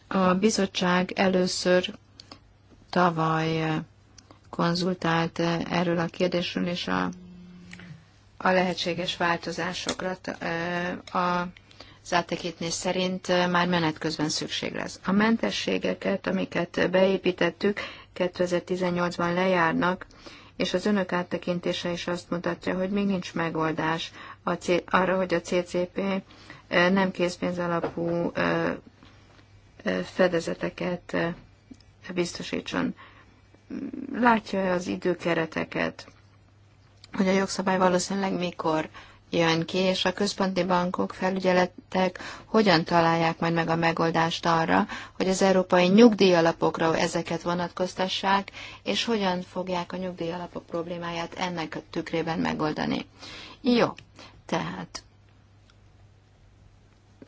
A bizottság először tavaly konzultált erről a kérdésről, és a a lehetséges változásokra a az áttekintés szerint már menet közben szükség lesz. A mentességeket, amiket beépítettük, 2018-ban lejárnak, és az önök áttekintése is azt mutatja, hogy még nincs megoldás a C- arra, hogy a CCP nem készpénz alapú fedezeteket biztosítson. Látja-e az időkereteket? hogy a jogszabály valószínűleg mikor jön ki, és a központi bankok, felügyeletek hogyan találják majd meg a megoldást arra, hogy az európai nyugdíjalapokra ezeket vonatkoztassák, és hogyan fogják a nyugdíjalapok problémáját ennek a tükrében megoldani. Jó, tehát,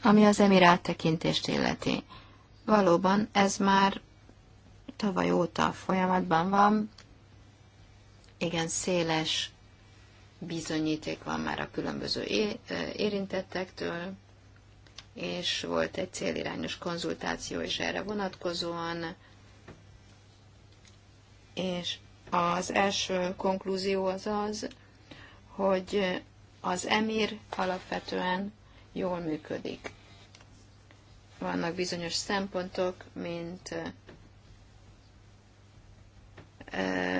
ami az emirát tekintést illeti. Valóban ez már tavaly óta folyamatban van, igen széles bizonyíték van már a különböző e, érintettektől, és volt egy célirányos konzultáció is erre vonatkozóan, és az első konklúzió az az, hogy az emir alapvetően jól működik. Vannak bizonyos szempontok, mint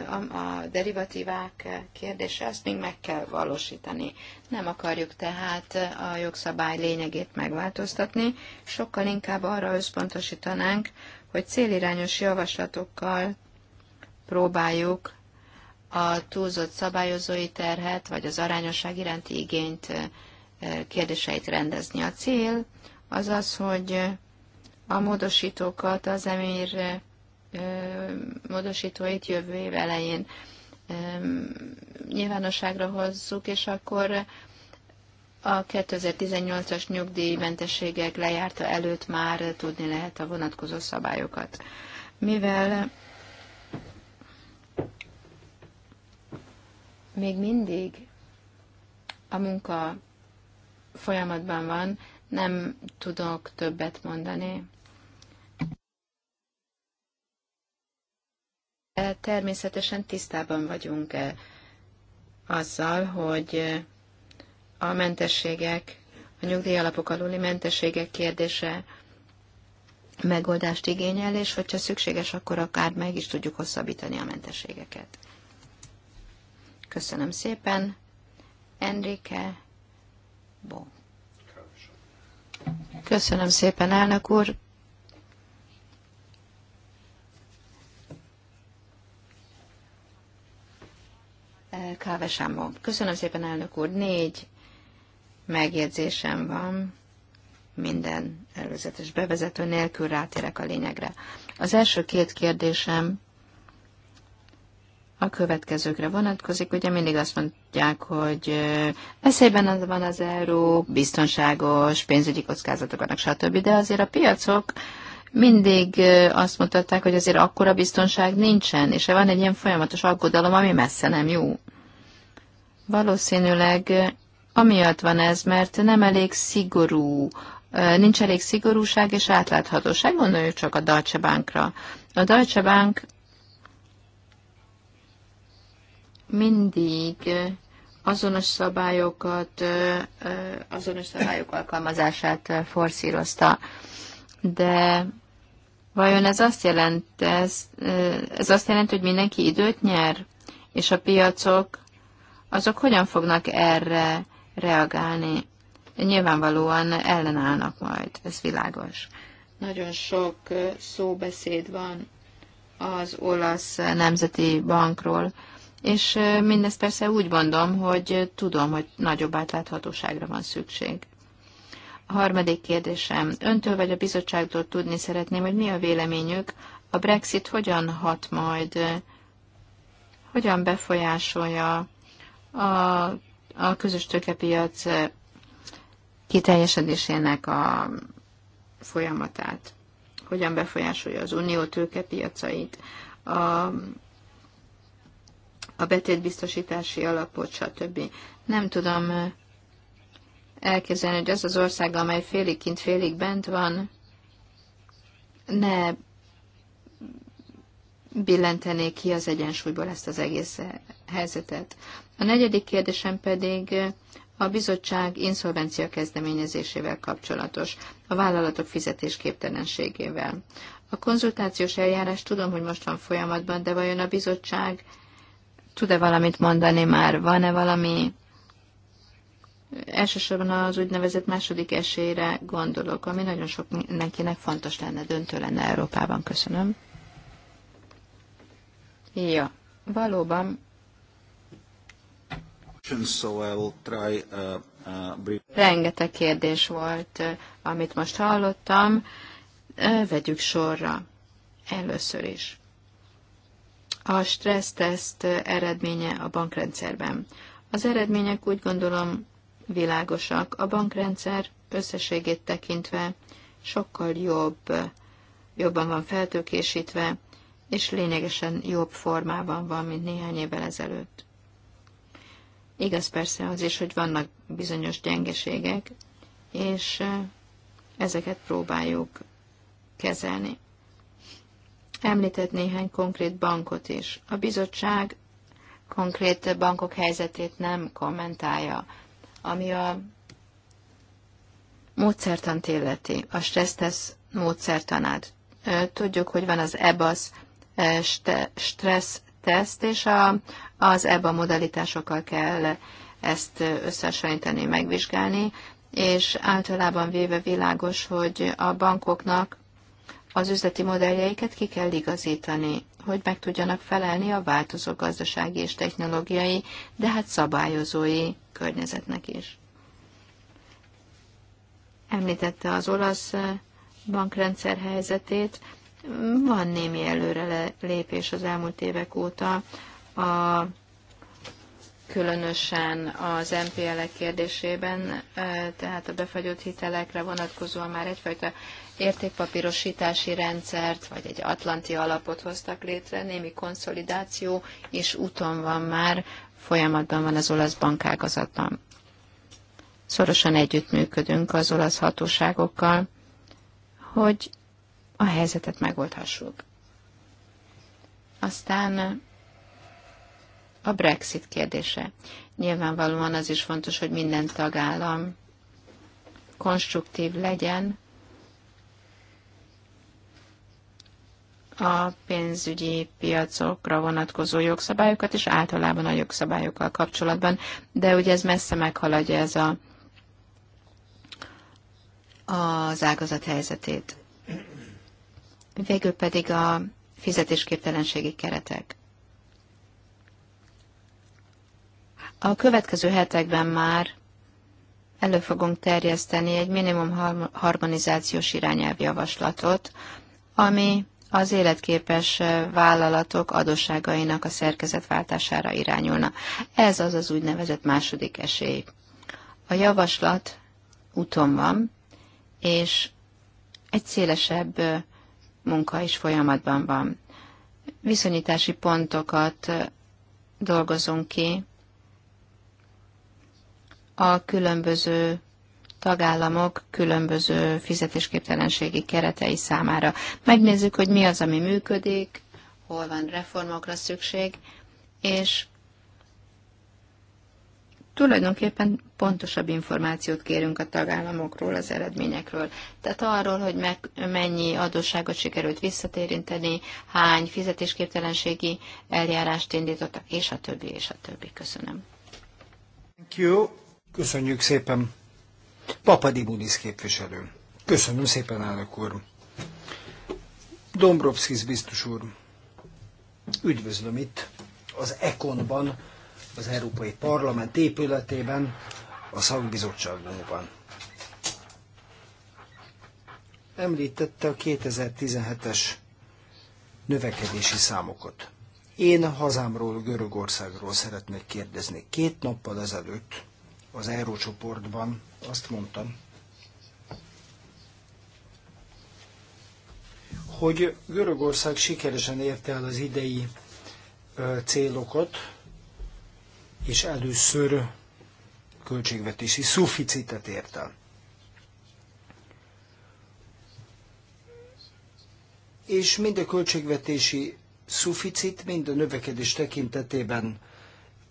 a, a derivatívák kérdése, azt még meg kell valósítani. Nem akarjuk tehát a jogszabály lényegét megváltoztatni, sokkal inkább arra összpontosítanánk, hogy célirányos javaslatokkal próbáljuk a túlzott szabályozói terhet, vagy az arányosság iránti igényt kérdéseit rendezni. A cél az az, hogy a módosítókat az emér módosítóit jövő év elején nyilvánosságra hozzuk, és akkor a 2018-as nyugdíjmentességek lejárta előtt már tudni lehet a vonatkozó szabályokat. Mivel még mindig a munka folyamatban van, nem tudok többet mondani. E, természetesen tisztában vagyunk e, azzal, hogy e, a mentességek, a nyugdíjalapok aluli mentességek kérdése megoldást igényel, és hogyha szükséges, akkor akár meg is tudjuk hosszabbítani a mentességeket. Köszönöm szépen. Enrique Bo. Köszönöm szépen, elnök úr. kávesámban. Köszönöm szépen, elnök úr. Négy megjegyzésem van minden előzetes bevezető nélkül rátérek a lényegre. Az első két kérdésem a következőkre vonatkozik. Ugye mindig azt mondják, hogy az van az euró, biztonságos, pénzügyi kockázatok vannak, stb. De azért a piacok mindig azt mutatták, hogy azért akkora biztonság nincsen, és van egy ilyen folyamatos aggodalom, ami messze nem jó. Valószínűleg amiatt van ez, mert nem elég szigorú, nincs elég szigorúság és átláthatóság. Gondoljuk csak a Deutsche Bankra. A Deutsche Bank mindig azonos szabályokat, azonos szabályok alkalmazását forszírozta. De vajon ez azt jelent, ez, ez azt jelenti, hogy mindenki időt nyer, és a piacok azok hogyan fognak erre reagálni? Nyilvánvalóan ellenállnak majd, ez világos. Nagyon sok szóbeszéd van az olasz nemzeti bankról, és mindezt persze úgy mondom, hogy tudom, hogy nagyobb átláthatóságra van szükség. A harmadik kérdésem. Öntől vagy a bizottságtól tudni szeretném, hogy mi a véleményük, a Brexit hogyan hat majd, hogyan befolyásolja a, a közös tőkepiac kiteljesedésének a folyamatát, hogyan befolyásolja az unió tőkepiacait, a, a betétbiztosítási alapot, stb. Nem tudom elképzelni, hogy az az ország, amely félig kint, félig bent van, ne billentené ki az egyensúlyból ezt az egész helyzetet. A negyedik kérdésem pedig eh, a bizottság inszolvencia kezdeményezésével kapcsolatos, a vállalatok fizetésképtelenségével. A konzultációs eljárás tudom, hogy most van folyamatban, de vajon a bizottság tud-e valamit mondani már? Van-e valami eh, elsősorban az úgynevezett második esélyre gondolok, ami nagyon sok mindenkinek fontos lenne, döntő lenne Európában. Köszönöm. Ja, valóban Rengeteg kérdés volt, amit most hallottam. Vegyük sorra. Először is. A stresszteszt eredménye a bankrendszerben. Az eredmények úgy gondolom világosak. A bankrendszer összességét tekintve sokkal jobb, jobban van feltőkésítve, és lényegesen jobb formában van, mint néhány évvel ezelőtt. Igaz persze az is, hogy vannak bizonyos gyengeségek, és ezeket próbáljuk kezelni. Említett néhány konkrét bankot is. A bizottság konkrét bankok helyzetét nem kommentálja, ami a módszertant illeti, a stressztesz módszertanát. Tudjuk, hogy van az EBAS stressz teszt, és a, az EBA modalitásokkal kell ezt összehasonlítani, megvizsgálni, és általában véve világos, hogy a bankoknak az üzleti modelljeiket ki kell igazítani, hogy meg tudjanak felelni a változó gazdasági és technológiai, de hát szabályozói környezetnek is. Említette az olasz bankrendszer helyzetét, van némi előre lépés az elmúlt évek óta, a, különösen az MPL-ek kérdésében, eh, tehát a befagyott hitelekre vonatkozóan már egyfajta értékpapírosítási rendszert, vagy egy atlanti alapot hoztak létre, némi konszolidáció, és úton van már, folyamatban van az olasz bankágazatban. Szorosan együttműködünk az olasz hatóságokkal, hogy a helyzetet megoldhassuk. Aztán a Brexit kérdése. Nyilvánvalóan az is fontos, hogy minden tagállam konstruktív legyen a pénzügyi piacokra vonatkozó jogszabályokat, és általában a jogszabályokkal kapcsolatban, de ugye ez messze meghaladja ez a, az ágazat helyzetét végül pedig a fizetésképtelenségi keretek. A következő hetekben már elő fogunk terjeszteni egy minimum harmonizációs irányelvjavaslatot, ami az életképes vállalatok adósságainak a szerkezetváltására irányulna. Ez az az úgynevezett második esély. A javaslat úton van, és egy szélesebb munka is folyamatban van. Viszonyítási pontokat dolgozunk ki a különböző tagállamok különböző fizetésképtelenségi keretei számára. Megnézzük, hogy mi az, ami működik, hol van reformokra szükség, és Tulajdonképpen pontosabb információt kérünk a tagállamokról, az eredményekről. Tehát arról, hogy meg, mennyi adósságot sikerült visszatérinteni, hány fizetésképtelenségi eljárást indítottak, és a többi, és a többi. Köszönöm. Thank you. Köszönjük szépen. Papadimulis képviselő. Köszönöm szépen, elnök úr. Dombrovskis biztos úr. Üdvözlöm itt az Ekonban az Európai Parlament épületében, a szakbizottságban. Említette a 2017-es növekedési számokat. Én hazámról, Görögországról szeretnék kérdezni. Két nappal ezelőtt az Eurócsoportban azt mondtam, hogy Görögország sikeresen érte el az idei célokat, és először költségvetési szuficitet ért el. És mind a költségvetési szuficit, mind a növekedés tekintetében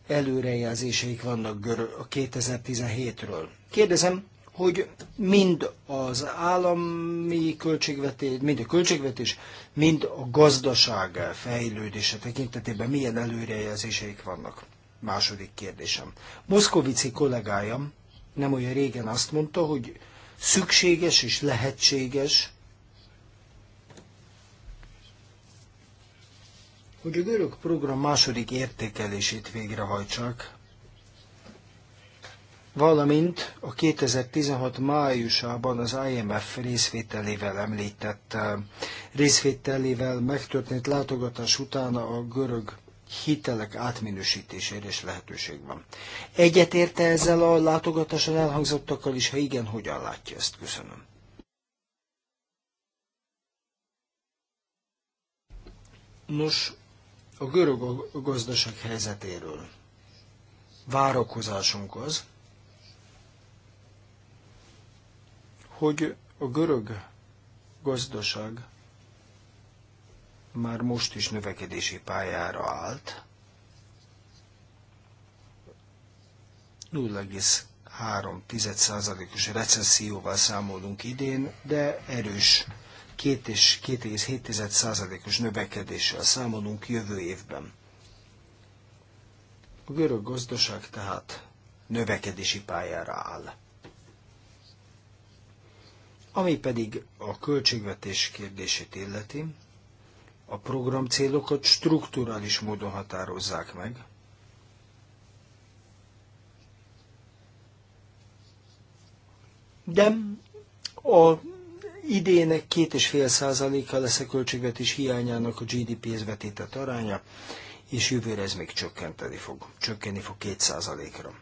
előrejelzéseik vannak a 2017-ről. Kérdezem, hogy mind az állami költségvetés, mind a költségvetés, mind a gazdaság fejlődése tekintetében milyen előrejelzéseik vannak. Második kérdésem. Moszkovici kollégája nem olyan régen azt mondta, hogy szükséges és lehetséges, hogy a görög program második értékelését végrehajtsák, valamint a 2016 májusában az IMF részvételével említett részvételével megtörtént látogatás után a görög hitelek átminősítésére is lehetőség van. Egyetérte ezzel a látogatáson elhangzottakkal is, ha igen, hogyan látja ezt? Köszönöm. Nos, a görög gazdaság helyzetéről várakozásunk az, hogy a görög gazdaság már most is növekedési pályára állt. 0,3%-os recesszióval számolunk idén, de erős 2,7%-os növekedéssel számolunk jövő évben. A görög gazdaság tehát növekedési pályára áll. Ami pedig a költségvetés kérdését illeti, a programcélokat strukturális módon határozzák meg. De a idének fél százaléka lesz a költségvetés hiányának a GDP-hez vetített aránya, és jövőre ez még csökkenteni fog, csökkenni fog két százalékra.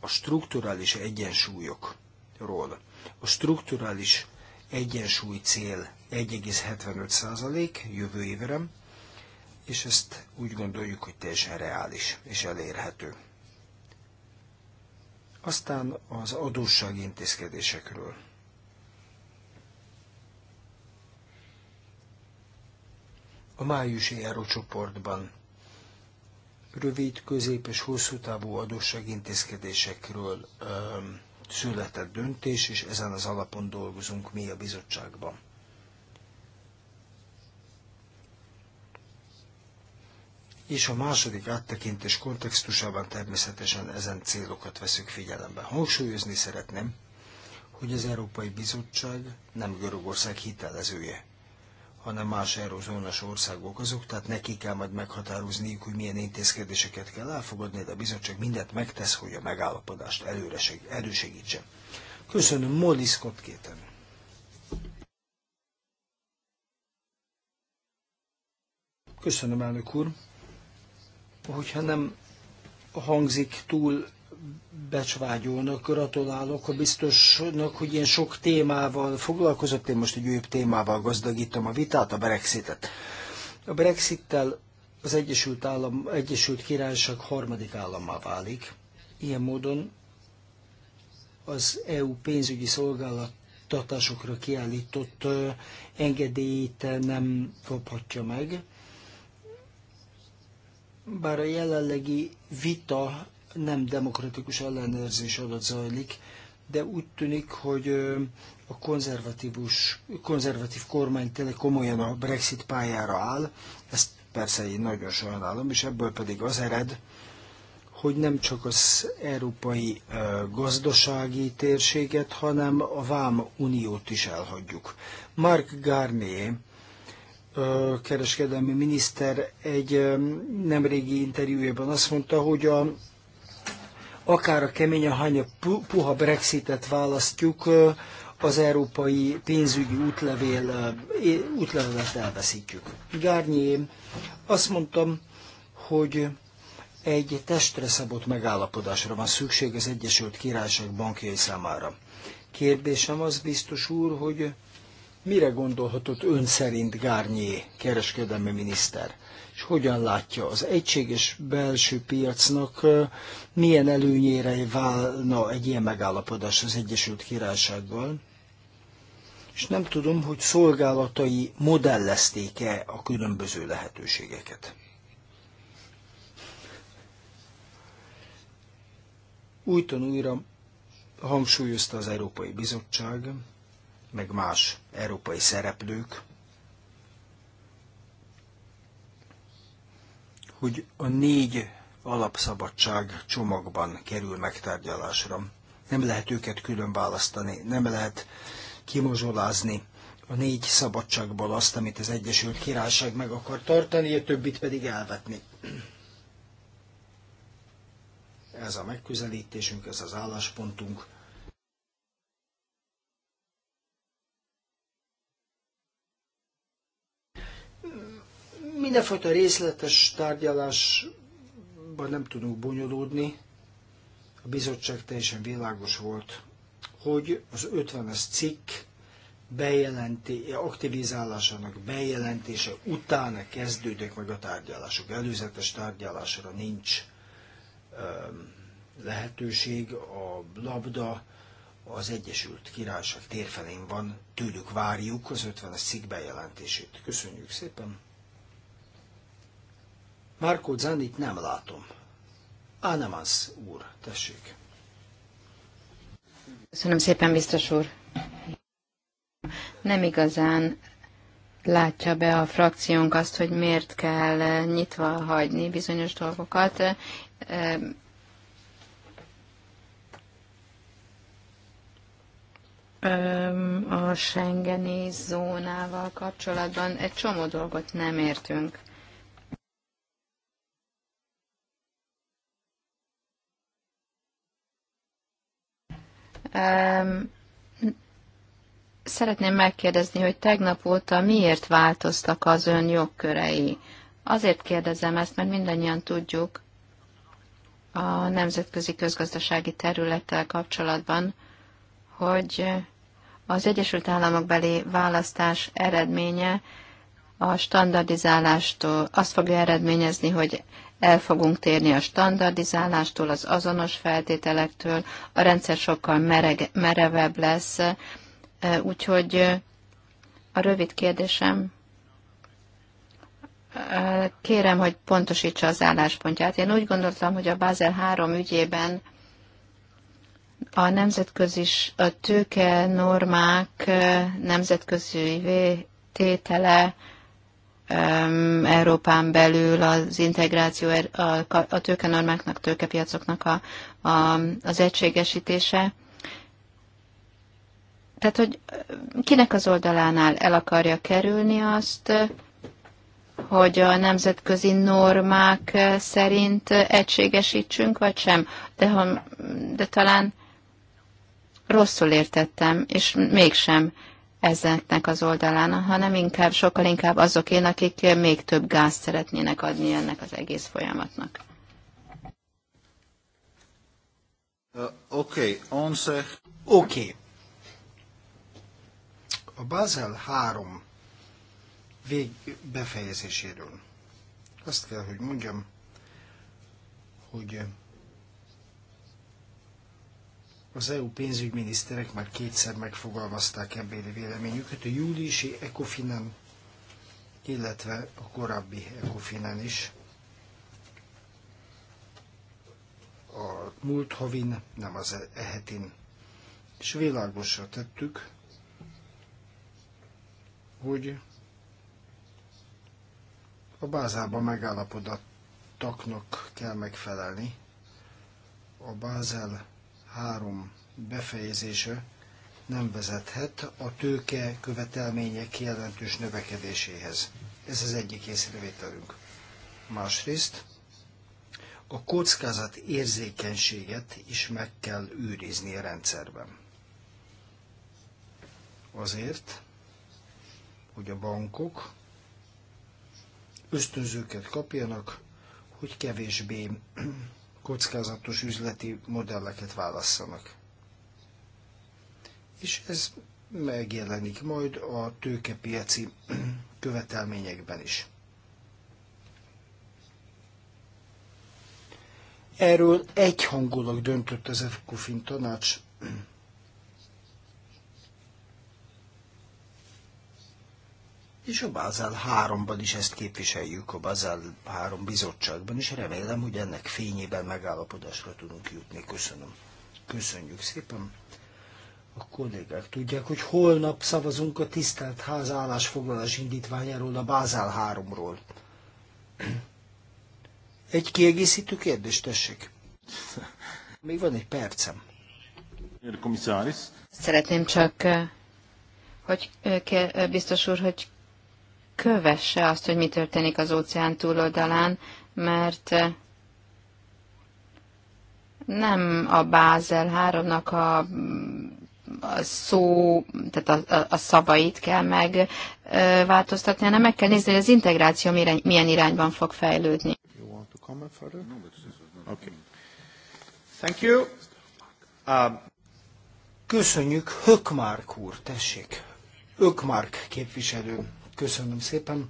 A strukturális egyensúlyokról, a strukturális egyensúly cél 1,75 százalék jövő évre, és ezt úgy gondoljuk, hogy teljesen reális és elérhető. Aztán az adósság intézkedésekről. A májusi járócsoportban rövid, közép és hosszú távú adósságintézkedésekről született döntés, és ezen az alapon dolgozunk mi a bizottságban. és a második áttekintés kontextusában természetesen ezen célokat veszük figyelembe. Hangsúlyozni szeretném, hogy az Európai Bizottság nem Görögország hitelezője, hanem más eurozónás országok azok, tehát neki kell majd meghatározniuk, hogy milyen intézkedéseket kell elfogadni, de a bizottság mindent megtesz, hogy a megállapodást előre elősegítse. Köszönöm, Molly Scott kéten. Köszönöm, elnök úr hogyha nem hangzik túl becsvágyónak, gratulálok a biztosnak, hogy ilyen sok témával foglalkozott, én most egy újabb témával gazdagítom a vitát, a Brexitet. A Brexittel az Egyesült, Állam, Egyesült Királyság harmadik állammá válik. Ilyen módon az EU pénzügyi szolgáltatásokra kiállított engedélyt nem kaphatja meg bár a jelenlegi vita nem demokratikus ellenőrzés alatt zajlik, de úgy tűnik, hogy a konzervatívus, konzervatív kormány tényleg komolyan a Brexit pályára áll. Ezt persze én nagyon sajnálom, és ebből pedig az ered, hogy nem csak az európai gazdasági térséget, hanem a Vám Uniót is elhagyjuk. Mark Garnier, kereskedelmi miniszter egy nemrégi interjújában azt mondta, hogy a, akár a kemény, hány a puha Brexitet választjuk, az európai pénzügyi útlevél, útlevelet elveszítjük. Gárnyi, azt mondtam, hogy egy testre szabott megállapodásra van szükség az Egyesült Királyság bankjai számára. Kérdésem az biztos úr, hogy Mire gondolhatott ön szerint Gárnyé kereskedelmi miniszter? És hogyan látja az egységes belső piacnak milyen előnyére válna egy ilyen megállapodás az Egyesült Királysággal? És nem tudom, hogy szolgálatai modellezték-e a különböző lehetőségeket. Újton újra hangsúlyozta az Európai Bizottság, meg más európai szereplők, hogy a négy alapszabadság csomagban kerül megtárgyalásra. Nem lehet őket külön választani, nem lehet kimozsolázni a négy szabadságból azt, amit az Egyesült Királyság meg akar tartani, a többit pedig elvetni. Ez a megközelítésünk, ez az álláspontunk, Mindenfajta részletes tárgyalásban nem tudunk bonyolódni. A bizottság teljesen világos volt, hogy az 50-es cikk bejelenti, aktivizálásának bejelentése utána kezdődnek meg a tárgyalások. Előzetes tárgyalásra nincs um, lehetőség. A labda az Egyesült Királyság térfelén van, tőlük várjuk az 50-es cikk bejelentését. Köszönjük szépen! Márkó Zanit nem látom. Ánemansz úr, tessék. Köszönöm szépen, biztos úr. Nem igazán látja be a frakciónk azt, hogy miért kell nyitva hagyni bizonyos dolgokat. Ehm, ehm, a Schengeni zónával kapcsolatban egy csomó dolgot nem értünk. Szeretném megkérdezni, hogy tegnap óta miért változtak az ön jogkörei? Azért kérdezem ezt, mert mindannyian tudjuk a nemzetközi közgazdasági területtel kapcsolatban, hogy az Egyesült Államok beli választás eredménye a standardizálástól azt fogja eredményezni, hogy el fogunk térni a standardizálástól, az azonos feltételektől, a rendszer sokkal mereg, merevebb lesz, e, úgyhogy e, a rövid kérdésem, e, kérem, hogy pontosítsa az álláspontját. Én úgy gondoltam, hogy a Bázel 3 ügyében a nemzetközi a tőke normák nemzetközi tétele Európán belül az integráció, er- a, a tőkenormáknak, tőkepiacoknak a, a, az egységesítése. Tehát, hogy kinek az oldalánál el akarja kerülni azt, hogy a nemzetközi normák szerint egységesítsünk, vagy sem. De, ha, de talán rosszul értettem, és mégsem ezeknek az oldalán, hanem inkább, sokkal inkább én, akik még több gázt szeretnének adni ennek az egész folyamatnak. Uh, Oké, okay. Oké. Okay. A Basel 3 vég befejezéséről. Azt kell, hogy mondjam, hogy az EU pénzügyminiszterek már kétszer megfogalmazták ebbéli véleményüket, a júliusi ECOFIN-en, illetve a korábbi ecofin is. A múlt havin, nem az e-, ehetin. És világosra tettük, hogy a bázában megállapodottaknak kell megfelelni. A Bázel 3 befejezése nem vezethet a tőke követelmények jelentős növekedéséhez. Ez az egyik észrevételünk. Másrészt a kockázat érzékenységet is meg kell őrizni a rendszerben. Azért, hogy a bankok ösztönzőket kapjanak, hogy kevésbé kockázatos üzleti modelleket válasszanak. És ez megjelenik majd a tőkepiaci követelményekben is. Erről egyhangulag döntött az EFKOFIN tanács és a Bázel 3-ban is ezt képviseljük, a Bázel 3 bizottságban, és remélem, hogy ennek fényében megállapodásra tudunk jutni. Köszönöm. Köszönjük szépen. A kollégák tudják, hogy holnap szavazunk a tisztelt ház állásfoglalás indítványáról, a Bázel 3-ról. Egy kiegészítő kérdést tessék. Még van egy percem. Szeretném csak, eh, hogy eh, eh, biztos úr, hogy kövesse azt, hogy mi történik az óceán túloldalán, mert nem a Bázel 3-nak a, a szó, tehát a, a, a szavait kell megváltoztatni, hanem meg kell nézni, hogy az integráció irány, milyen irányban fog fejlődni. Um, Köszönjük, Hökmárk úr, tessék. Ökmark képviselő. Köszönöm szépen.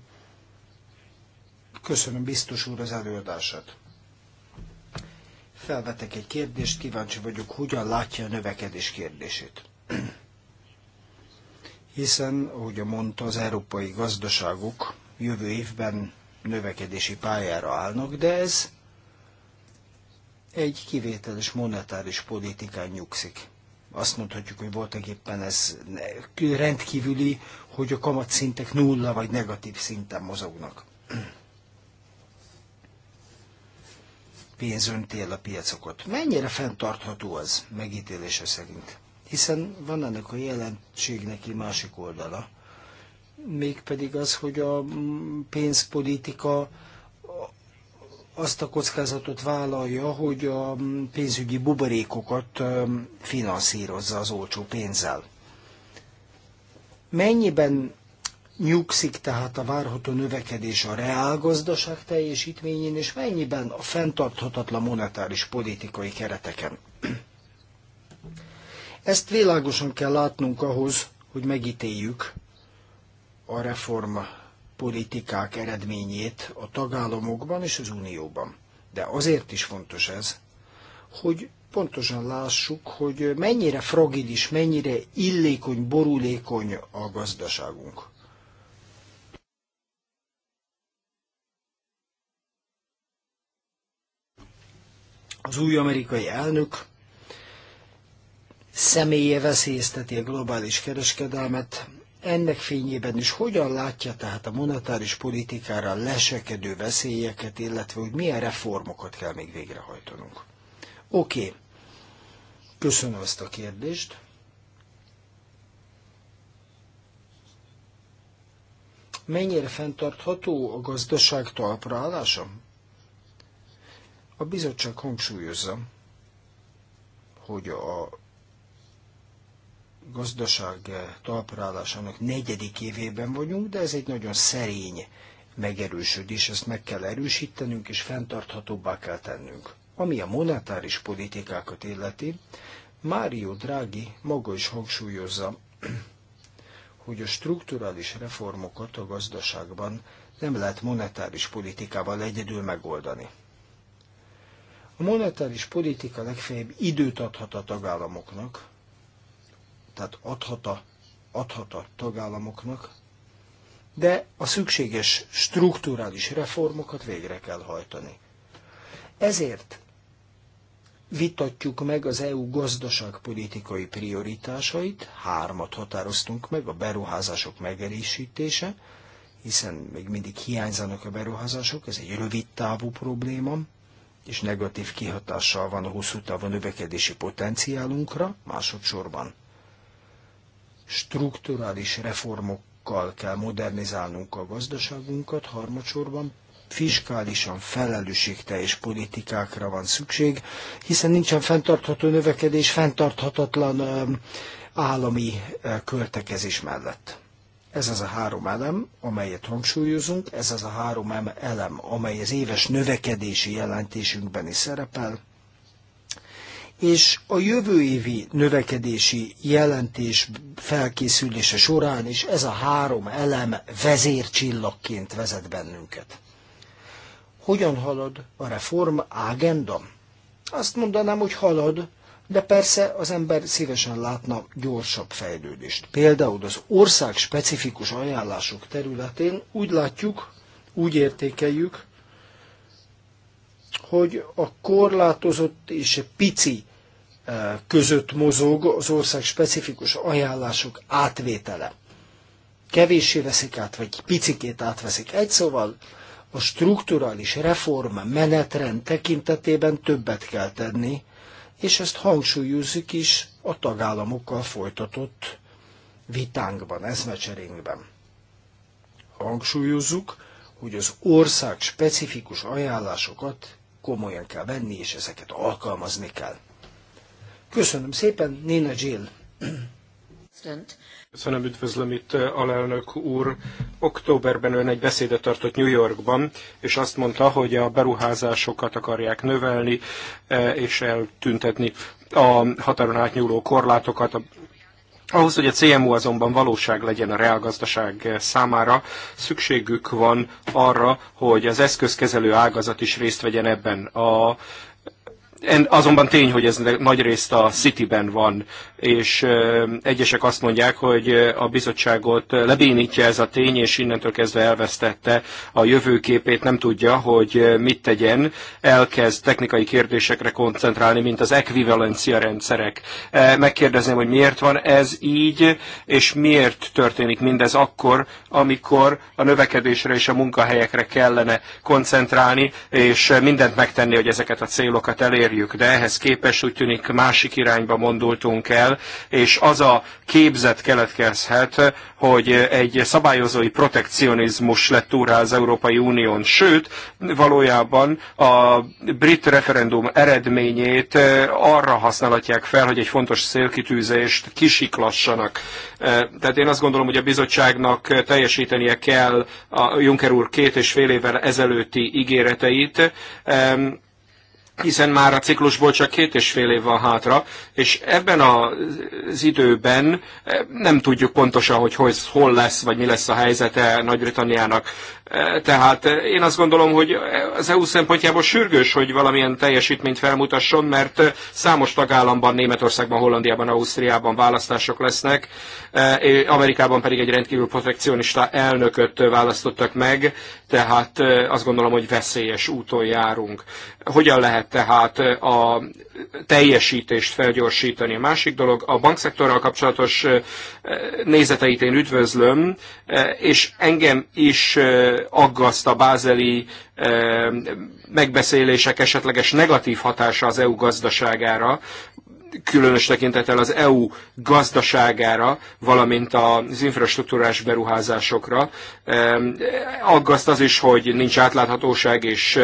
Köszönöm biztos úr az előadását. Felvetek egy kérdést, kíváncsi vagyok, hogyan látja a növekedés kérdését. Hiszen, ahogy mondta, az európai gazdaságok jövő évben növekedési pályára állnak, de ez egy kivételes monetáris politikán nyugszik. Azt mondhatjuk, hogy voltak éppen ez rendkívüli hogy a kamatszintek nulla vagy negatív szinten mozognak. Pénzöntél a piacokat. Mennyire fenntartható az megítélése szerint? Hiszen van ennek a jelentségnek egy másik oldala, mégpedig az, hogy a pénzpolitika azt a kockázatot vállalja, hogy a pénzügyi buborékokat finanszírozza az olcsó pénzzel. Mennyiben nyugszik tehát a várható növekedés a reálgazdaság teljesítményén, és mennyiben a fenntarthatatlan monetáris politikai kereteken? Ezt világosan kell látnunk ahhoz, hogy megítéljük a reform politikák eredményét a tagállamokban és az unióban. De azért is fontos ez, hogy pontosan lássuk, hogy mennyire fragilis, mennyire illékony, borulékony a gazdaságunk. Az új amerikai elnök személye veszélyezteti a globális kereskedelmet, ennek fényében is hogyan látja tehát a monetáris politikára lesekedő veszélyeket, illetve hogy milyen reformokat kell még végrehajtanunk. Oké, okay. Köszönöm azt a kérdést. Mennyire fenntartható a gazdaság talpraállása? A bizottság hangsúlyozza, hogy a gazdaság talpraállásának negyedik évében vagyunk, de ez egy nagyon szerény megerősödés, ezt meg kell erősítenünk és fenntarthatóbbá kell tennünk. Ami a monetáris politikákat illeti, Mário Draghi maga is hangsúlyozza, hogy a strukturális reformokat a gazdaságban nem lehet monetáris politikával egyedül megoldani. A monetáris politika legfeljebb időt adhat a tagállamoknak, tehát adhat a, adhat a tagállamoknak, de a szükséges strukturális reformokat végre kell hajtani. Ezért vitatjuk meg az EU gazdaságpolitikai prioritásait, hármat határoztunk meg, a beruházások megerősítése, hiszen még mindig hiányzanak a beruházások, ez egy rövid távú probléma, és negatív kihatással van a hosszú távú növekedési potenciálunkra, másodszorban strukturális reformokkal kell modernizálnunk a gazdaságunkat, harmadsorban fiskálisan felelősségteljes politikákra van szükség, hiszen nincsen fenntartható növekedés fenntarthatatlan állami költekezés mellett. Ez az a három elem, amelyet hangsúlyozunk, ez az a három elem, amely az éves növekedési jelentésünkben is szerepel, és a jövő évi növekedési jelentés felkészülése során is ez a három elem vezércsillagként vezet bennünket. Hogyan halad a reform ágenda? Azt mondanám, hogy halad, de persze az ember szívesen látna gyorsabb fejlődést. Például az ország specifikus ajánlások területén úgy látjuk, úgy értékeljük, hogy a korlátozott és pici eh, között mozog az ország specifikus ajánlások átvétele. Kevéssé veszik át, vagy picikét átveszik. Egy szóval a strukturális reform menetrend tekintetében többet kell tenni, és ezt hangsúlyozzuk is a tagállamokkal folytatott vitánkban, eszmecserénkben. Hangsúlyozzuk, hogy az ország specifikus ajánlásokat komolyan kell venni, és ezeket alkalmazni kell. Köszönöm szépen, Nina Jill. Köszönöm, üdvözlöm itt eh, alelnök úr. Októberben ön egy beszédet tartott New Yorkban, és azt mondta, hogy a beruházásokat akarják növelni eh, és eltüntetni a határon átnyúló korlátokat, a ahhoz, hogy a CMU azonban valóság legyen a reálgazdaság eh, számára, szükségük van arra, hogy az eszközkezelő ágazat is részt vegyen ebben. A Azonban tény, hogy ez nagy részt a Cityben van, és egyesek azt mondják, hogy a bizottságot lebénítja ez a tény, és innentől kezdve elvesztette a jövőképét, nem tudja, hogy mit tegyen, elkezd technikai kérdésekre koncentrálni, mint az ekvivalencia rendszerek. Megkérdezném, hogy miért van ez így, és miért történik mindez akkor, amikor a növekedésre és a munkahelyekre kellene koncentrálni, és mindent megtenni, hogy ezeket a célokat elérjük elérjük, de ehhez képest úgy tűnik másik irányba mondultunk el, és az a képzet keletkezhet, hogy egy szabályozói protekcionizmus lett úrá az Európai Unión, sőt, valójában a brit referendum eredményét arra használhatják fel, hogy egy fontos célkitűzést kisiklassanak. Tehát én azt gondolom, hogy a bizottságnak teljesítenie kell a Juncker úr két és fél évvel ezelőtti ígéreteit, hiszen már a ciklusból csak két és fél év van hátra, és ebben az időben eh, nem tudjuk pontosan, hogy hol lesz, vagy mi lesz a helyzete Nagy-Britanniának. E, tehát e, én azt gondolom, hogy az EU szempontjából sürgős, hogy valamilyen teljesítményt felmutasson, mert e, számos tagállamban, Németországban, Hollandiában, Ausztriában választások lesznek, Amerikában pedig egy rendkívül protekcionista elnököt választottak meg, tehát azt gondolom, hogy veszélyes úton járunk. Hogyan lehet tehát a teljesítést felgyorsítani? A másik dolog, a bankszektorral kapcsolatos nézeteit én üdvözlöm, és engem is aggaszt a bázeli eh, megbeszélések esetleges negatív hatása az EU gazdaságára, különös tekintettel az EU gazdaságára, valamint az infrastruktúrás beruházásokra. Aggaszt az is, hogy nincs átláthatóság, és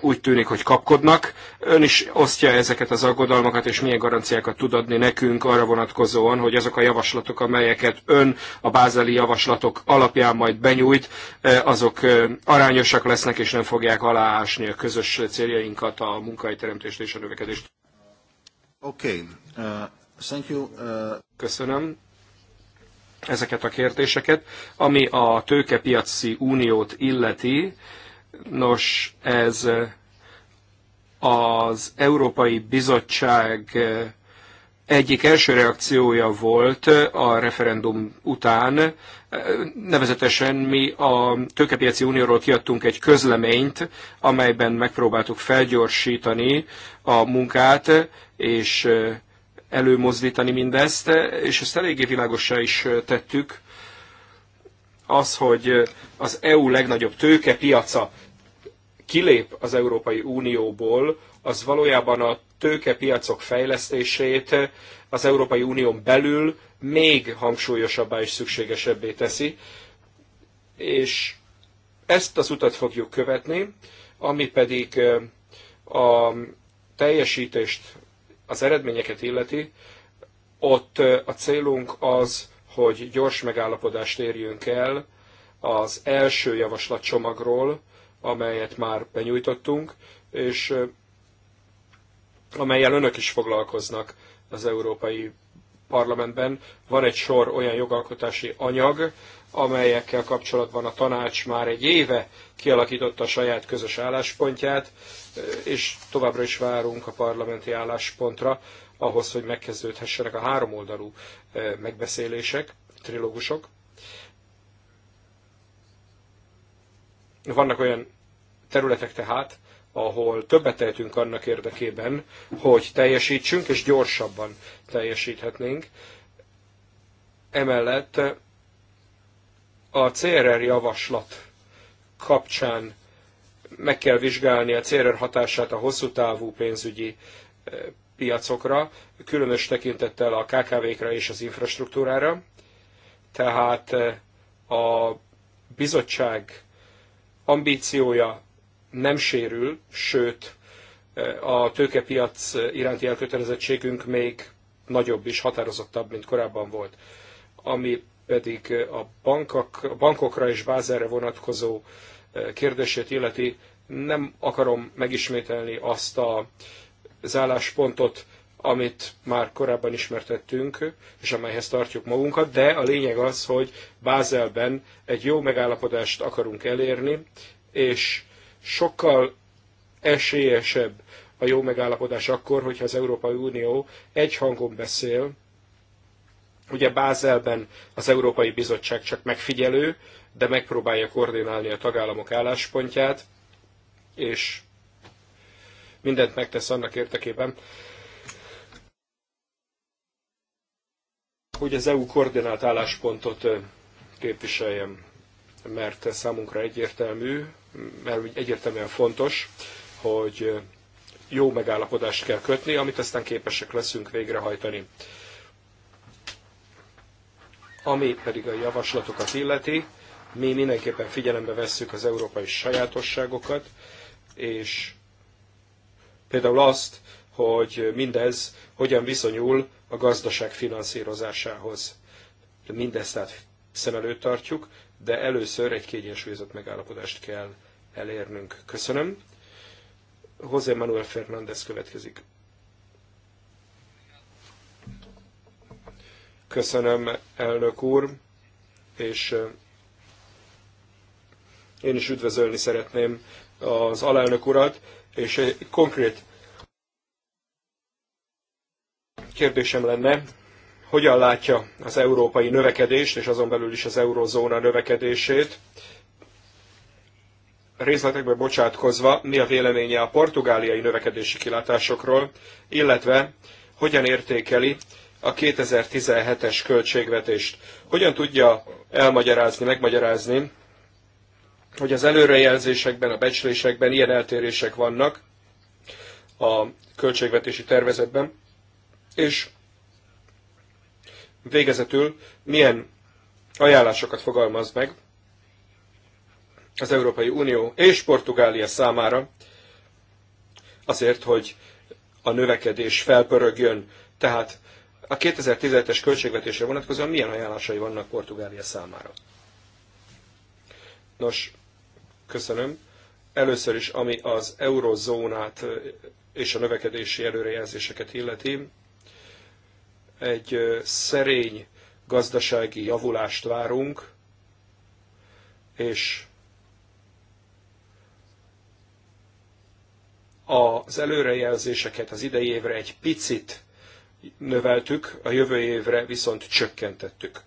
úgy tűnik, hogy kapkodnak. Ön is osztja ezeket az aggodalmakat, és milyen garanciákat tud adni nekünk arra vonatkozóan, hogy azok a javaslatok, amelyeket ön a bázeli javaslatok alapján majd benyújt, azok arányosak lesznek, és nem fogják aláásni a közös céljainkat, a munkahelyteremtést és a növekedést. Okay. Uh, thank you. Uh... Köszönöm ezeket a kérdéseket. Ami a tőkepiaci uniót illeti, nos, ez az Európai Bizottság eh, egyik első reakciója volt eh, a referendum után, Nevezetesen mi a Tőkepiaci Unióról kiadtunk egy közleményt, amelyben megpróbáltuk felgyorsítani a munkát, és előmozdítani mindezt, és ezt eléggé világosá is tettük, az, hogy az EU legnagyobb tőkepiaca kilép az Európai Unióból, az valójában a tőkepiacok fejlesztését az Európai Unión belül még hangsúlyosabbá és szükségesebbé teszi, és ezt az utat fogjuk követni, ami pedig a teljesítést, az eredményeket illeti, ott a célunk az, hogy gyors megállapodást érjünk el az első javaslatcsomagról, amelyet már benyújtottunk, és amelyel önök is foglalkoznak az Európai parlamentben van egy sor olyan jogalkotási anyag, amelyekkel kapcsolatban a tanács már egy éve kialakította a saját közös álláspontját, és továbbra is várunk a parlamenti álláspontra ahhoz, hogy megkezdődhessenek a háromoldalú eh, megbeszélések, trilógusok. Vannak olyan területek tehát, ahol többet tehetünk annak érdekében, hogy teljesítsünk, és gyorsabban teljesíthetnénk. Emellett a CRR javaslat kapcsán meg kell vizsgálni a CRR hatását a hosszú távú pénzügyi eh, piacokra, különös tekintettel a KKV-kra és az infrastruktúrára. Tehát eh, a bizottság ambíciója nem sérül, sőt, e, a tőkepiac iránti elkötelezettségünk még nagyobb és határozottabb, mint korábban volt. Ami pedig a, bankok, a bankokra és bázerre vonatkozó e, kérdését illeti, nem akarom megismételni azt a, az álláspontot, amit már korábban ismertettünk, és amelyhez tartjuk magunkat, de a lényeg az, hogy Bázelben egy jó megállapodást akarunk elérni, és sokkal esélyesebb a jó megállapodás akkor, hogyha az Európai Unió egy hangon beszél, Ugye Bázelben az Európai Bizottság csak megfigyelő, de megpróbálja koordinálni a tagállamok álláspontját, és mindent megtesz annak érdekében, hogy az EU koordinált álláspontot képviseljem, mert számunkra egyértelmű, mert egyértelműen fontos, hogy jó megállapodást kell kötni, amit aztán képesek leszünk végrehajtani. Ami pedig a javaslatokat illeti, mi mindenképpen figyelembe vesszük az európai sajátosságokat, és például azt, hogy mindez hogyan viszonyul a gazdaság finanszírozásához. Mindezt tehát szem előtt tartjuk de először egy kiegyensúlyozott megállapodást kell elérnünk. Köszönöm. José Manuel Fernández következik. Köszönöm, elnök úr, és én is üdvözölni szeretném az alelnök urat, és egy konkrét kérdésem lenne, hogyan látja az európai növekedést, és azon belül is az eurozóna növekedését. Részletekbe bocsátkozva, mi a véleménye a portugáliai növekedési kilátásokról, illetve hogyan értékeli a 2017-es költségvetést. Hogyan tudja elmagyarázni, megmagyarázni, hogy az előrejelzésekben, a becslésekben ilyen eltérések vannak a költségvetési tervezetben, és Végezetül milyen ajánlásokat fogalmaz meg az Európai Unió és Portugália számára azért, hogy a növekedés felpörögjön. Tehát a 2017-es költségvetésre vonatkozóan milyen ajánlásai vannak Portugália számára? Nos, köszönöm. Először is, ami az eurozónát és a növekedési előrejelzéseket illeti, egy szerény gazdasági javulást várunk, és az előrejelzéseket az idei évre egy picit növeltük, a jövő évre viszont csökkentettük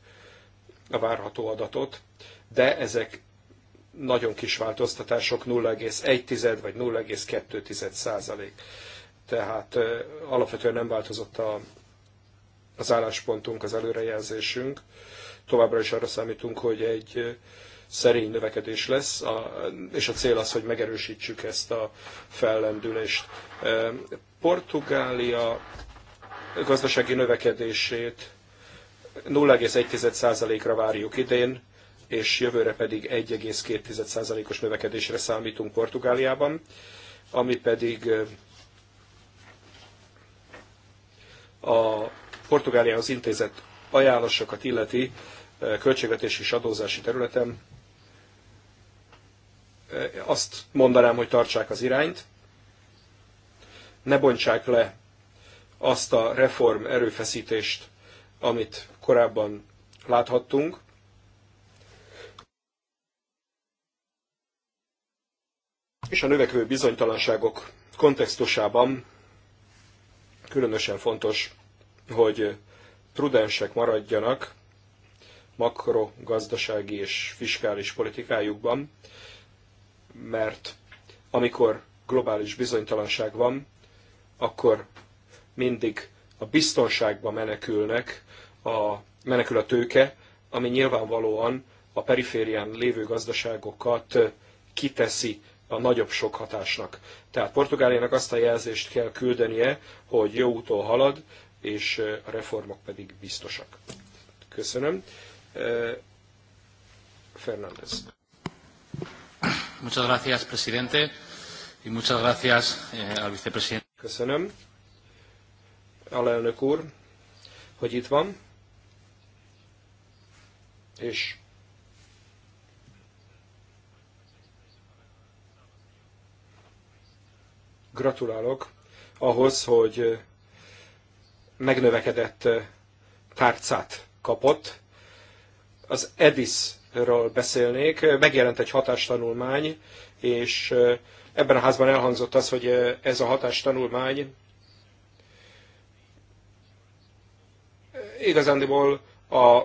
a várható adatot, de ezek nagyon kis változtatások, 0,1 vagy 0,2 százalék. Tehát alapvetően nem változott a az álláspontunk, az előrejelzésünk. Továbbra is arra számítunk, hogy egy szerény növekedés lesz, és a cél az, hogy megerősítsük ezt a fellendülést. Portugália gazdasági növekedését 0,1%-ra várjuk idén, és jövőre pedig 1,2%-os növekedésre számítunk Portugáliában, ami pedig a Portugáliához intézett ajánlásokat illeti eh, költségvetési és adózási területen, eh, azt mondanám, hogy tartsák az irányt, ne bontsák le azt a reform erőfeszítést, amit korábban láthattunk, és a növekvő bizonytalanságok kontextusában különösen fontos hogy prudensek maradjanak makrogazdasági és fiskális politikájukban, mert amikor globális bizonytalanság van, akkor mindig a biztonságba menekülnek, a, menekül a tőke, ami nyilvánvalóan a periférián lévő gazdaságokat kiteszi a nagyobb sok hatásnak. Tehát Portugáliának azt a jelzést kell küldenie, hogy jó úton halad, és a reformok pedig biztosak. Köszönöm. Fernández. Muchas gracias, presidente, y muchas gracias eh, al vicepresidente. Köszönöm. Alelnök úr, hogy itt van, és gratulálok ahhoz, hogy megnövekedett tárcát kapott. Az EDIS-ről beszélnék, megjelent egy hatástanulmány, és ebben a házban elhangzott az, hogy ez a hatástanulmány igazándiból a,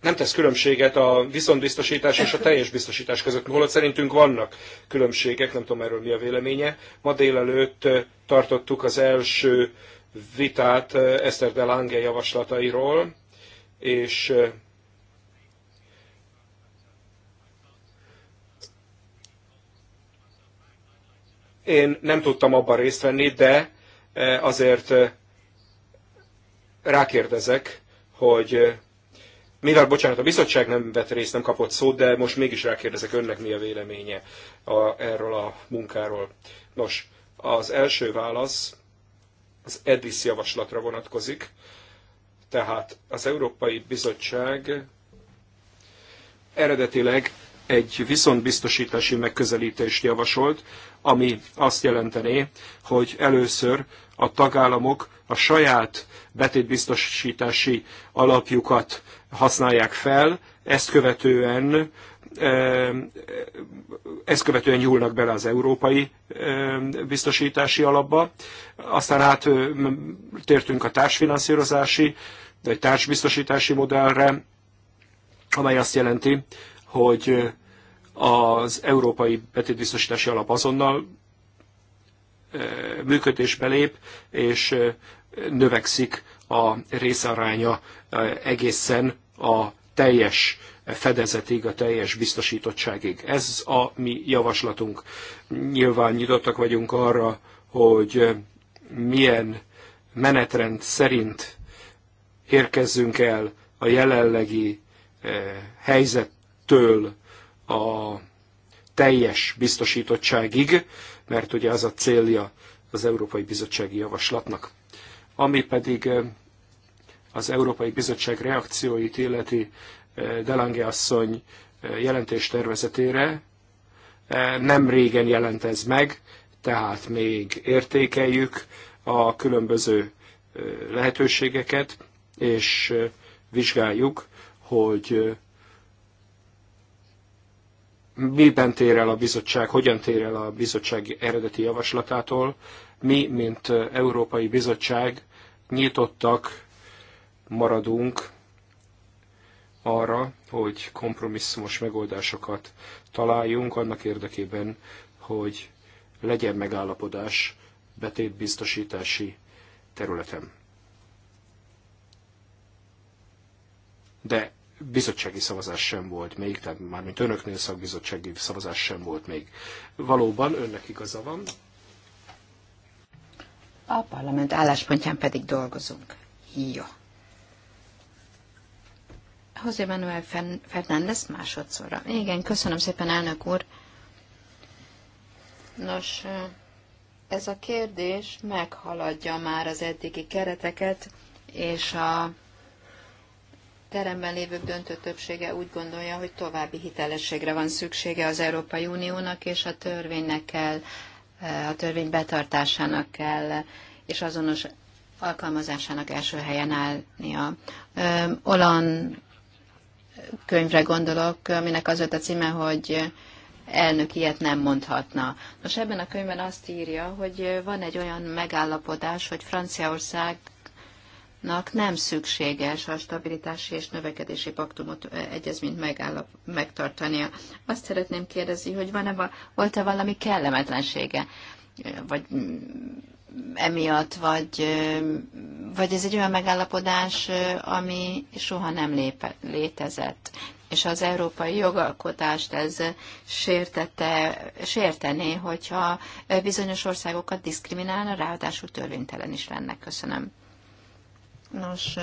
nem tesz különbséget a viszontbiztosítás és a teljes biztosítás között, holott szerintünk vannak különbségek, nem tudom erről mi a véleménye. Ma délelőtt tartottuk az első vitát eh, Eszter de Lange javaslatairól, és eh, én nem tudtam abban részt venni, de eh, azért rákérdezek, hogy mivel, bocsánat, a bizottság nem vett részt, nem kapott szót, de most mégis rákérdezek önnek, mi a véleménye a, erről a munkáról. Nos, az első válasz az EDIS javaslatra vonatkozik. Tehát az Európai Bizottság eredetileg egy viszontbiztosítási megközelítést javasolt, ami azt jelentené, hogy először a tagállamok a saját betétbiztosítási alapjukat használják fel, ezt követően ezt követően nyúlnak bele az európai biztosítási alapba, aztán át tértünk a társfinanszírozási, vagy társbiztosítási modellre, amely azt jelenti, hogy az európai betétbiztosítási alap azonnal működésbe lép, és növekszik a részaránya egészen a teljes fedezetig, a teljes biztosítottságig. Ez a mi javaslatunk. Nyilván nyitottak vagyunk arra, hogy milyen menetrend szerint érkezzünk el a jelenlegi eh, helyzettől a teljes biztosítottságig, mert ugye az a célja az Európai Bizottsági Javaslatnak. Ami pedig eh, az Európai Bizottság reakcióit illeti eh, Delange asszony eh, jelentéstervezetére. Eh, nem régen jelent ez meg, tehát még értékeljük a különböző lehetőségeket, és vizsgáljuk, hogy miben tér el a bizottság, hogyan tér el a bizottság eredeti javaslatától. Mi, mint Európai Bizottság nyitottak maradunk arra, hogy kompromisszumos megoldásokat találjunk annak érdekében, hogy legyen megállapodás betétbiztosítási területen. De bizottsági szavazás sem volt még, tehát mármint önöknél szakbizottsági szavazás sem volt még. Valóban önnek igaza van. A parlament álláspontján pedig dolgozunk. Jó. José Manuel Fernández másodszorra. Igen, köszönöm szépen, elnök úr. Nos, ez a kérdés meghaladja már az eddigi kereteket, és a teremben lévők döntő többsége úgy gondolja, hogy további hitelességre van szüksége az Európai Uniónak, és a törvénynek kell, a törvény betartásának kell, és azonos alkalmazásának első helyen állnia. Olan könyvre gondolok, aminek az volt a címe, hogy elnök ilyet nem mondhatna. Nos, ebben a könyvben azt írja, hogy van egy olyan megállapodás, hogy Franciaországnak nem szükséges a stabilitási és növekedési paktumot egyezményt megállap, megtartania. Azt szeretném kérdezni, hogy van-e, volt-e valami kellemetlensége, vagy emiatt, vagy, vagy ez egy olyan megállapodás, ami soha nem lép, létezett. És az európai jogalkotást ez sértette, sértené, hogyha bizonyos országokat diszkriminálna, ráadásul törvénytelen is lenne. Köszönöm. Nos,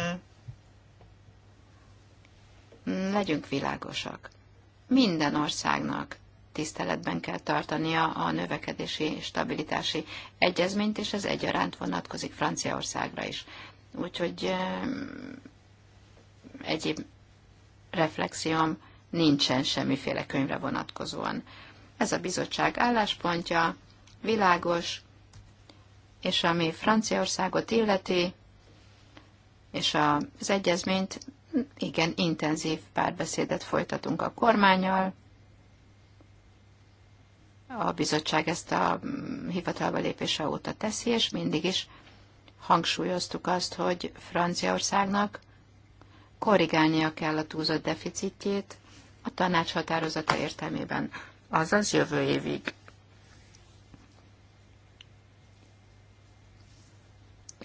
legyünk világosak. Minden országnak tiszteletben kell tartania a növekedési stabilitási egyezményt, és ez egyaránt vonatkozik Franciaországra is. Úgyhogy egyéb reflexióm nincsen semmiféle könyvre vonatkozóan. Ez a bizottság álláspontja, világos, és ami Franciaországot illeti, és az egyezményt, igen, intenzív párbeszédet folytatunk a kormányal, a bizottság ezt a mm, hivatalba lépése óta teszi, és mindig is hangsúlyoztuk azt, hogy Franciaországnak korrigálnia kell a túlzott deficitjét a tanács határozata értelmében, azaz jövő évig.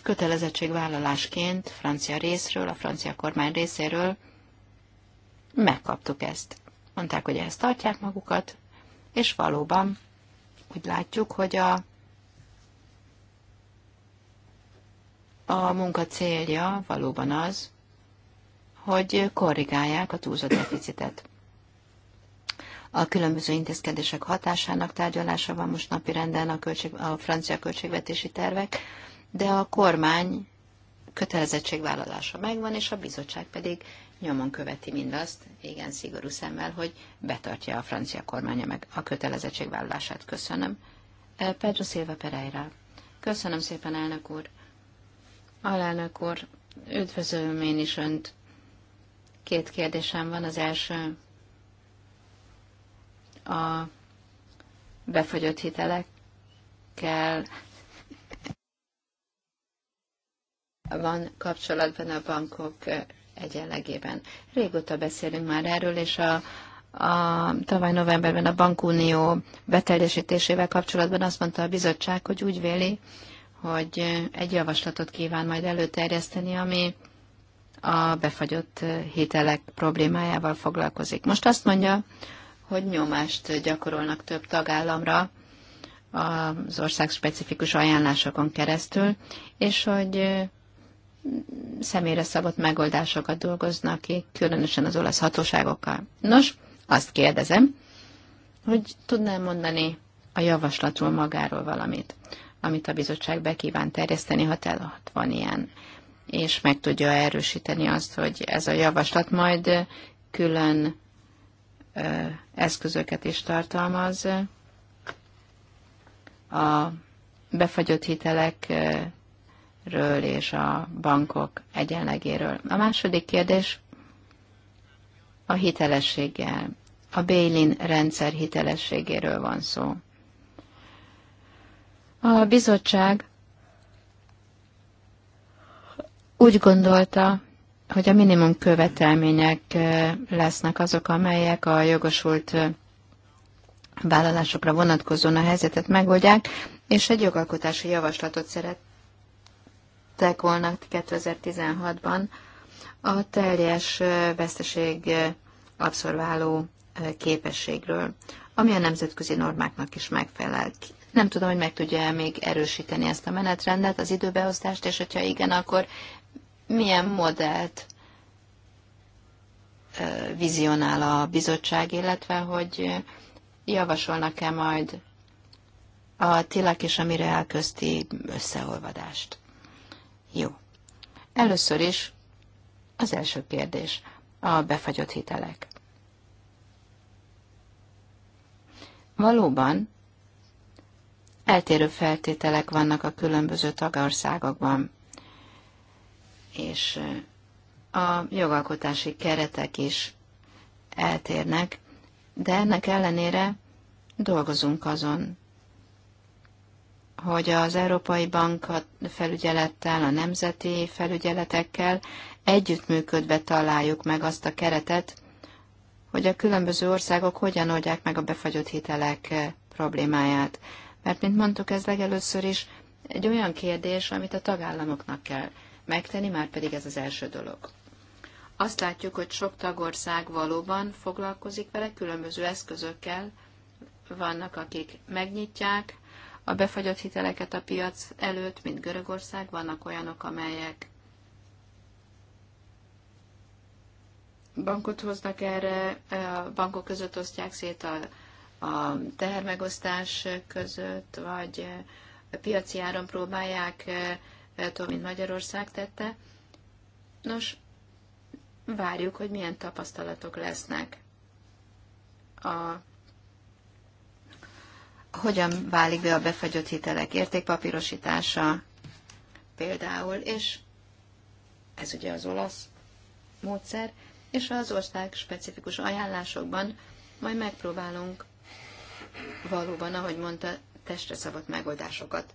Kötelezettségvállalásként francia részről, a francia kormány részéről megkaptuk ezt. Mondták, hogy ehhez tartják magukat, és valóban úgy látjuk, hogy a, a munka célja valóban az, hogy korrigálják a túlzott deficitet. A különböző intézkedések hatásának tárgyalása van most napi renden a, költség, a francia költségvetési tervek, de a kormány kötelezettségvállalása megvan, és a bizottság pedig nyomon követi mindazt, igen szigorú szemmel, hogy betartja a francia kormánya meg a kötelezettségvállását. Köszönöm. Eh, Pedro Silva Pereira. Köszönöm szépen, elnök úr. Alelnök úr, üdvözlöm én is önt. Két kérdésem van. Az első a befogyott hitelekkel van kapcsolatban a bankok egyenlegében. Régóta beszélünk már erről, és a, a tavaly novemberben a bankunió beteljesítésével kapcsolatban azt mondta a bizottság, hogy úgy véli, hogy egy javaslatot kíván majd előterjeszteni, ami a befagyott hitelek problémájával foglalkozik. Most azt mondja, hogy nyomást gyakorolnak több tagállamra az ország specifikus ajánlásokon keresztül, és hogy személyre szabott megoldásokat dolgoznak ki, különösen az olasz hatóságokkal. Nos, azt kérdezem, hogy tudnám mondani a javaslatról magáról valamit, amit a bizottság kíván terjeszteni, ha telhat van ilyen, és meg tudja erősíteni azt, hogy ez a javaslat majd külön ö, eszközöket is tartalmaz a befagyott hitelek ről és a bankok egyenlegéről. A második kérdés a hitelességgel. A Bélin rendszer hitelességéről van szó. A bizottság úgy gondolta, hogy a minimum követelmények lesznek azok, amelyek a jogosult vállalásokra vonatkozóan a helyzetet megoldják, és egy jogalkotási javaslatot szeret, lettek volna 2016-ban a teljes veszteség abszorváló képességről, ami a nemzetközi normáknak is megfelel. Nem tudom, hogy meg tudja-e még erősíteni ezt a menetrendet, az időbeosztást, és hogyha igen, akkor milyen modellt vizionál a bizottság, illetve hogy javasolnak-e majd a tilak és a mire közti összeolvadást. Jó. Először is az első kérdés, a befagyott hitelek. Valóban eltérő feltételek vannak a különböző tagországokban, és eh, a jogalkotási keretek is eltérnek, de ennek ellenére dolgozunk azon, hogy az Európai Bank felügyelettel, a nemzeti felügyeletekkel együttműködve találjuk meg azt a keretet, hogy a különböző országok hogyan oldják meg a befagyott hitelek eh, problémáját. Mert, mint mondtuk, ez legelőször is egy olyan kérdés, amit a tagállamoknak kell megtenni, már pedig ez az első dolog. Azt látjuk, hogy sok tagország valóban foglalkozik vele különböző eszközökkel, vannak, akik megnyitják, a befagyott hiteleket a piac előtt, mint Görögország, vannak olyanok, amelyek bankot hoznak erre, a bankok között osztják szét a, a tehermegosztás között, vagy a piaci áron próbálják, e, mint Magyarország tette. Nos, várjuk, hogy milyen tapasztalatok lesznek a hogyan válik be a befagyott hitelek értékpapírosítása például, és ez ugye az olasz módszer, és az ország specifikus ajánlásokban majd megpróbálunk valóban, ahogy mondta, testre szabott megoldásokat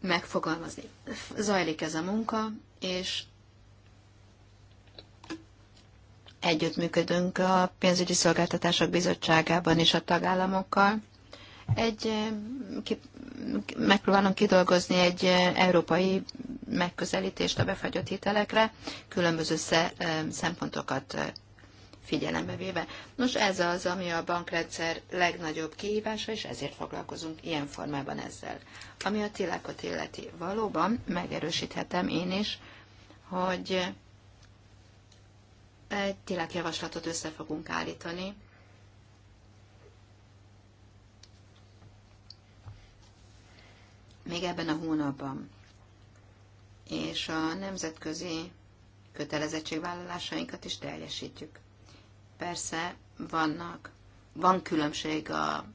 megfogalmazni. Zajlik ez a munka, és együttműködünk a pénzügyi szolgáltatások bizottságában és a tagállamokkal. Egy, eh, ki, megpróbálom kidolgozni egy eh, európai megközelítést a befagyott hitelekre, különböző eh, szempontokat figyelembe véve. Nos, ez az, ami a bankrendszer legnagyobb kihívása, és ezért foglalkozunk ilyen formában ezzel. Ami a tilákot illeti, valóban megerősíthetem én is, hogy egy tényleg javaslatot össze fogunk állítani. Még ebben a hónapban. És a nemzetközi kötelezettségvállalásainkat is teljesítjük. Persze vannak, van különbség a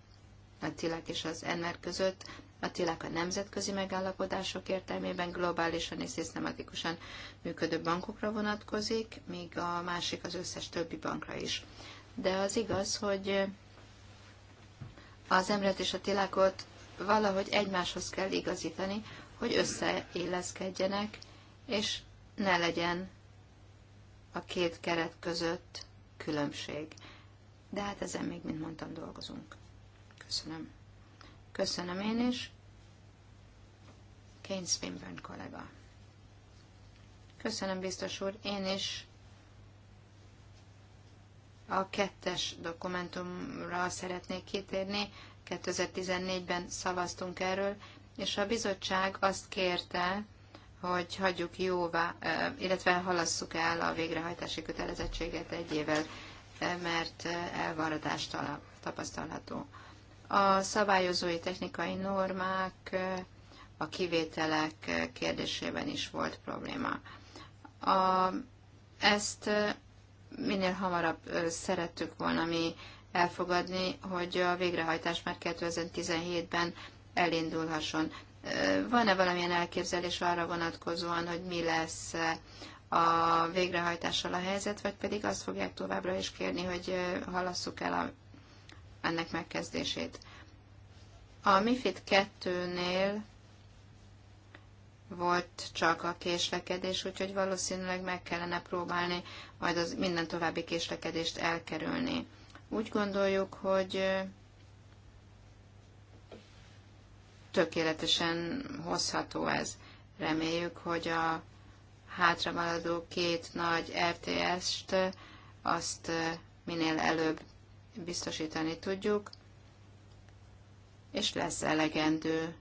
a TILAK és az ENMER között, a Attilák a nemzetközi megállapodások értelmében globálisan és szisztematikusan működő bankokra vonatkozik, míg a másik az összes többi bankra is. De az igaz, hogy az emret és a tilákot valahogy egymáshoz kell igazítani, hogy összeéleszkedjenek, és ne legyen a két keret között különbség. De hát ezen még, mint mondtam, dolgozunk. Köszönöm. Köszönöm én is. Kane Swinburne kollega. Köszönöm, biztos úr. Én is a kettes dokumentumra szeretnék kitérni. 2014-ben szavaztunk erről, és a bizottság azt kérte, hogy hagyjuk jóvá, illetve halasszuk el a végrehajtási kötelezettséget egy évvel, mert elvaradást tapasztalható. A szabályozói technikai normák, a kivételek kérdésében is volt probléma. A, ezt minél hamarabb szerettük volna mi elfogadni, hogy a végrehajtás már 2017-ben elindulhasson. Van-e valamilyen elképzelés arra vonatkozóan, hogy mi lesz a végrehajtással a helyzet, vagy pedig azt fogják továbbra is kérni, hogy halasszuk el a ennek megkezdését. A MIFID 2-nél volt csak a késlekedés, úgyhogy valószínűleg meg kellene próbálni majd az minden további késlekedést elkerülni. Úgy gondoljuk, hogy tökéletesen hozható ez. Reméljük, hogy a hátra maradó két nagy RTS-t azt minél előbb biztosítani tudjuk, és lesz elegendő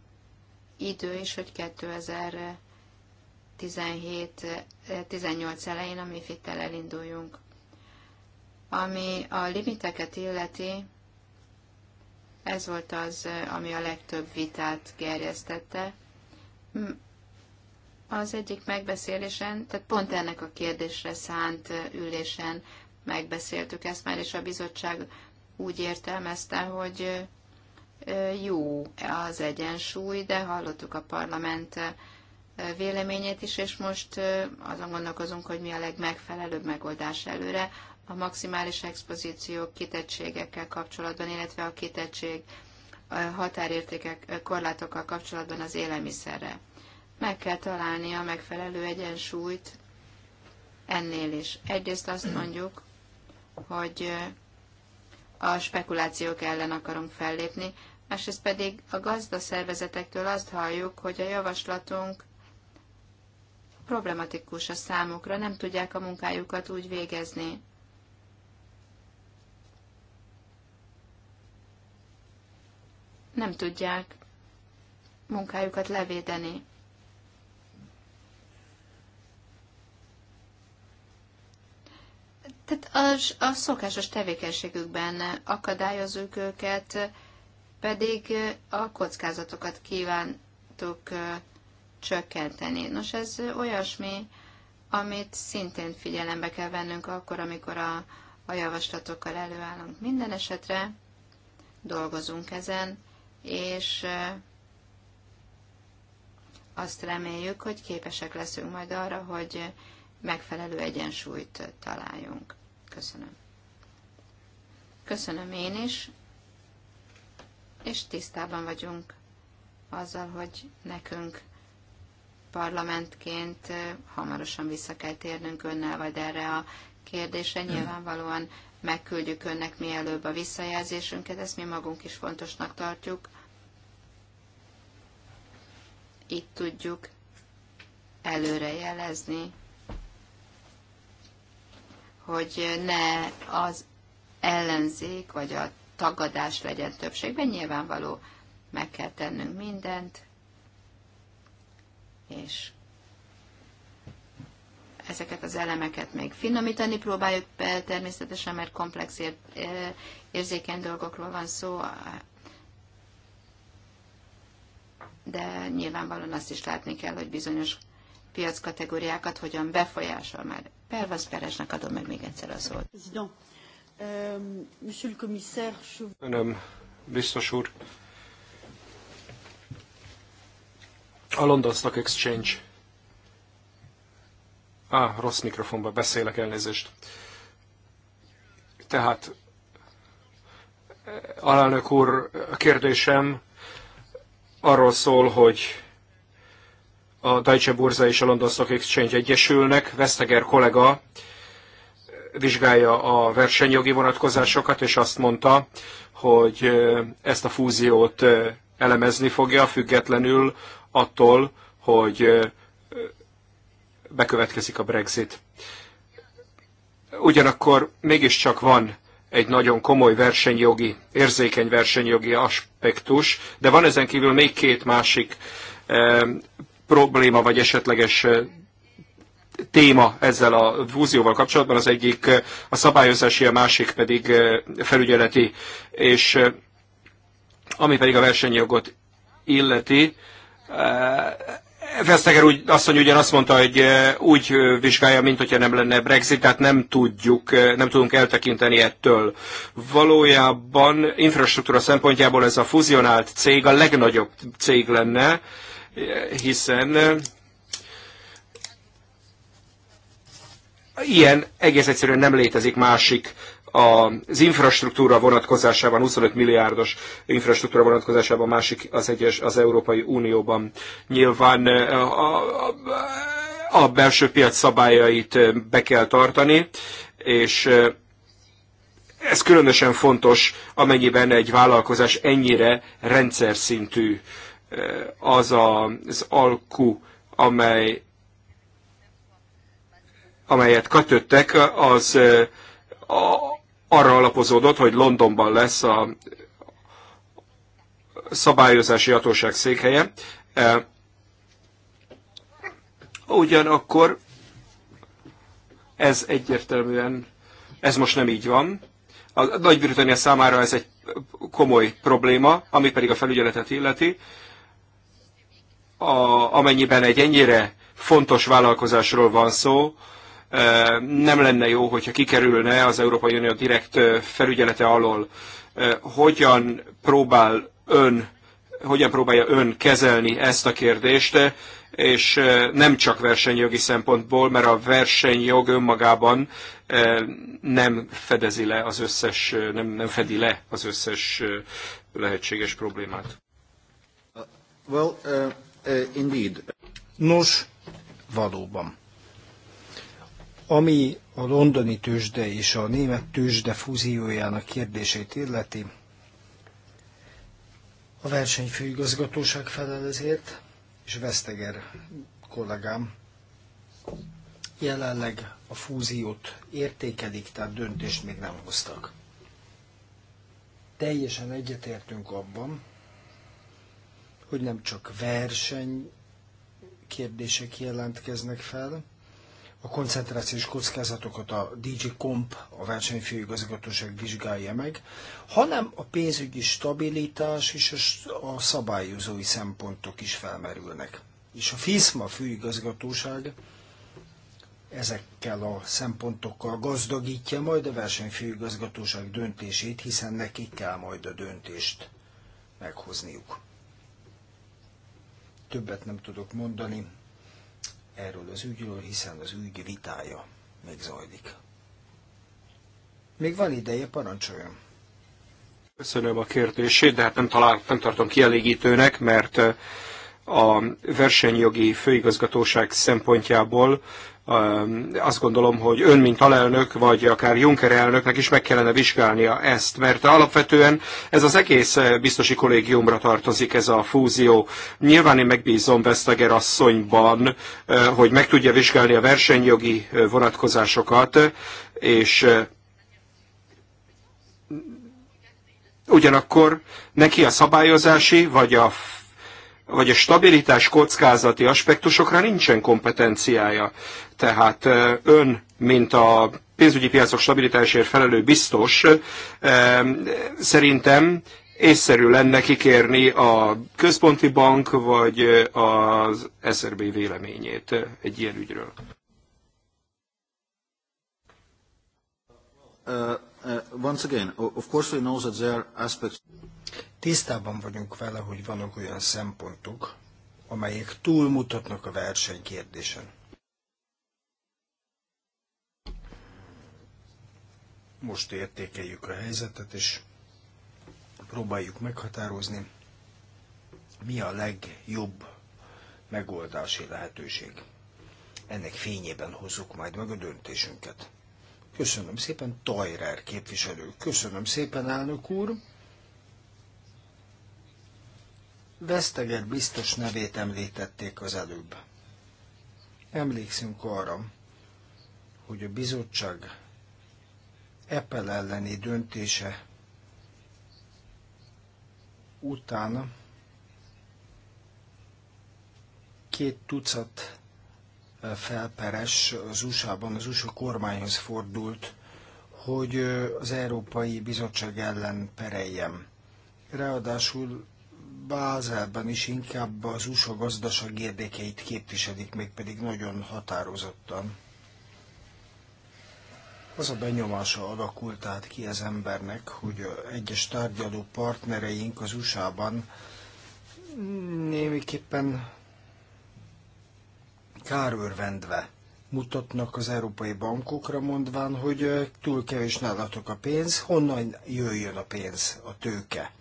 idő is, hogy 2017-18 eh, elején a MIFIT-tel elinduljunk. Ami a limiteket illeti, ez volt az, eh, ami a legtöbb vitát gerjesztette. Az egyik megbeszélésen, tehát pont ennek a kérdésre szánt eh, ülésen megbeszéltük ezt már, és a bizottság úgy értelmezte, hogy jó az egyensúly, de hallottuk a parlament véleményét is, és most azon gondolkozunk, hogy mi a legmegfelelőbb megoldás előre a maximális expozíció kitettségekkel kapcsolatban, illetve a kitettség határértékek, korlátokkal kapcsolatban az élelmiszerre. Meg kell találni a megfelelő egyensúlyt ennél is. Egyrészt azt mondjuk, hogy a spekulációk ellen akarunk fellépni, másrészt pedig a gazda szervezetektől azt halljuk, hogy a javaslatunk problematikus a számukra, nem tudják a munkájukat úgy végezni. Nem tudják munkájukat levédeni. Tehát a, a szokásos tevékenységükben akadályozunk őket, pedig a kockázatokat kívántuk csökkenteni. Nos, ez olyasmi, amit szintén figyelembe kell vennünk akkor, amikor a, a javaslatokkal előállunk. Minden esetre dolgozunk ezen, és azt reméljük, hogy képesek leszünk majd arra, hogy megfelelő egyensúlyt találjunk. Köszönöm. Köszönöm én is, és tisztában vagyunk azzal, hogy nekünk parlamentként hamarosan vissza kell térnünk önnel, vagy erre a kérdésre. Nyilvánvalóan megküldjük önnek mielőbb a visszajelzésünket, ezt mi magunk is fontosnak tartjuk. Itt tudjuk előre jelezni hogy ne az ellenzék vagy a tagadás legyen többségben. Nyilvánvaló, meg kell tennünk mindent, és ezeket az elemeket még finomítani próbáljuk be, természetesen, mert komplex ér, érzékeny dolgokról van szó, de nyilvánvalóan azt is látni kell, hogy bizonyos piackategóriákat hogyan befolyásol már. Pervasz Peresnek adom meg még egyszer a szót. Euh, Önöm, biztos úr. A London Stock Exchange. Á, ah, rossz mikrofonba beszélek, elnézést. Tehát, eh, alelnök úr, a kérdésem arról szól, hogy a Deutsche Börse és a London Stock Exchange egyesülnek. Veszteger kollega vizsgálja a versenyjogi vonatkozásokat, és azt mondta, hogy ezt a fúziót elemezni fogja, függetlenül attól, hogy bekövetkezik a Brexit. Ugyanakkor mégiscsak van egy nagyon komoly versenyjogi, érzékeny versenyjogi aspektus, de van ezen kívül még két másik probléma vagy esetleges eh, téma ezzel a fúzióval kapcsolatban, az egyik eh, a szabályozási, a másik pedig eh, felügyeleti, és ami pedig a versenyjogot illeti, Veszteger úgy, asszony ugyanazt mondta, hogy úgy vizsgálja, mint hogyha nem lenne Brexit, tehát nem tudjuk, nem tudunk eltekinteni ettől. Valójában infrastruktúra szempontjából ez a fuzionált cég a legnagyobb cég lenne, hiszen eh, ilyen egész egyszerűen nem létezik másik az infrastruktúra vonatkozásában, 25 milliárdos infrastruktúra vonatkozásában másik az egyes az Európai Unióban. Nyilván eh, a, a, a belső piac szabályait eh, be kell tartani, és ez különösen fontos, amennyiben egy vállalkozás ennyire rendszer szintű Eh, az a, az alkú, amely, amelyet kötöttek, az eh, a, arra alapozódott, hogy Londonban lesz a szabályozási hatóság székhelye. Eh, ugyanakkor ez egyértelműen, ez most nem így van. A Nagy-Britannia számára ez egy komoly probléma, ami pedig a felügyeletet illeti a, amennyiben egy ennyire fontos vállalkozásról van szó, e, nem lenne jó, hogyha kikerülne az Európai Unió direkt e, felügyelete alól. E, hogyan próbál ön, hogyan próbálja ön kezelni ezt a kérdést, és nem csak versenyjogi szempontból, mert a versenyjog önmagában nem fedezi le az összes, nem, nem fedi le az összes lehetséges problémát. Well, uh indeed. Nos, valóban. Ami a londoni tőzsde és a német tőzsde fúziójának kérdését illeti, a versenyfőigazgatóság felel ezért, és Veszteger kollégám jelenleg a fúziót értékelik, tehát döntést még nem hoztak. Teljesen egyetértünk abban, hogy nem csak verseny kérdések jelentkeznek fel, a koncentrációs kockázatokat a DG Comp, a versenyfőigazgatóság vizsgálja meg, hanem a pénzügyi stabilitás és a szabályozói szempontok is felmerülnek. És a FISMA főigazgatóság ezekkel a szempontokkal gazdagítja majd a versenyfőigazgatóság döntését, hiszen nekik kell majd a döntést meghozniuk többet nem tudok mondani erről az ügyről, hiszen az ügy vitája még zajlik. Még van ideje, parancsoljon. Köszönöm a kérdését, de hát nem, talál, nem tartom kielégítőnek, mert eh, a versenyjogi főigazgatóság szempontjából azt gondolom, hogy ön, mint alelnök, vagy akár Juncker elnöknek is meg kellene vizsgálnia ezt, mert alapvetően ez az egész biztosi kollégiumra tartozik ez a fúzió. Nyilván én megbízom Veszteger asszonyban, hogy meg tudja vizsgálni a versenyjogi vonatkozásokat, és ugyanakkor neki a szabályozási, vagy a vagy a stabilitás kockázati aspektusokra nincsen kompetenciája. Tehát ön, mint a pénzügyi piacok stabilitásért felelő biztos, szerintem észszerű lenne kikérni a központi bank vagy az SRB véleményét egy ilyen ügyről. Uh, uh, once again, of course we know that there are aspects Tisztában vagyunk vele, hogy vannak olyan szempontok, amelyek túlmutatnak a verseny kérdésen. Most értékeljük a helyzetet, és próbáljuk meghatározni, mi a legjobb megoldási lehetőség. Ennek fényében hozzuk majd meg a döntésünket. Köszönöm szépen, Tajrer képviselő. Köszönöm szépen, elnök úr. Veszteget biztos nevét említették az előbb. Emlékszünk arra, hogy a bizottság Apple elleni döntése után két tucat felperes az USA-ban, az USA kormányhoz fordult, hogy az Európai Bizottság ellen pereljem. Ráadásul Bázelben is inkább az USA gazdaság érdekeit képviselik, mégpedig nagyon határozottan. Az a benyomása alakult át ki az embernek, hogy egyes tárgyaló partnereink az USA-ban némiképpen kárőrvendve mutatnak az európai bankokra, mondván, hogy eh, túl kevés nálatok a pénz, honnan jöjjön a pénz, a tőke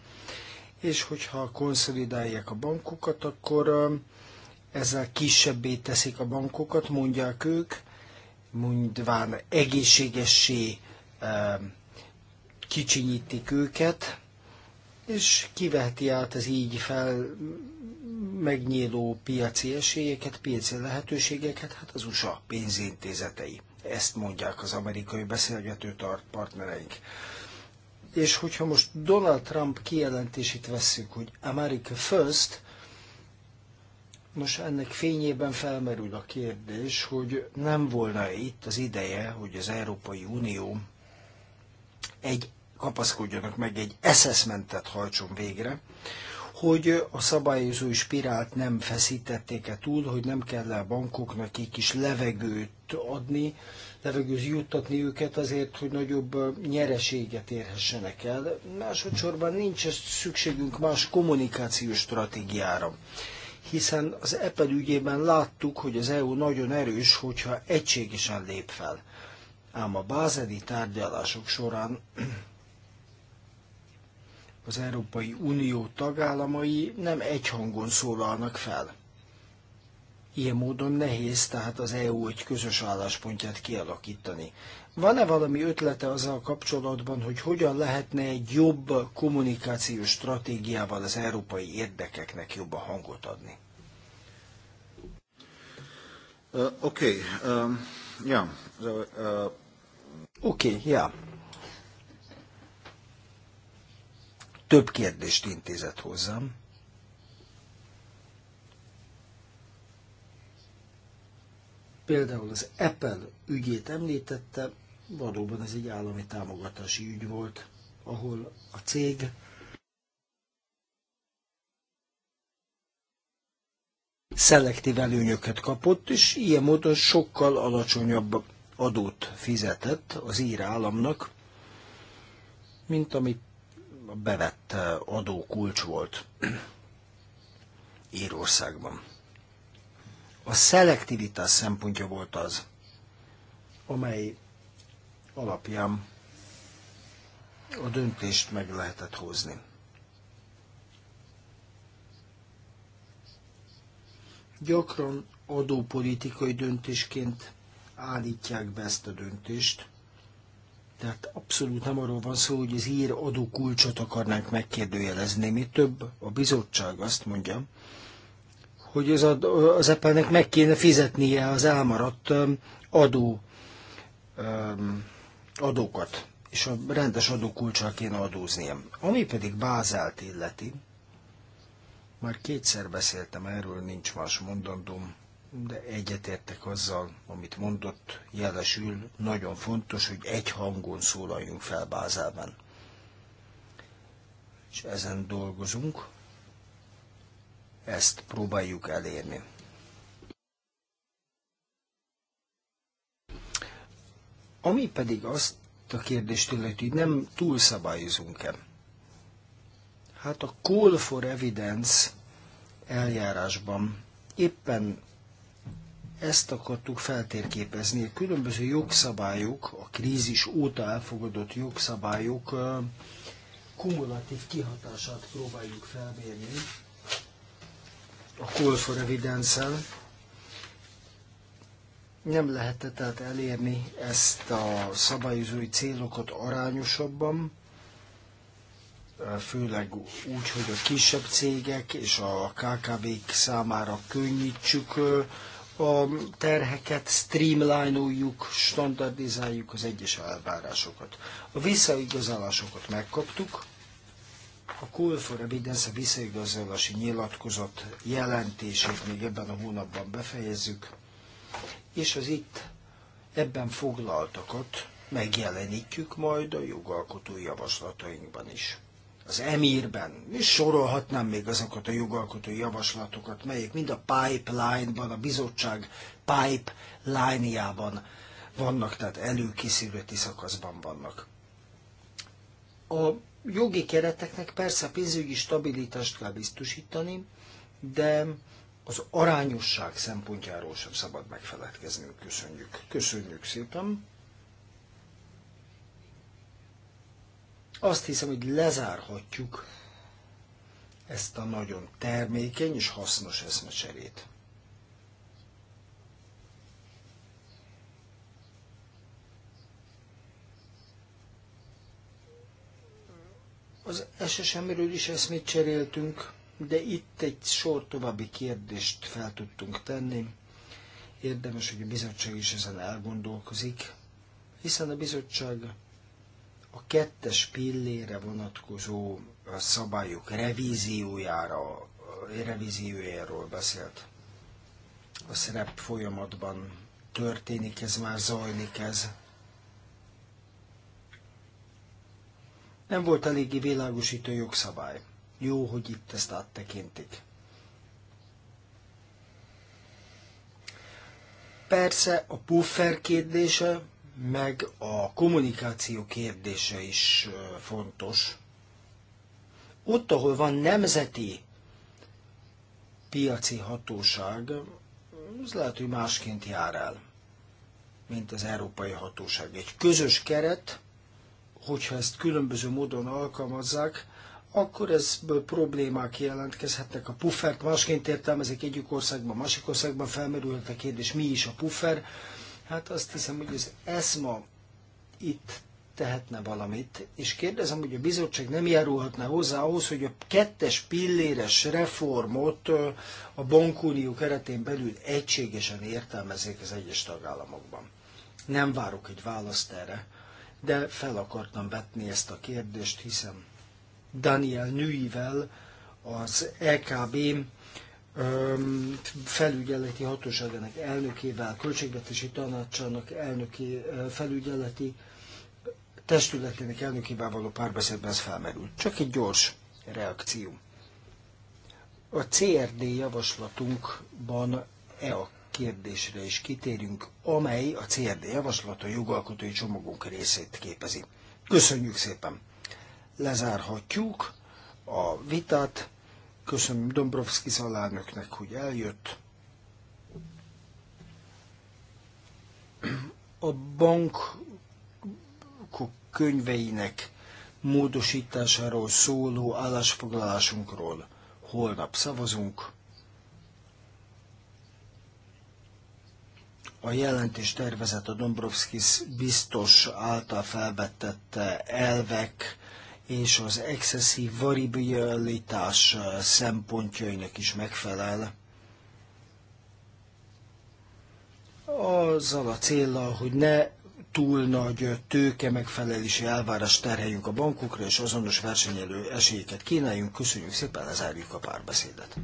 és hogyha konszolidálják a bankokat, akkor um, ezzel kisebbé teszik a bankokat, mondják ők, mondván egészségessé um, kicsinyítik őket, és kiveheti át az így fel megnyíló piaci esélyeket, piaci lehetőségeket, hát az USA pénzintézetei. Ezt mondják az amerikai beszélgető partnereink. És hogyha most Donald Trump kijelentését vesszük, hogy America First, nos ennek fényében felmerül a kérdés, hogy nem volna itt az ideje, hogy az Európai Unió egy kapaszkodjanak meg, egy eszeszmentet hajtson végre, hogy a szabályozói spirált nem feszítették-e túl, hogy nem kell a bankoknak egy kis levegőt adni, levegőz juttatni őket azért, hogy nagyobb nyereséget érhessenek el. Másodszorban nincs szükségünk más kommunikációs stratégiára hiszen az Apple ügyében láttuk, hogy az EU nagyon erős, hogyha egységesen lép fel. Ám a bázeli tárgyalások során az Európai Unió tagállamai nem egyhangon szólalnak fel. Ilyen módon nehéz tehát az EU egy közös álláspontját kialakítani. Van-e valami ötlete azzal kapcsolatban, hogy hogyan lehetne egy jobb kommunikációs stratégiával az európai érdekeknek jobban hangot adni? Uh, Oké, okay. um, yeah. uh, uh... okay, yeah. Több kérdést intézett hozzám. Például az Apple ügyét említette, valóban ez egy állami támogatási ügy volt, ahol a cég szelektív előnyöket kapott, és ilyen módon sokkal alacsonyabb adót fizetett az ír államnak, mint amit a bevett adókulcs volt Írországban a szelektivitás szempontja volt az, amely alapján a döntést meg lehetett hozni. Gyakran adópolitikai döntésként állítják be ezt a döntést, tehát abszolút nem arról van szó, hogy az ír adókulcsot akarnánk megkérdőjelezni. Mi több, a bizottság azt mondja, hogy az, az Apple-nek meg kéne fizetnie az elmaradt adó, adókat, és a rendes adókulcsal kéne adóznia. Ami pedig Bázelt illeti, már kétszer beszéltem erről, nincs más mondandóm, de egyetértek azzal, amit mondott jelesül, nagyon fontos, hogy egy hangon szólaljunk fel Bázelben. És ezen dolgozunk, ezt próbáljuk elérni. Ami pedig azt a kérdést illeti, hogy nem túlszabályozunk-e. Hát a call for evidence eljárásban éppen ezt akartuk feltérképezni. A különböző jogszabályok, a krízis óta elfogadott jogszabályok kumulatív kihatását próbáljuk felmérni a call for evidence -en. Nem lehetett tehát elérni ezt a szabályozói célokat arányosabban, főleg úgy, hogy a kisebb cégek és a KKV-k számára könnyítsük a terheket, streamlineoljuk standardizáljuk az egyes elvárásokat. A visszaigazolásokat megkaptuk, a Call for Evidence, a visszaigazolási nyilatkozat jelentését még ebben a hónapban befejezzük, és az itt ebben foglaltakat megjelenítjük majd a jogalkotói javaslatainkban is. Az emírben, és sorolhatnám még azokat a jogalkotói javaslatokat, melyek mind a pipeline-ban, a bizottság pipeline-jában vannak, tehát előkészülőti szakaszban vannak. A jogi kereteknek persze pénzügyi stabilitást kell biztosítani, de az arányosság szempontjáról sem szabad megfeledkezni. Köszönjük. Köszönjük szépen. Azt hiszem, hogy lezárhatjuk ezt a nagyon termékeny és hasznos eszmecserét. Az SSM-ről is eszmét cseréltünk, de itt egy sor további kérdést fel tudtunk tenni. Érdemes, hogy a bizottság is ezen elgondolkozik, hiszen a bizottság a kettes pillére vonatkozó szabályok revíziójára, revíziójáról beszélt. A szerep folyamatban történik ez, már zajlik ez. Nem volt eléggé világosító jogszabály. Jó, hogy itt ezt áttekintik. Persze a puffer kérdése, meg a kommunikáció kérdése is fontos. Ott, ahol van nemzeti piaci hatóság, az lehet, hogy másként jár el, mint az európai hatóság. Egy közös keret hogyha ezt különböző módon alkalmazzák, akkor ezből problémák jelentkezhetnek. A puffert másként értelmezik egyik országban, másik országban felmerülhet a kérdés, mi is a puffer. Hát azt hiszem, hogy az ESMA itt tehetne valamit, és kérdezem, hogy a bizottság nem járulhatna hozzá ahhoz, hogy a kettes pilléres reformot a bankunió keretén belül egységesen értelmezzék az egyes tagállamokban. Nem várok egy választ erre, de fel akartam vetni ezt a kérdést, hiszen Daniel Nüivel, az EKB felügyeleti hatóságának elnökével, költségvetési tanácsának elnöki felügyeleti testületének elnökével való párbeszédben ez felmerült. Csak egy gyors reakció. A CRD javaslatunkban e a kérdésre is kitérünk, amely a CRD javaslat a jogalkotói csomagunk részét képezi. Köszönjük szépen! Lezárhatjuk a vitát. Köszönöm Dombrovszki szalárnöknek, hogy eljött. A bank könyveinek módosításáról szóló állásfoglalásunkról holnap szavazunk. a jelentés tervezet a Dombrovskis biztos által felvetett elvek és az excesszív variabilitás szempontjainak is megfelel. Azzal a célra, hogy ne túl nagy tőke megfelelési elvárás terheljünk a bankokra, és azonos versenyelő esélyeket kínáljunk. Köszönjük szépen, lezárjuk a párbeszédet.